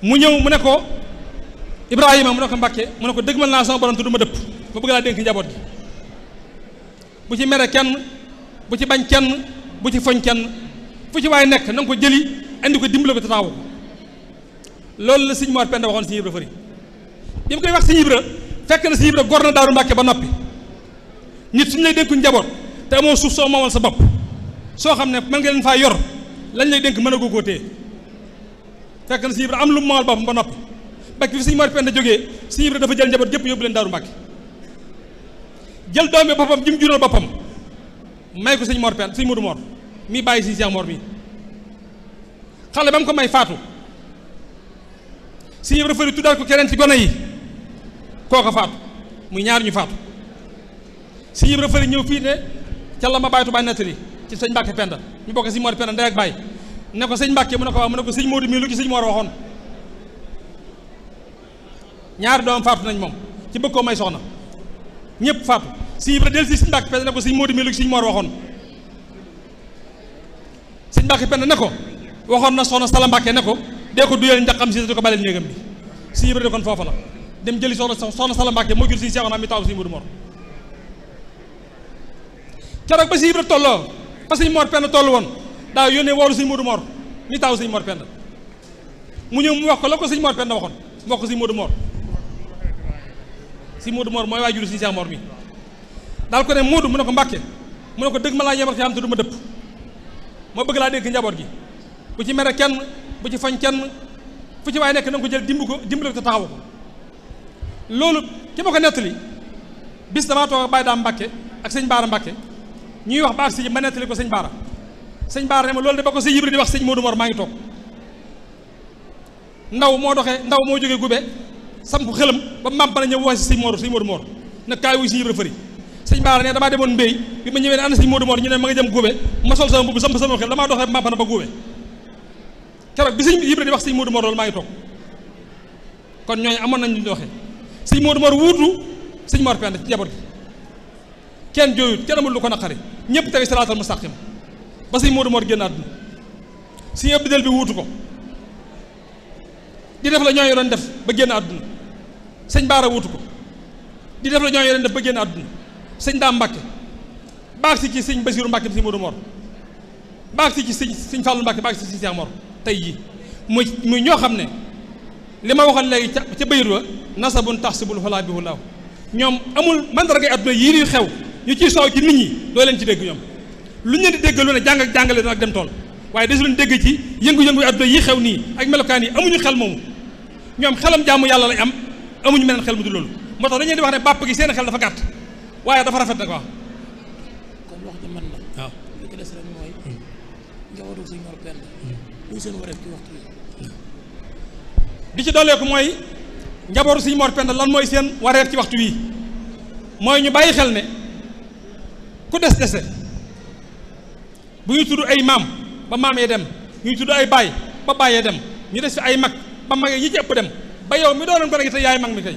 Speaker 13: mu ñëw mu ne ko Ibrahima mu ne ko Mbàkke mu ne ko dëgmal naa sama borom te du ma dëpp ma bëgg laa dénk njaboot gi bu ci mere kenn bu ci bañ kenn bu ci foñ kenn fu ci waaye nekk na ko jëli andi ko dimbale ko te taawu loolu la sëñ Mor Penda waxoon sëñ Ibra Fari bi mu koy wax sëñ Ibra fekk na sëñ Ibra gor na Daaru Mbàkke ba noppi nit suñu lay njaboot te amoo suuf soo moomal sa bopp soo xam ne mën nga faa yor lañ lay dénk mën a góogoo téye fekk na sëñ am lu mu moomal boppam ba nopp bakk fi sëñ Mor Penda jógee sëñ Ibra dafa jël njaboot gépp yóbbu leen Daaru Mbàkke jël doom bi boppam jim jural boppam may ko sëñ Mor Penda sëñ Modou Mor mi bàyyi si Cheikh moor mi xale ba mu ko may faatu sëñ Ibra Fari tuddaat ko keneen ci gone yi kooka faatu muy ñaar ñu faatu sëñ Ibra Fari ñëw fii ne ca la ma bàyyi Tuubaa nettali ci sëñ Mbàkke pend ñu bokk sëñ Mor Penda ndey ak bàyyi ne ko sëñ Mbàkke mu ne ko waaw mu ne ko sëñ Modou mii lu ci sëñ Mor waxoon ñaari doom faatu nañ moom ci bëgg koo may soxna ñëpp faatu sëñ Ibra si sëñ Mbàkke Penda ne ko sëñ Moodu mi lu sëñ Moor waxoon sëñ Mbàkke Penda ne ko waxoon na soxna Sala Mbàkke ne ko dee ko duyeel ko baleel néegam bi kon foofa la dem jëli soxna soxna Sala Mbàkke moo jur sëñ Seexuna mi taaw sëñ Moodu Moor keroog ba sëñ Ibra tolloo fa sëñ Moor toll woon daa yónnee woolu sëñ mi taaw sëñ Moor Penda mu ñëw mu wax ko la ko sëñ Moor Penda waxoon mooy waajuru sëñ Seex Moor mi daal ko ne Moodu mu ne ko Mbàkke mu ne ko dëgg ma laa yebal xiyaam te du ma dëpp moo bëgg laa dégg njaboot gi bu ci mere kenn bu ci fañ kenn fu ci waaye nekk na ko jël dimb ko dimbale ko te taxawu ko loolu ki ma ko nettali bis damaa toog ak Baye Daam Mbàkke ak sëñ Baara Mbàkke ñuy wax ba ak si sëñ Baara sëñ Baara ne ma loolu de ba ko sëñ Ibra di wax sëñ Moodu Mor maa ngi toog ndaw moo doxee ndaw moo jógee gube samp xelam ba maam ba na ñëw wax si sëñ Moodu sëñ sëñ baara ne damaa demoon mbéy bi ma ñëwee ne ana sëñ Modou Modou ñu ne ma nga jëm Goubé ma sol sama mbubb sama sama xel damaa dox rek na ba Goubé bi sëñ di wax sëñ Modou Modou loolu amoon nañ lu ñu waxee sëñ Modou Modou wuutu sëñ kenn jooyut kenn amul lu ko naqari ñëpp tege siraatal ma ba sëñ Modou Modou génn àdduna sëñ Abdou Del bi wuutu ko di def la ñooñu doon def ba génn àdduna sëñ Baara wuutu ko di def la ñooñu doon def ba génn àdduna sëñ daa Mbàkke baag si ci sëñ Basiiru Mbàkke bi sëñ Moodu Mor baag si ci sëñ sëñ Fàllu Mbàkke baag si ci sëñ Seex Mor tey jii muy muy ñoo xam ne li ma waxoon léegi ca ca bayit wa nasabun taxsibul falaa bihu laaw ñoom amul mandargay adduna yii ñuy xew ñu ciy soow ci nit ñi doo leen ci dégg ñoom lu ñu dégg lu ne jàng ak jàngale doon ak dem tool waaye desu leen dégg ci yëngu-yëngu adduna yii xew nii ak melokaan yi amuñu xel moomu ñoom xelam jaamu yàlla lañ am amuñu meneen xel mu du loolu moo tax dañu wax ne bàpp gi seen xel
Speaker 4: dafa gàtt waaye dafa rafet nag waaw. kon wax ji mën na. waaw li hmm. hmm. seen wareef
Speaker 13: ci waxtu wi. Hmm. mooy njabootu sëñ Mor lan mooy seen wareef ci waxtu wi mooy ñu bàyyi xel ne ku des dese bu ñuy tudd ay maam ba maam yee dem ñu tudd ay baay ba baayee dem ñu des fi ay mag ba mag yi ci ëpp dem ba yow mi doonoon ko rek te yaay mag mi kay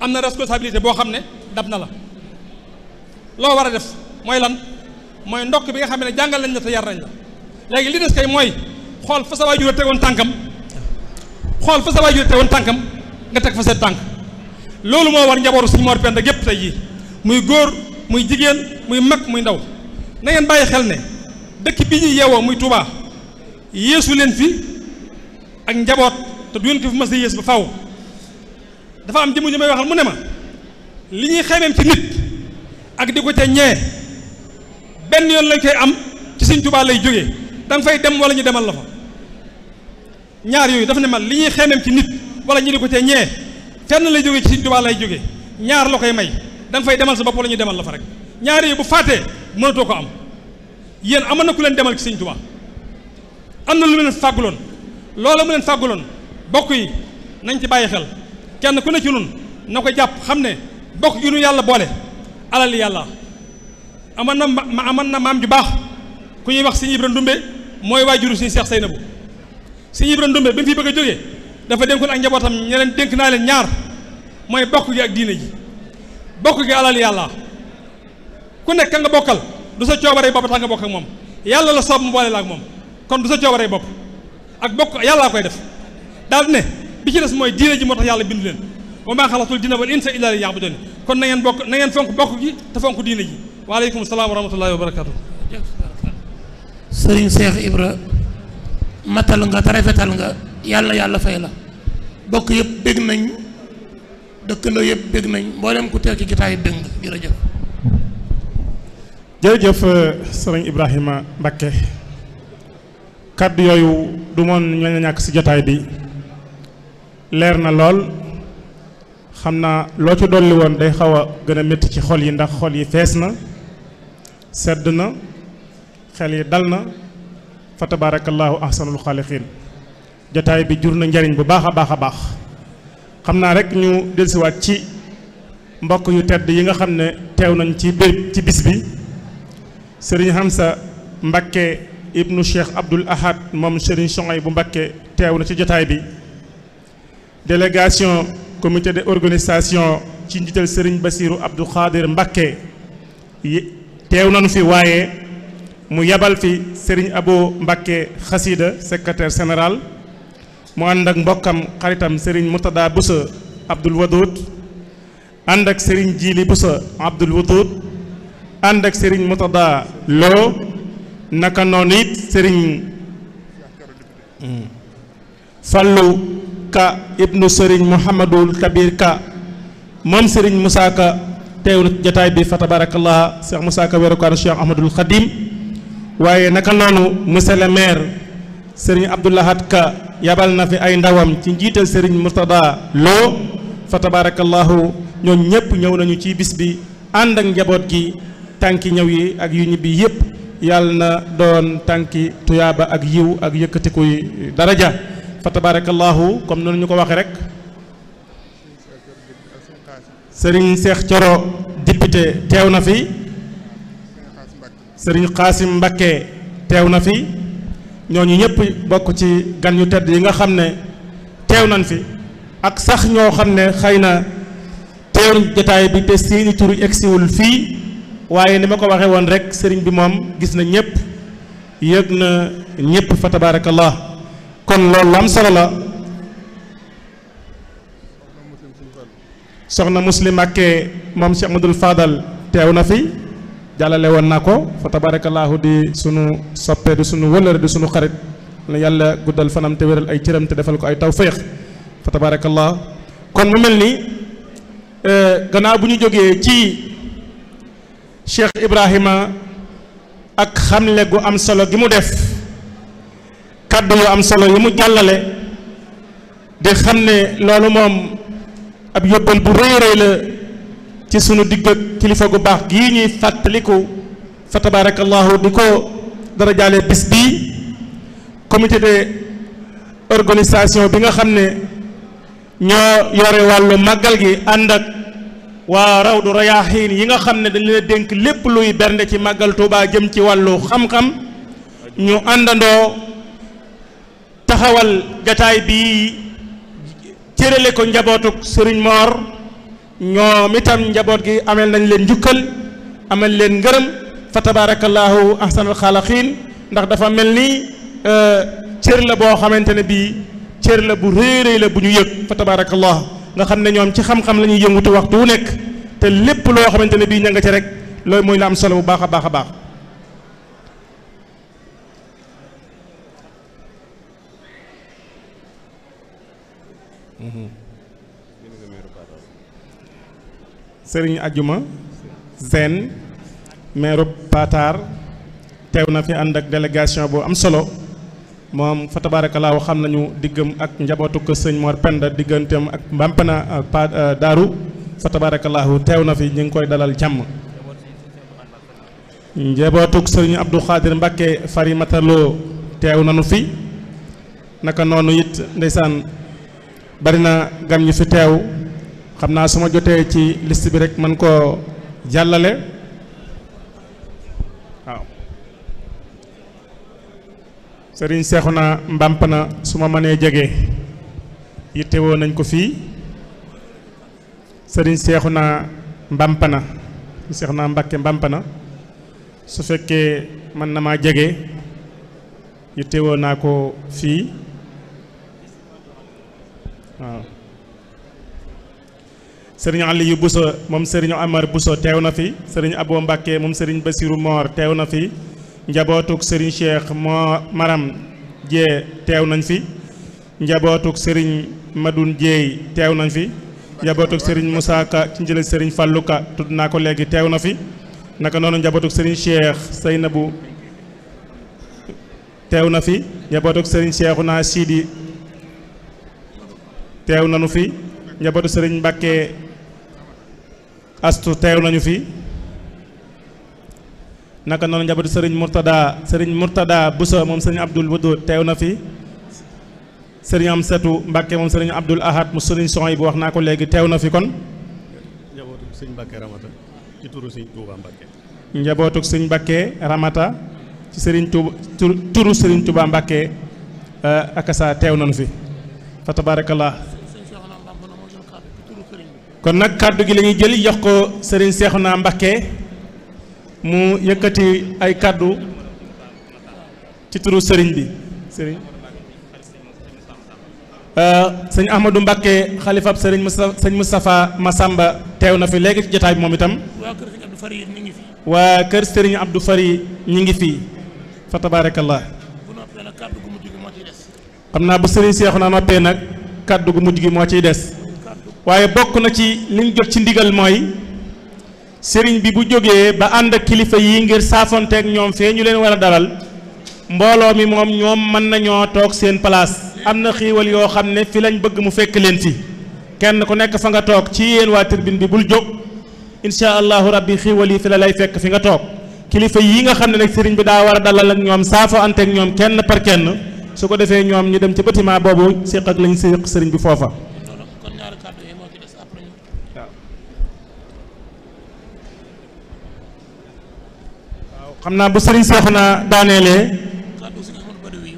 Speaker 13: am na responsabilité boo xam ne dab na la. loo war a def mooy lan mooy ndokk bi nga xam ne jàngal nañ la te yar nañ la léegi li des kay mooy xool fa sa waajur a tegoon tànkam xool fa sa waajur a tegoon tànkam nga teg fa seen tànk loolu moo war njabootu suñu Mor Penda gépp tey jii muy góor muy jigéen muy mag muy ndaw na ngeen bàyyi xel ne dëkk bi ñuy yeewoo muy Touba yéesu leen fi ak njaboot te du ngeen ko fi mas a yees ba faw dafa am jëmm ji may mu ne ma li ñuy xemeem ci nit ak di ko ca ñee benn yoon lañ koy am ci Sëñ Tuubaa lay jóge da fay dem wala ñu demal la fa ñaar yooyu dafa ne man li ñuy xeemeem ci nit wala ñu di ko ca ñee fenn lay jógee ci Sëñ Tuubaa lay jógee ñaar la koy may da fay demal sa bopp wala ñu demal la fa rek ñaar yooyu bu fàttee mënatoo ko am yéen amoon na ku leen demal ci Sëñ Tuubaa am na lu mu leen fàgguloon loola mu leen fàgguloon bokk yi nañ ci bàyyi xel kenn ku ne ci nun na ko jàpp xam ne bokk gi nu yàlla boole alal yàlla amoon na ma amoon na maam ju baax ku ñuy wax sëñ Ibra Ndumbe mooy waajuru sëñ Seex Seynabu sëñ Ibra Ndumbe bi mu fi bëgg a jógee dafa dénkoon ak njabootam ñe leen dénk naa leen ñaar mooy bokk gi ak diine ji bokk gi alal yàlla ku nekk ka nga bokkal du sa coobaree bopp tax nga bokk ak moom yàlla la soob mu boole ak moom kon du sa coobaree bopp ak bokk yàllaa koy def daal ne bi ci des mooy diine ji moo tax yàlla bind leen wa maa xalatul jinna wal insa illaa liya'buduun kon na ngeen bokk nangeen ngeen fonk bokk gi te fonk diine ji waaleykum salaam wa rahmatullahi wa barakaatu.
Speaker 4: sëriñ Cheikh Ibra matal nga te nga yàlla yàlla fay la bokk yëpp bég nañ dëkkandoo yëpp bég nañ mboolem ku teew ci jotaay bég nga jërëjëf.
Speaker 3: Euh, Ibrahima Mbakke kàddu yooyu du moon ñoo ñàkk si jotaay bi leer na lool. xam naa loo ci dolli woon day xaw a gën a métti ci xol yi ndax xol yi fees na sedd na xel yi dal na fa tabaarakallaahu ahsanul xaaliqiin jataay bi jur na njariñ bu baax a baax a baax xam naa rek ñu dellusiwaat ci mbokk yu tedd yi nga xam ne teew nañ ci ci bis bi sëriñ sa Mbakke ibnu Cheikh Abdul Ahad moom sëriñ Soxay bu Mbakke teew na ci jotaay bi délégation comité de organisation ci njiital Serigne Bassirou Abdou Khadir Mbacké teew nañu fi waaye mu yebal fi Serigne Abo Mbacké Xasida secrétaire général mu ànd ak mbokkam xaritam Serigne Murtada Boussa Abdoul Wadoud ànd ak Serigne Jili Boussa Abdoul Wadoud ànd ak Serigne Murtada Lo naka noonu it Serigne hmm, Fallou Ka ibnu Serigne Mouhamadul Kabir Ka moom Serigne Moussa Ka jataay bi fa tabarakallah Cheikh Moussa Ka weerukaanu Cheikh Ahmadul Khadim waaye naka noonu monsieur le maire Serigne Abdoulahat Ka yabal na fi ay ndawam ci njiital Serigne Murtada Lo fa tabarakallahu ñoom ñëpp ñëw nañu ci bis bi ànd ak njaboot gi tànki ñëw yi ak yu ñibbi yëpp yàlla na doon tànki tuyaaba ak yiw ak yëkkatiku daraja fa tabaarakallaahu comme noonu ñu ko waxee rek sëriñ Cheikh Thioro député teew na fi sëriñ Xaasim Mbakke teew na fi ñooñu ñëpp bokk ci gan yu tedd yi nga xam ne teew nañ fi ak sax ñoo xam ne xëy na teew jotaay bi te seeni tur egsiwul fii waaye ni ma ko waxe woon rek sëriñ bi moom gis na ñëpp yëg na ñëpp fa tabarakallah kon loolu lam solo la soxna muslim Mbakke moom Cheikh Amadou Fadal teew na fi jàllale woon na ko fa tabarakallahu di sunu soppe di sunu wëllëre di sunu xarit yàlla guddal fanam te wéral ay cëram te defal ko ay tawféex fa tabarakallah kon mu mel ni euh, gannaaw bu ñu jógee ci Cheikh Ibrahima ak xamle gu am solo gi mu def kàddu yu am solo yu mu jàllale di xam ne loolu moom ab yóbbal bu rëy rëy la ci sunu digg ak kilifa gu baax gii ñuy fàttaliku fa tabarakallahu di ko dara jaale bis bi comité de organisation bi nga xam ne ñoo yore wàllu màggal gi ànd ak waa rawdu rayaaxiin yi nga xam ne dañ leen dénk lépp luy bernde ci màggal Tuubaa jëm ci wàllu xam-xam ñu àndandoo ndaxawal jataay bi cërale ko njabootuk sëriñ Mor ñoom itam njaboot gi amel nañ leen njukkal amel leen ngërëm fa tabaarakallaahu ahsanal xaalaqiin ndax dafa mel ni euh, cër la boo xamante ne bii cër la bu rëy rëy la bu ñu yëg fa tabaarakallaahu nga xam ne ñoom ci xam-xam la ñuy yëngutu waxtu wu nekk te lépp loo xamante ne bii ña nga ci rek loolu mooy la am solo bu baax a baax a baax sëriñ ajuma zen meeru Pataar teew na fi ànd ak délégation bu am solo moom fa xam nañu diggam ak njabootu ko sëñ Mor Penda digganteem ak Mbampana euh, ak euh, Daaru fa teew na fi ñu ngi koy dalal jàmm njabootuk sëriñ Abdou Khadir Mbacke Fari Mataloo teew nañu fi naka noonu it ndeysaan bari na gan ñu fi teew xam naa su ma jotee ci liste bi rek mën koo jàllale waaw sëriñ seexu naa mbàmp na su ma mënee jege yittewoo nañ ko fii sëriñ seexu naa mbàmp na seexu naa mbàkke mbàmp na su fekkee mën na maa jege yittewoo naa ko fii waaw sëriñ Aliou Bousso moom sëriñ Amar Bousso teew na fi sëriñ aboo Mbacke moom sëriñ Basirou Mor teew na fi njabootuk sëriñ Cheikh moo Maram Dieye teew nañ fi njabootuk sëriñ Madoun Dieye teew nañ fi njabootuk sëriñ Moussa Ka ci njële sëriñ Fallou Ka tudd naa ko léegi teew na fi naka noonu njabootuk sëriñ Cheikh Seynabou teew na fi njabootuk sëriñ Cheikhouna Sidi teew nañu fi njabootu sëriñ Mbàkke astu teew nañu fi naka noonu njabootu sëriñ Murtada sëriñ Murtada Buso moom sëriñ Abdul Wadood teew na fi sëriñ setu Mbàkke moom sëriñ Abdul Ahad mu sëriñ son yi bu wax naa ko léegi teew na fi kon
Speaker 12: njabootu sëriñ Mbàkke Ramata ci sëriñ Tuuba Mbàkke
Speaker 3: njabootu sëriñ Mbàkke Ramata ci sëriñ Tuuba Mbàkke akasa teew nañu fi fa tabarakallah kon nag kàddu gi la ñuy jël jox ko Serigne naa Mbacké mu yëkkati ay kàddu ci turu Serigne bi Serigne euh, sëñ Ahmadou Mbacké xalifab Serigne ma sëñ Moustapha Massamba teew na fi léegi ci jotaay bi moom itam waa kër Serigne du Fari ñu ngi fii fa tabarakallah xam naa bu sëriñ Seexuna noppee nag kàddu gu mujj gi moo ciy des waaye bokk na ci liñ jot ci ndigal mooy sëriñ bi bu jógee ba ànd ak kilifa yi ngir saafonteeg ñoom fee ñu leen war a dalal mbooloo mi moom ñoom mën nañoo toog seen place am na xiiwal yoo xam ne fi lañ bëgg mu fekk leen fi kenn ku nekk fa nga toog ci yéen waa tribune bi bul jóg incha allahu rabbi xiiwal yi fi lay fekk fi nga toog kilifa yi nga ne nag sëriñ bi daa war dalal ak ñoom saafonteeg ñoom kenn par kenn su ko defee ñoom ñu dem ci bâtiment boobu séq ak lañ séq sëriñ bi foofa
Speaker 4: xam naa bu sëriñ Seexuna daaneelee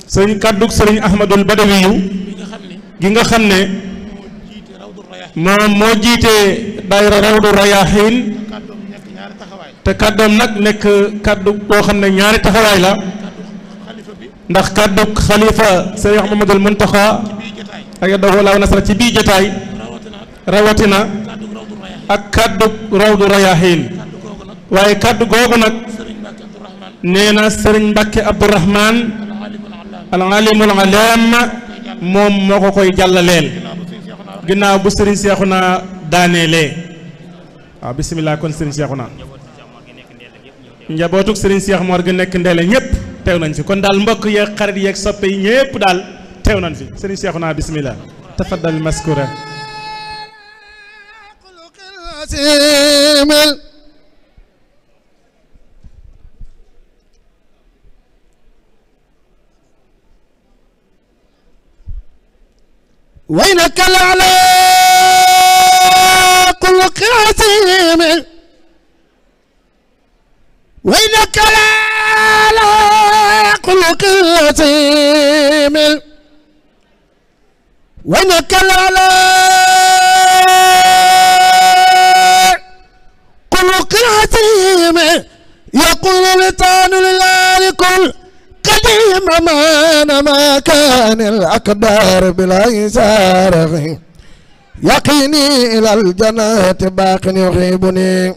Speaker 3: sëriñ kàddu sëriñ Ahmadul Badawiyu gi nga xam ne moom moo jiite daayira Rawdu Rayaahiin te kàddoom nag nekk kàddu boo xam ne ñaari taxawaay la ndax kàdduk xalifa Sëriñ Muhammadul Muntaxa ak dafa laaw nasara ci biir jotaay rawatina ak kàdduk rawdu rayaahiin waaye kàddu googu nag nee na Sëriñ Mbàkke Abdourahman al alimul alam moom moo ko koy jàllaleel ginnaaw bu Sëriñ Seexuna daaneelee waaw bisimilah kon Sëriñ Seexuna njabootug Sëriñ Seex Moor gi nekk ndeele ñépp teew nañ fi kon daal mbokk yeeg xarit yeeg soppe yi ñëpp daal teew nañ fi sëriñ Seexuna bismillah tafaddal maskura
Speaker 6: وينك على كل قاسم وينك على خلق عظيم ونكل على خلق عظيم يقول لطان الهالك قديم ما ما كان الأقدار بلا يسار يقيني إلى الجنة باق يغيبني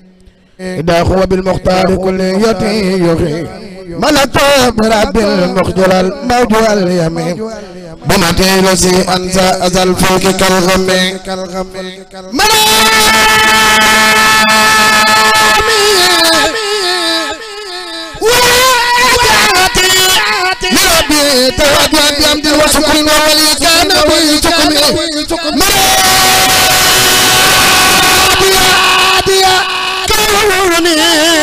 Speaker 6: إذا هو بالمختار كليتي يغيب ملكه برب المخجل الموج واليمين بمتي الذي انسى ذا الفلك كالغم لربي توجه بحمد وشكر وولي كان ويتقني مرابي عادية كوني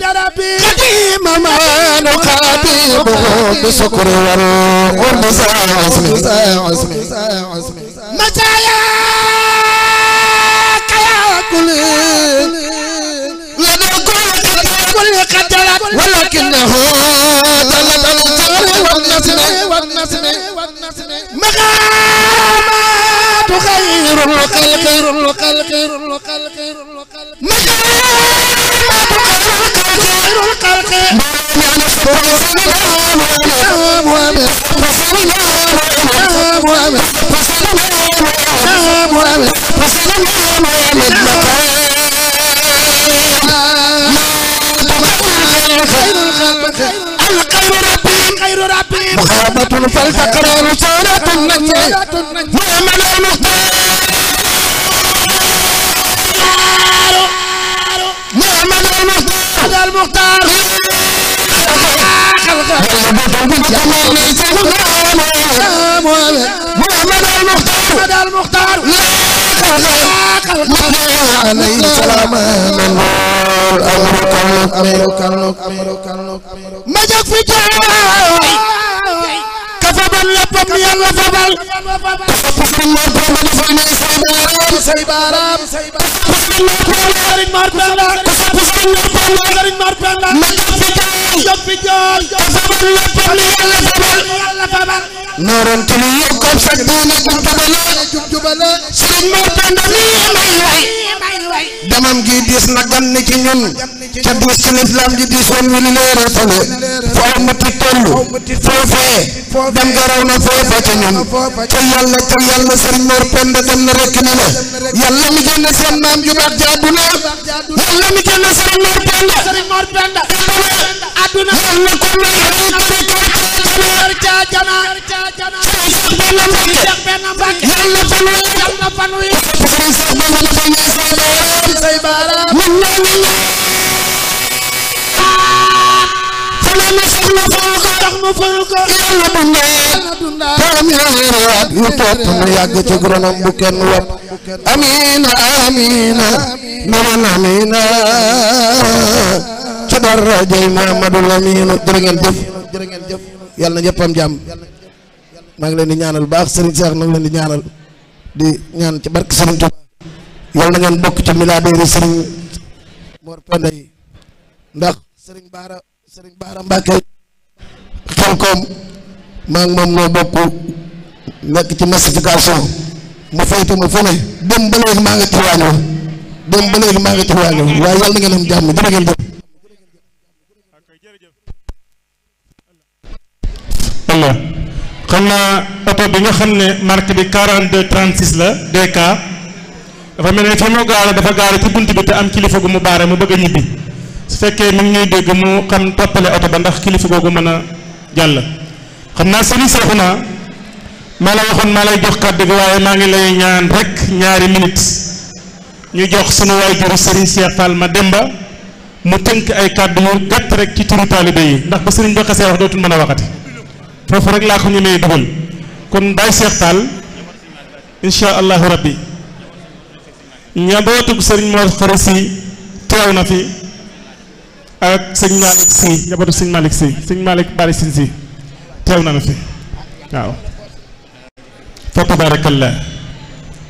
Speaker 6: جربي قديم ما نقاتله بسكر وروح عزمي متاياك يا كل كل قدرك ولكنه دلت الجار والنسل مغامات خير الخلق مغامات خير الخلق Muhammad al-Mukhtar al muxtaar محمد المختار عليه السلام امرك امرك امرك امرك امرك امرك امرك امرك امرك امرك امرك امرك léppam yàlla fabal fabal ma ko ma defal ne say baaraam say baaraam Serigne Mor Penda Serigne Mor Penda ma jot fi jool fabal léppam yàlla fabal nooran tulu yokkob sa diine jub jubale Serigne Mor Penda nii may way damam gi diis na gan ni ci ñun te diis ci lislaam ji diis woon wi li leeratale foo amati toll foofee dem gara raw na foofa ca ñun ca yàlla ca yàlla sëriñ Mor Penda dem na rekk ni la yàlla mi génne seen maam ju baax jaadu na yàlla mi génne sëriñ Mor Penda sëriñ Mor Penda aduna yàlla ko na rekk ca jana ca jana Cheikh Benna Mbacké yàlla fanu yàlla fanu Cheikh Benna Mbacké amina amina maman amina ca darajay Mamadul Aminu jërë ngeen jëf yàlla na ñëpp am maa ngi leen di ñaanal baax Serigne Cheikh nag leen di ñaanal di ñaan ci barke Serigne Touba yàlla na ngeen bokk ci milaadeeri Serigne Mor ndax Serigne Bara sëriñ Baara Mbàkke Xelkom maa ngi moom noo bokk nekk ci massification mu faytu ma fu ne dem ba léegi maa nga ci waañoo dem ba léegi maa nga waaye yàlla na ngeen jàmm jërë ngeen jëf alla xam naa oto
Speaker 3: bi nga xam ne marque bi 42 36 la DK dafa mel ne fi mu gaare dafa gaare ci bunt bi te am kilifa gu mu baare mu bëgg a ñibbi su fekkee mi ngi ñuy dégg mu xam toppale oto ba ndax kilifa googu mën a jàll xam naa sëriñ seexu naa maa la waxoon maa lay jox kàddu gi waaye maa ngi lay ñaan rekk ñaari minute ñu jox sunu waajuru sëriñ ma dem ba mu tënk ay kàddu yu gàtt rek ci turu taalibe yi ndax ba sëriñ joxe see wax dootul mën a waxati foofu rek laa ko ñu may dugal kon Baye Cheikh Fall incha allahu rabbi ña bootug sëriñ Mor Xarasi teew na fi ak sëñ Malick si sëñ Malick si si teew na fi waaw fa tabarakallah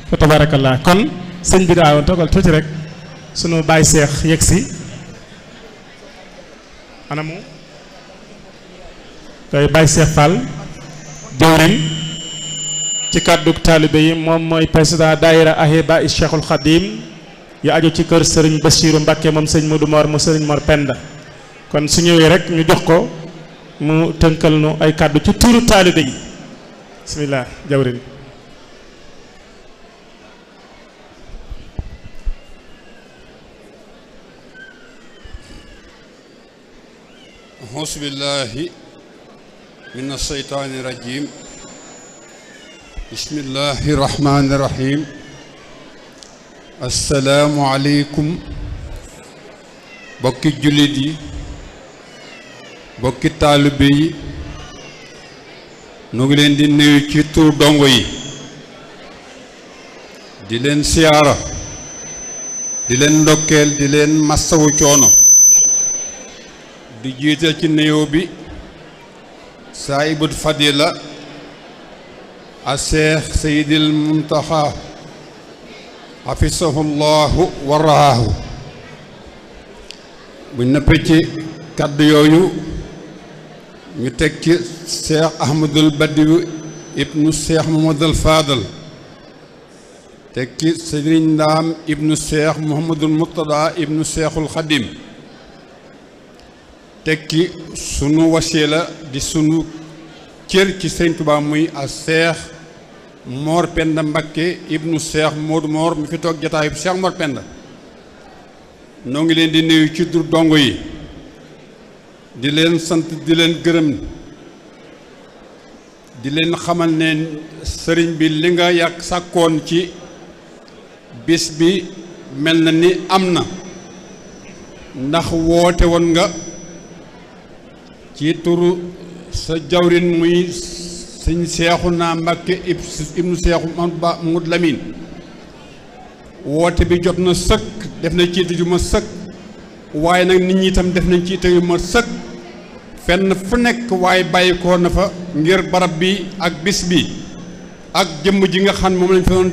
Speaker 3: fa tabarakallah kon sëñ bi daawoon toogal tuuti rek sunu baay seex yegg si anamu koy baay seex Fall jawrin ci kàddug taalibe yi moom mooy président daayira ahiba i Cheikhul Khadim yu aju ci kër sëriñ Bassirou Mbacke moom sëriñ Modou Mor mu sëriñ Mor Penda kon su ñëwee rek ñu jox ko mu tënkal nu ay kàddu ci tuuru taalibe yi bisimilah jawrin
Speaker 9: auzu billahi asalaamualeykum bokki jullit yi bokki taalibe yi nu ngi leen di nuyu ci tur dongo yi di leen siyaara di leen ndokkeel di leen massawu coono di jiital ci nuyoo bi saahibul fadila a seex sayidil muntaxa xafisahu llahu wa rahaahu bu nëppee ci kàddu yooyu ñu teg ci cheikh ahmadul badiyu ibnu cheikh mahamadul fadal teg ci sëriñ ndaam ibnu cheikh mohamadul murtada ibnu cheikhul xadim teg ci sunu wasila di sunu cër ci sëriñ Tuubaa muy a cheikh moorpend Mbakke ibnu Cheikh Modou Mor mi fi toog jataayub Cheikh Mor noo ngi leen di nuyu ci dur dongo yi di leen sant di leen gërëm di leen xamal ne sëriñ bi li nga yàkk sàkkoon ci bis bi mel na ni am na ndax woote woon nga ci turu sa jawrin muy sëñ Seexuna Mbàkke ibnu Seexu Mamadu Ba Mamadu Lamin woote bi jot na sëkk def na ciite ju ma sëkk waaye nag nit ñi itam def nañ ciite yu ma sëkk fenn fu nekk waaye bàyyi na fa ngir barab bi ak bis bi ak jëmm ji nga xam moom lañ fa doon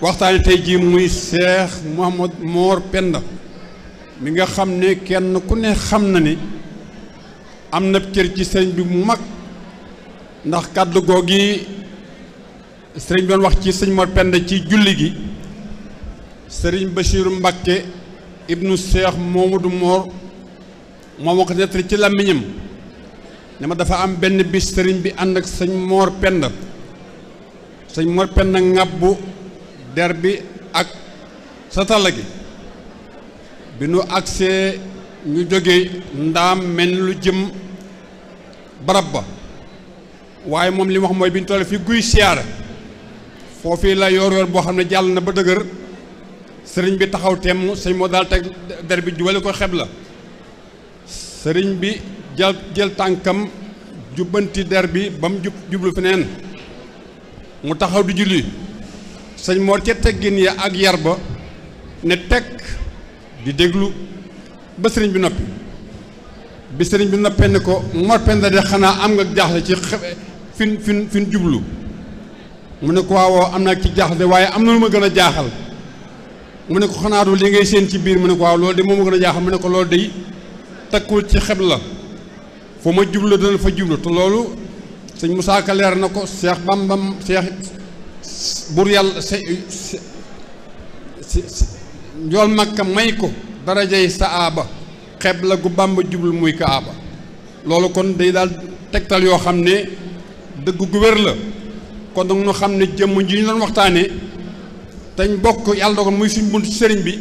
Speaker 9: waxtaane tey jii muy Seex Muhammad Moor Penda mi nga xam ne kenn ku ne xam na ne am na cër ci sëñ bi mu mag ndax kàddu googi sëriñ doon wax ci sëñ Mor Penda ci julli gi sëriñ Bachirou Mbakke ibnu Cheikh Momadou Mor moom moo ko nettali ci làmmiñam ne dafa am benn bi sëriñ bi ànd ak sëñ Mor Penda sëñ Mor Penda ŋàbbu der bi ak satala gi bi nu agsee ñu jóge ndaam mel lu jëm barab ba waaye moom li wax mooy bi ñu toll fi guy siyaara foofii la yoor yoor boo xam ne jàll na ba dëgër sëriñ bi taxaw temm sëñ moo daal teg der bi jubale la sëriñ bi jël tànkam jubbanti der bi ba jub jublu feneen mu taxaw di julli sëñ moor ca teggin ya ak yar ba ne tekk di déglu ba sëriñ bi noppi bi sëriñ bi noppee ne ko Mor Penda de xanaa am nga jaaxle ci fin fin fin jublu mu ne ko waawoo am na ci jaaxle waaye am na lu ma gën a jaaxal mu ne ko xanaa du li ngay seen ci biir mu ne ko waaw loolu de moo ma gën a jaaxal mu ne ko loolu de takkul ci xeb la foo ma jublu dana fa jublu te loolu sëñ Moussa Ka leer na ko seex bambam seex bur yàlla se njool makka may ko sa aaba xeb la gu bamba jublu muy kaaba loolu kon day daal tegtal yoo xam ne dëgg gu wér la kon nag ñu xam ne jëmm ji ñu doon waxtaanee dañ bokk yàlla ko muy suñ bunt ci sëriñ bi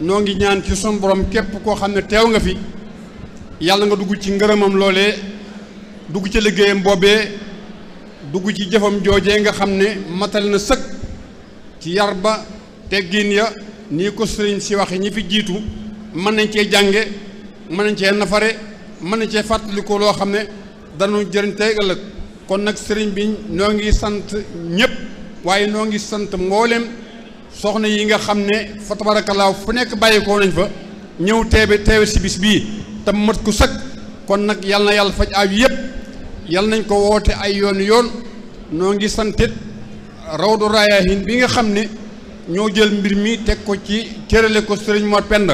Speaker 9: ñoo ngi ñaan ci sun képp koo xam ne teew nga fi yàlla nga dugg ci ngërëmam loole dugg ca liggéeyam boobee dugg ci jëfam joojee nga xam ne matal na sëkk ci yar ba teggin ya nii ko sëriñ si wax yi ñi fi jiitu mën nañ cee jànge mën nañ cee nafare mën nañ cee fàttaliku loo xam ne danu jëriñ tey ëllëg kon nag sëriñ bi noo ngi sant ñëpp waaye noo ngi sant mboolem soxna yi nga xam ne fa tabarakallaa fu nekk bàyyikoo nañ fa ñëw teebe teewe si bi bii te mat ku sëkk kon nag yal na yàlla faj aaju yëpp yal nañ ko woote ay yoon yoon noo ngi santit rawdu rayaahin bi nga xam ne ñoo jël mbir mi teg ko ci cërale ko sëriñ Mor pend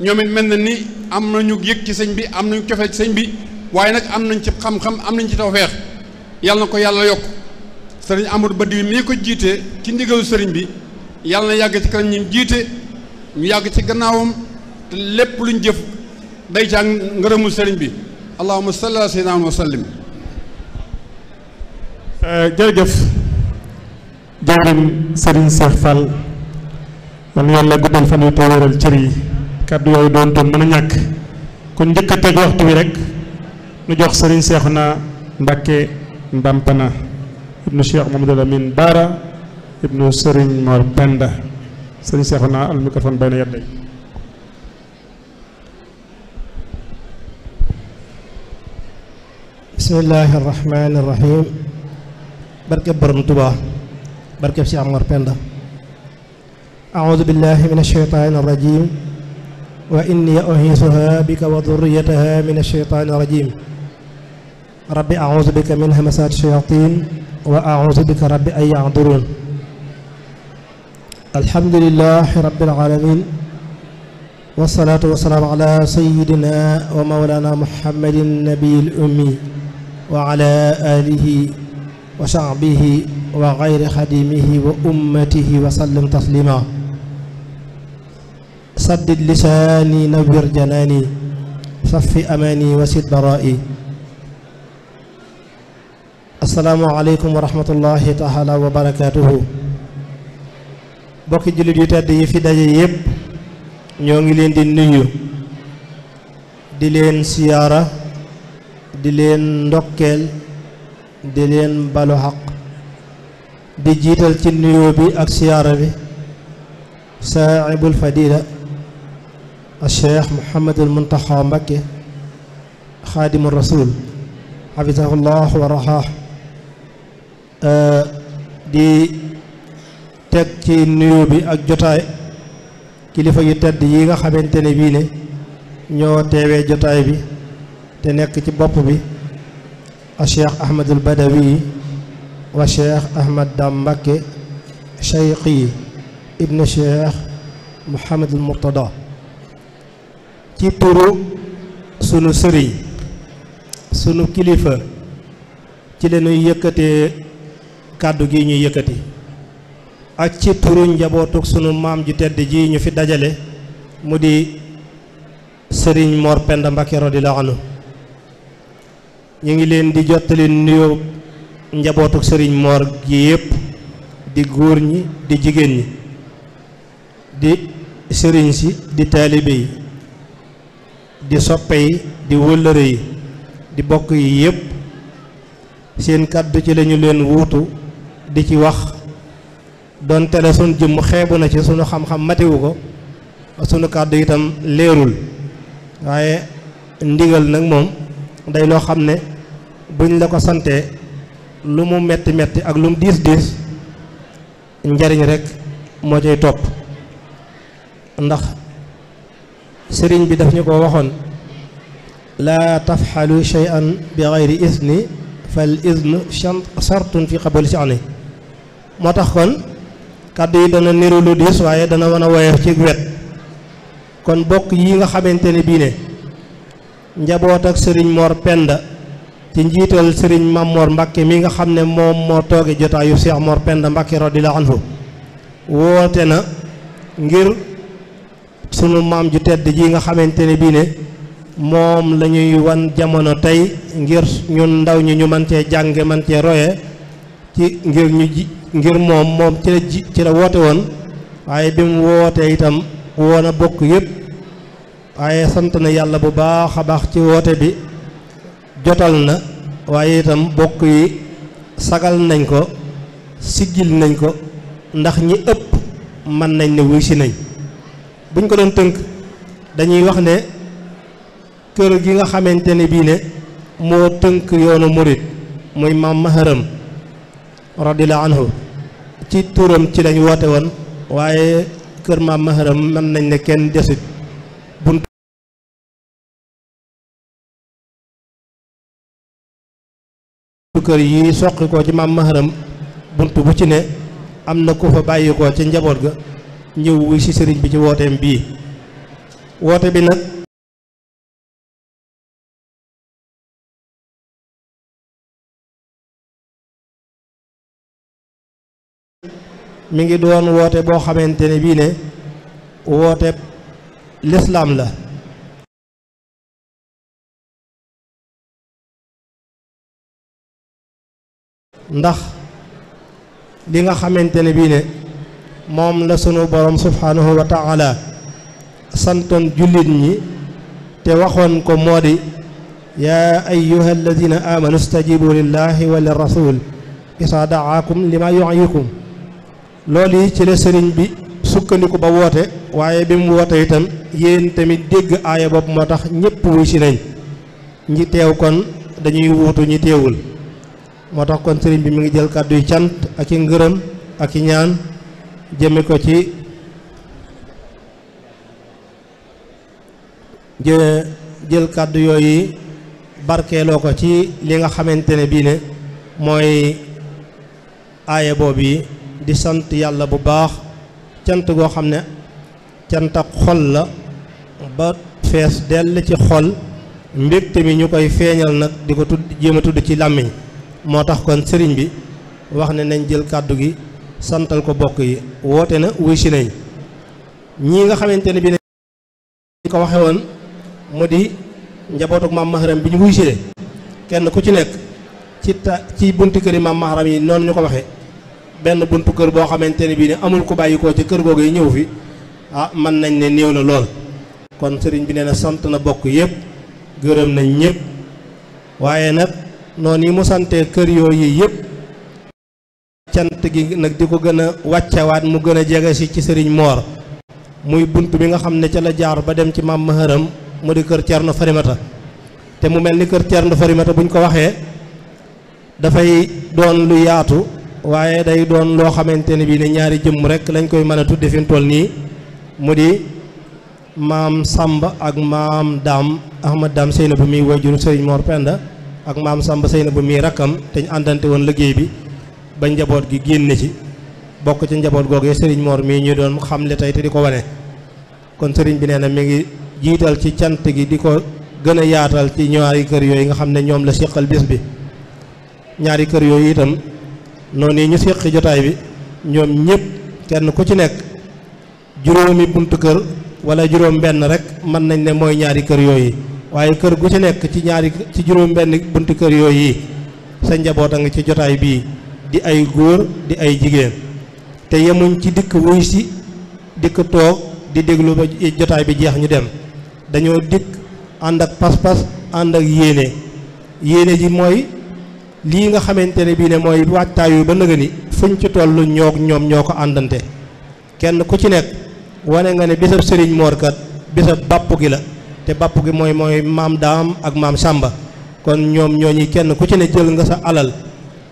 Speaker 9: ñoom it mel na ni am nañu yëg ci sëñ bi am nañu cofeel ci sëñ bi waaye nag am nañ ci xam-xam am nañ ci tawfeex yàlla na ko yàlla yokk sëriñ Amadou Badi mi ko jiite ci ndigalu sëriñ bi yàlla na yàgg ci kanam ñi jiite ñu yàgg ci gannaawam te lépp luñ jëf day ca ngërëmul sëriñ bi allahumma salli ala sayyidina wa sallim
Speaker 3: euh, jërëjëf jawriñ sëriñ Cheikh Fall man yàlla guddal fan yu te wéral cër yi kàddu yooyu doon toon mën a ñàkk kon njëkk a teg waxtu wi rek nu jox sëriñ Cheikhouna Mbacké Ndampana ibnu Cheikh Mamadou Lamine Baara ibnu Serigne Mor Penda Serigne Cheikhouna al microphone bayna yadday
Speaker 11: bismillaahi rahmaani rahiim barkeb borom Tuubaa barkeb Cheikh Mor Penda أعوذ بالله من الشيطان الرجيم وإني أعيذها بك وذريتها من الشيطان الرجيم rabbi aawuzu bika min hamasaati shayatin wa aawuzu bika rabbi an yahduruun alhamdulilahi rabbil alamin wasalaatu wasalaamu ala sayidina wa mawlana muhammadin nabiyil ummi wa ala alihi wa sahbihi wa gayri xadimihi wa ummatihi wa sallim taslima saddid lisaani nawwir janaani saffi amaani wasid baraa'i asalaamualeykum wa rahmatullahi taala wa barakaatuhu bokki jullit yu tedd yi fi daje yépp ñoo ngi leen di nuyu di leen siyaara di leen ndokkeel di leen balu xaq di jiital ci nuyoo bi ak siyaara bi saaxibul fadila al cheikh muhammadul muntaxa mbakke xaadimu rasul xafisahullah wa raxaa Euh, di teg ci nuyoo bi ak jotaay kilifa yu tedd yi nga xamante ne bii ne ñoo teewee jotaay bi te nekk ci bopp bi a cheikh ahmadul badawi wa cheikh ahmad dam mbakke cheikh yi ibnu cheikh mouhamadul murtada ci turu sunu sëriñ sunu kilifa ci la ñuy kàddu gi ñuy yëkkati ak ci turu njabootug sunu maam ju tedd ji ñu fi dajale mu di sëriñ Mor Penda Mbakke radiyallaahu ñu ngi leen di jottali nuyoo njabootug sëriñ Mor gi yëpp di góor ñi di jigéen ñi di sëriñ si di taalibe yi di soppe yi di wëllëre yi di bokk yi yëpp seen kàddu ci lañu leen wuutu di ci wax donte la sunu jëmm xeebu na ci sunu xam-xam matiwu ko sunu kàddu itam leerul waaye ndigal nag moom day loo xam ne buñ la ko santee lu mu metti metti ak lu mu diis diis njariñ rek moo cay topp ndax sëriñ bi daf ñu ko waxoon laa tafxalu shay'an bi gayri isni fal isnu shartun fi qabul sha'ni moo tax kon kàddu yi dana niru lu diis waaye dana mën a woyof ci wet kon bokk yi nga xamante ne bii ne njaboot ak sëriñ Mor Penda ci njiital sëriñ Mamor Mbacke mi nga xam ne moom moo tooge jotaayu Cheikh Mor Penda Mbacke radiyallahu anhu woote na ngir sunu maam ju tedd ji nga xamante ne bii ne moom la wan jamono tey ngir ñun ndaw ñi ñu mën cee jànge mën cee roye ci ngir ñu ji ngir moom moom ci la ji ci la woote woon waaye bi mu wootee itam woon bokk yépp waaye sant na yàlla bu baax a baax ci woote bi jotal na waaye itam bokk yi sagal nañ ko siggil nañ ko ndax ñi ëpp mën nañ ne wuy si nañ buñ ko doon tënk dañuy wax ne kër gi nga xamante ne bii ne moo tënk yoonu murit muy maam maharam radiallahu anhu ci tuuram ci lañ woote woon waaye kër maam maharam mën nañ ne kenn desut bunt
Speaker 5: kër yi soqi ko ci maam
Speaker 11: maharam bunt bu ci ne am na ku fa bàyyi ko ci njaboot ga ñëw wuy si sëriñ bi ci wooteem bii woote bi nag
Speaker 5: mi ngi doon woote boo xamante ne bii ne woote lislaam la ndax
Speaker 11: li nga xamante ne bii ne moom la sunu borom subhanahu wa taala santoon jullit ñi te waxoon ko moo di yaa ayuha alladina amanu stajibu lillahi wa lirasul isaa daakum lima yuyikum loolu yi ci la sëriñ bi sukkandiku ba woote waaye bi mu woote itam yéen tamit dégg aaya bopp moo tax ñëpp wuy si nañ ñi teew kon dañuy wuutu ñi teewul moo tax kon sëriñ bi mu ngi jël kàddu yu cant ak i ngërëm ak i ñaan jëme ko ci jël kàddu yooyu barkeeloo ko ci li nga xamante ne bii ne mooy aaya boobu yi di sant yàlla bu baax cant goo xam ne cant ak xol la ba fees dell ci xol mbégte mi ñu koy feeñal nag di ko tudd jéem tudd ci làmmiñ moo tax kon sëriñ bi wax ne nañ jël kàddu gi santal ko bokk yi woote na wuy si nañ ñii nga xamante ne bi ne ñu ko waxe woon mu di njabootuk maam maharam bi ñu wuy si de kenn ku ci nekk ci ta ci bunti këri maam yi noonu ñu ko waxe benn buntu kër boo xamante ne bii ne amul ko bàyyikoo ci kër googu ñëw fi ah mën nañ ne néew na lool kon sëriñ bi nee na sant na bokk yëpp gërëm nañ ñëpp waaye nag noonu yi mu santee kër yooyu yëpp cant gi nag di ko gën a wàccewaat mu gën a jege si ci sëriñ moor muy bunt bi nga xam ne ca la jaar ba dem ci maam maharam mu di kër Thierno Farimata te mu mel ni kër Thierno Farimata buñ ko waxee dafay doon lu yaatu waaye day doon loo xamante ne bii ne ñaari jëmm rek lañ koy mën a tudde fi mu toll nii mu di maam Samba ak maam Dame Ahmad Dame Seyna bu muy wajuru Serigne moor Penda ak maam Samba Seyna bu mii rakkam te ñu àndante woon liggéey bi ba njaboot gi génn ci bokk ci njaboot googee sëriñ moor mii ñu doon xam xamle tey te di ko wane. kon sëriñ bi nee na mi ngi jiital ci cant gi di ko gën a yaatal ci ñaari kër yooyu nga xam ne ñoom la seqal bés bi ñaari kër yooyu itam. noonu yi ñu séqi jotaay bi ñoom ñëpp kenn ku ci nekk juróomi buntu kër wala juróom benn rek mën nañ ne mooy ñaari kër yooyu waaye kër gu ci nekk ci ñaari ci juróom benn buntu kër yooyu sa njaboot a ngi ci jotaay bi di ay góor di ay jigéen te yemuñ ci dikk wuy ci dikk toog di déglu ba jotaay bi jeex ñu dem dañoo dikk ànd ak pas-pas ànd ak yéene yéene ji mooy lii nga xamante ne bii ne mooy waajtaayu ba nëga ni fuñ ci toll ñoog ñoom ñoo ko àndante kenn ku ci nekk wane nga ne bisab sëriñ moorkat kat bisab bàpp gi la te bàpp gi mooy mooy maam daam ak maam Sàmba kon ñoom ñoo ñi kenn ku ci ne jël nga sa alal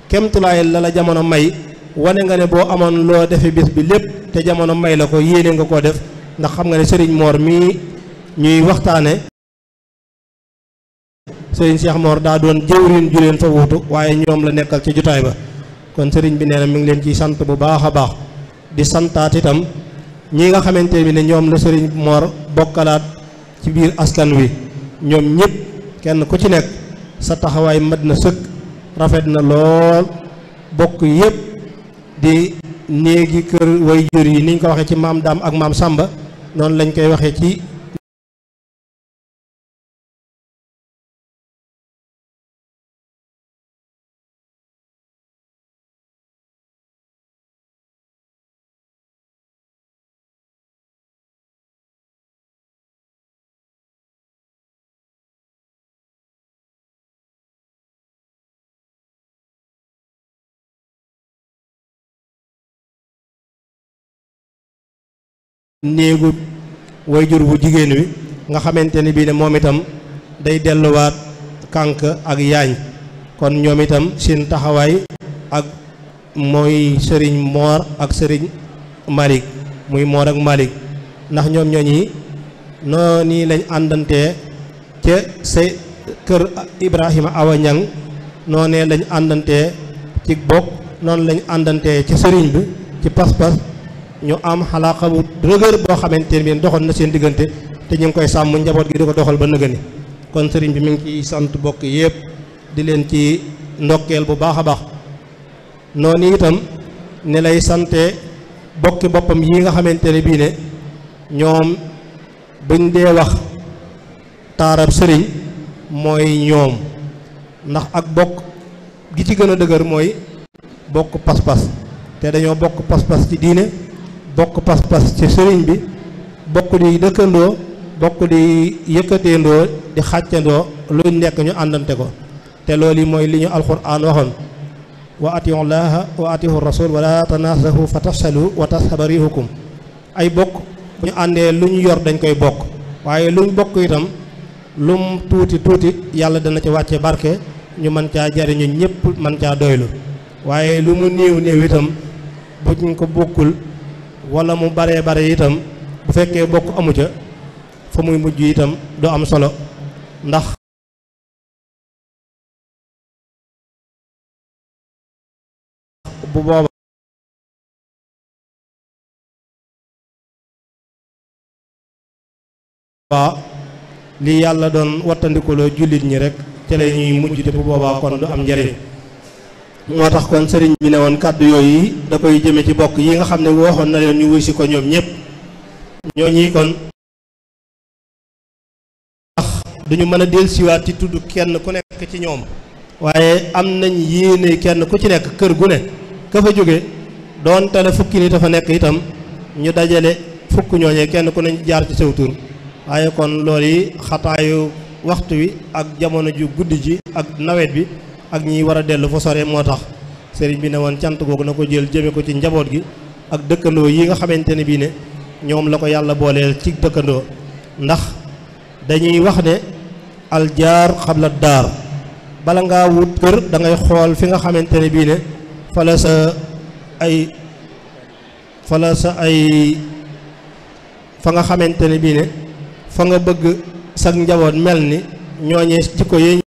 Speaker 11: kemtulaay la la jamono may wane nga ne boo amoon loo defe bis bi lépp te jamono may la ko yéene nga koo def ndax xam nga ne sëriñ Mor mii ñuy waxtaane sëriñ Cheikh moor daa doon jëwriñ ju leen fa wuutu waaye ñoom la nekkal ci jotaay ba kon sëriñ bi nee na mi ngi leen ciy sant bu baax a baax di santaat itam ñi nga xamante bi ne ñoom la sëriñ moor bokkalaat ci biir askan wi ñoom ñëpp kenn ku ci nekk sa taxawaay mat na sëkk rafet na lool bokk yëpp di néegi kër way jur yi ni ko waxee ci maam daam ak maam sàmba noonu lañ koy waxee ci néegu jur bu jigéen wi nga xamante ni bii ne moom itam day delluwaat kànk ak yaañ kon ñoom itam seen taxawaay ak mooy sëriñ moor ak sëriñ malik muy moor ak malik ndax ñoom ñooñu noo nii lañ àndantee ca sa kër ibrahima awa ñang noonee lañ àndantee ci bokk noonu lañ àndantee ci sëriñ bi ci pas-pas ñu am xalaa xamu rëgër boo xamante ne bii doxoon na seen diggante te ñu ngi koy sàmm njaboot gi di ko doxal ba nëgëni kon sëriñ bi mu ngi ciy sant bokk yëpp di leen ci ndokkeel bu baax a baax noonu itam ni lay sante bokki boppam yi nga xamante ne bii ne ñoom buñ dee wax taarab sëriñ mooy ñoom ndax ak bokk gi ci gën a dëgër mooy bokk pas-pas te dañoo bokk pas-pas ci diine bokk pas-pas ci sëriñ bi bokk di dëkkandoo bokk di yëkkateendoo di xàccandoo luñ nekk ñu àndante ko te lool yi mooy li ñu alxuraan waxoon wa atiu llaha wa atiu rasul wala tanasahu fa tafsalu wa tashaba rihukum ay bokk bu ñu àndee lu ñu yor dañ koy bokk waaye luñ bokk itam lum tuuti tuuti yàlla dana ci wàcce barke ñu mën caa jariñu ñëpp mën caa doylu waaye lu mu néew néew itam buñ ko bokkul wala mu baree bare itam bu fekkee bokk amu ca fa muy mujj itam du am solo ndax bu booba waaw lii yàlla doon wattandikuloo jullit ñi rek ca la ñuy mujj te bu boobaa kon du am njariñ moo tax kon sëriñ bi ne woon kàddu yooyu da koy jëme ci bokk yi nga xam ne waxoon na leen ñu wuy si ko ñoom ñëpp ñoo ñii kon wax duñu mën a dellusiwaat ci tudd kenn ku nekk ci ñoom waaye am nañ yéene kenn ku ci nekk kër gu ne ka fa jóge doon tale fukki nit a nekk itam ñu dajale fukk ñooñee kenn ku ne jaar ci saw tur waaye kon loolu yi xataayu waxtu wi ak jamono ju guddi ji ak nawet bi ak ñiy war a dellu fa sore moo tax sëriñ bi ne woon cant googu na ko jël jëme ko ci njaboot gi ak dëkkandoo yi nga xamante ne bii ne ñoom la ko yàlla booleel ci dëkkandoo ndax dañuy wax ne aljaar xabla daar bala ngaa wut kër da xool fi nga xamante ne bii ne fala sa ay fala sa ay fa nga xamante ne bii ne fa nga bëgg sag njaboot mel ni ñooñee jikko yee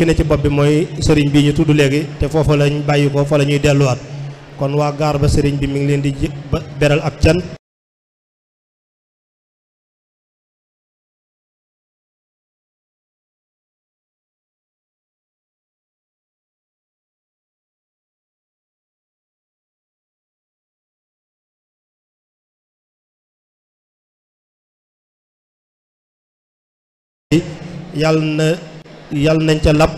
Speaker 11: ki ne ci bopp bi mooy sëriñ bi ñu tudd léegi te foofa lañ bàyyi ko fa la delluwaat kon waa gaar ba sëriñ bi mu ngi leen di beral ak can yàlla na yàlla nañ ca lab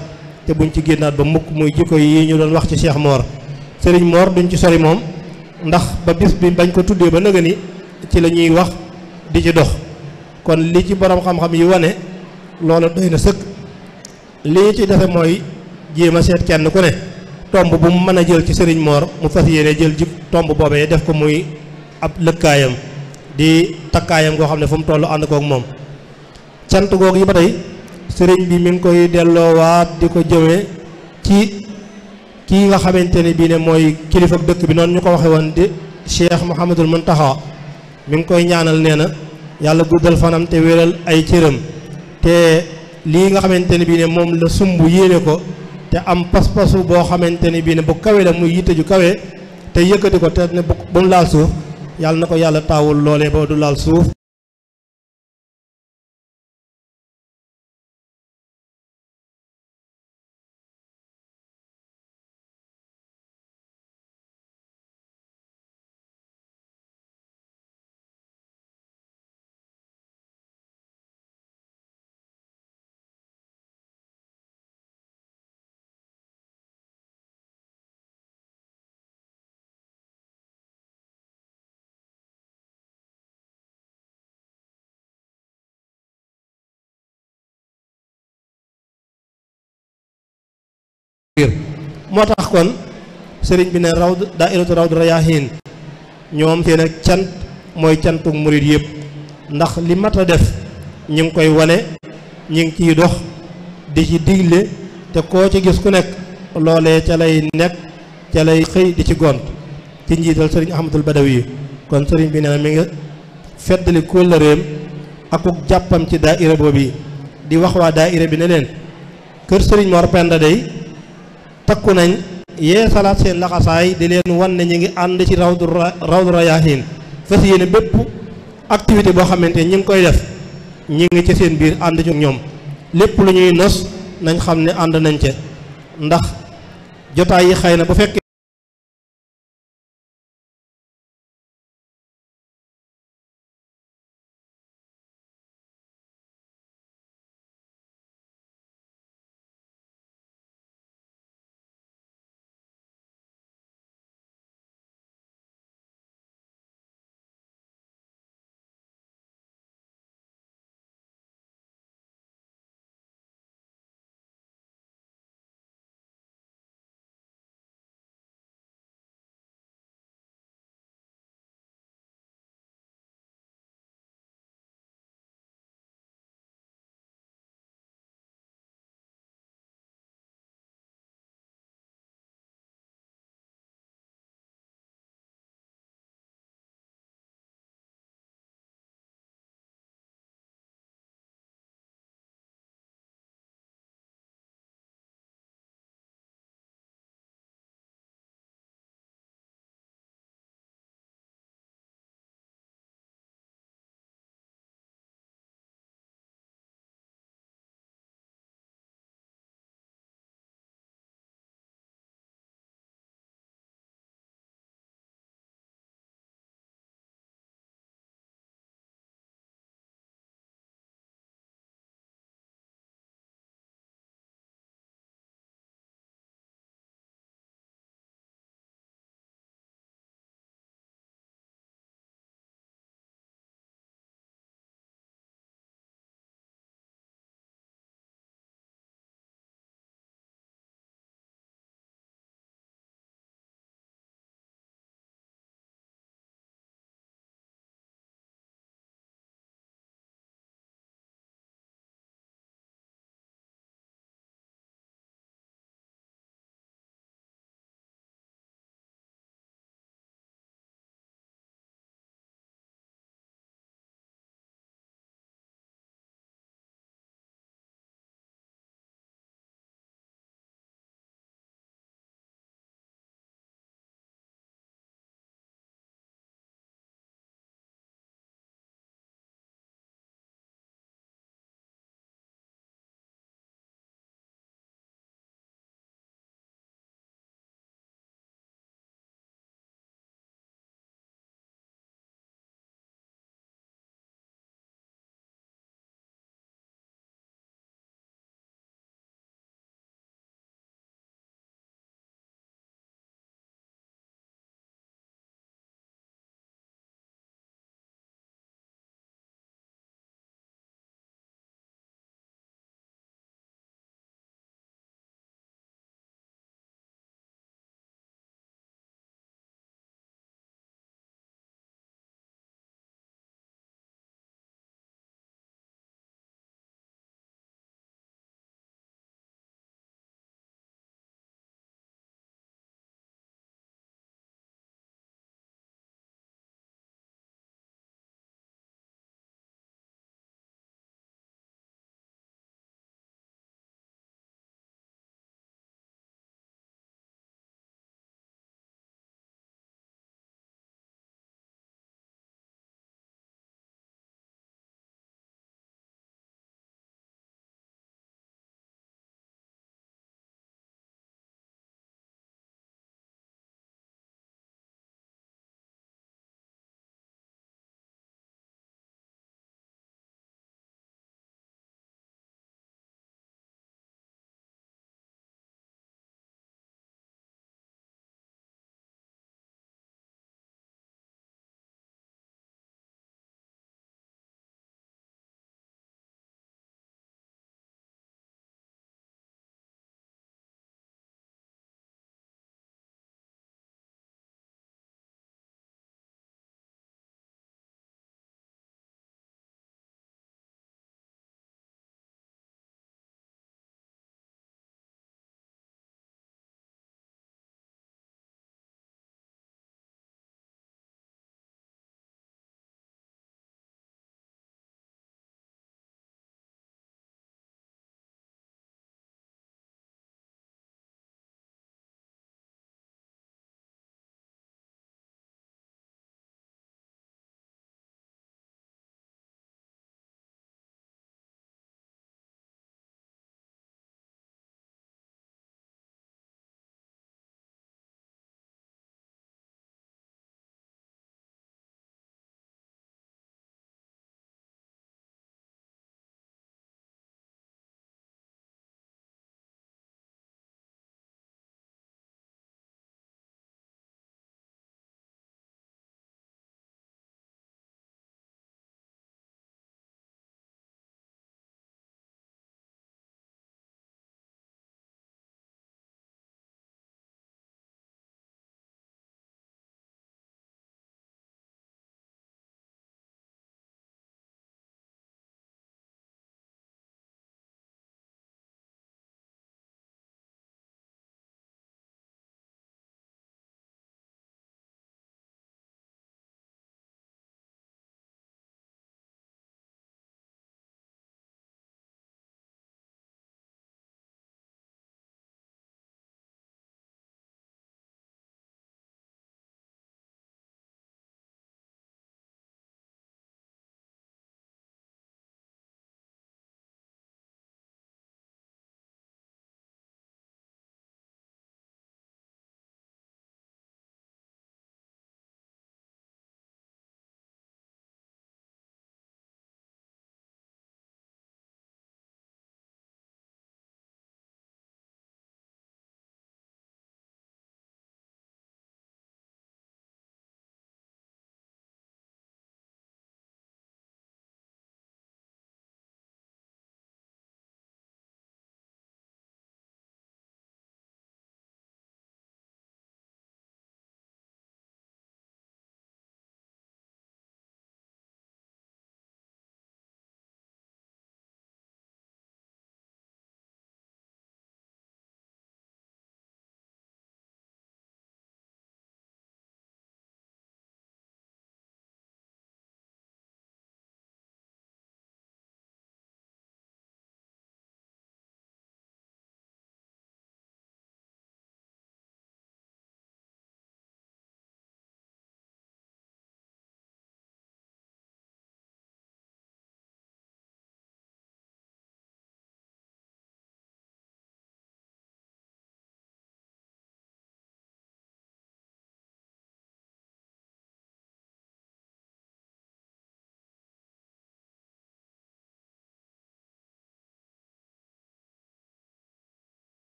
Speaker 11: te buñ ci génnaat ba mukk muy jikko yi ñu doon wax ci Cheikh Mor Serigne Mor duñ ci sori moom ndax ba bis bi bañ ko tuddee ba nëga ni ci la ñuy wax di ci dox kon li ci borom xam-xam yi wane loola doy na sëkk li ñu ci defe mooy jéem a seet kenn ku ne tomb bu mu mën a jël ci Serigne moor mu fas yéene jël ji tomb boobee def ko muy ab lëkkaayam di takkaayam goo xam ne fu mu toll ànd kook moom cant googu yi ba tey sëriñ bi mi ngi koy delloowaat di ko jëmee ci kii nga xamante ne bii ne mooy kilifa dëkk bi noonu ñu ko waxe woon di Cheikh Mouhamadul Mountakha mi ngi koy ñaanal nee na yàlla guddal fanam te wéral ay cëram te lii nga xamante ne bii ne moom la sumb yéene ko te am pas-pasu boo xamante ne bii ne bu kawe la muy yitte ju kawe te yëkkati ko te ne bu mu laal suuf yàlla na ko yàlla taawul loolee ba du laal suuf moo tax kon sëriñ bi ne raw daairatu rawdu rayaahiin ñoom seen ak cant mooy cantuk murit yëpp ndax li mat def ñi ngi koy wane ñi ngi ciy dox di ci digle te koo ci gis ku nekk loolee ca lay nekk ca lay xëy di ci gont ci njiital sëriñ Ahmadul Badawi kon sëriñ bi nee na mi ngi feddali kóllëreem akuk jàppam ci daaira bi di wax waa daaira bi ne leen kër sëriñ Mor Penda day takku nañ yee salaat seen laxasaay di leen wan ne ñu ngi ànd ci rawdu rawdu rayaahiin fas yéene bépp activité boo xamante ñi ngi koy def ñi ngi ci seen biir ànd ci ñoom lépp lu ñuy nos nañ xam ne ànd nañ ca ndax jotaay yi xëy na bu fekkee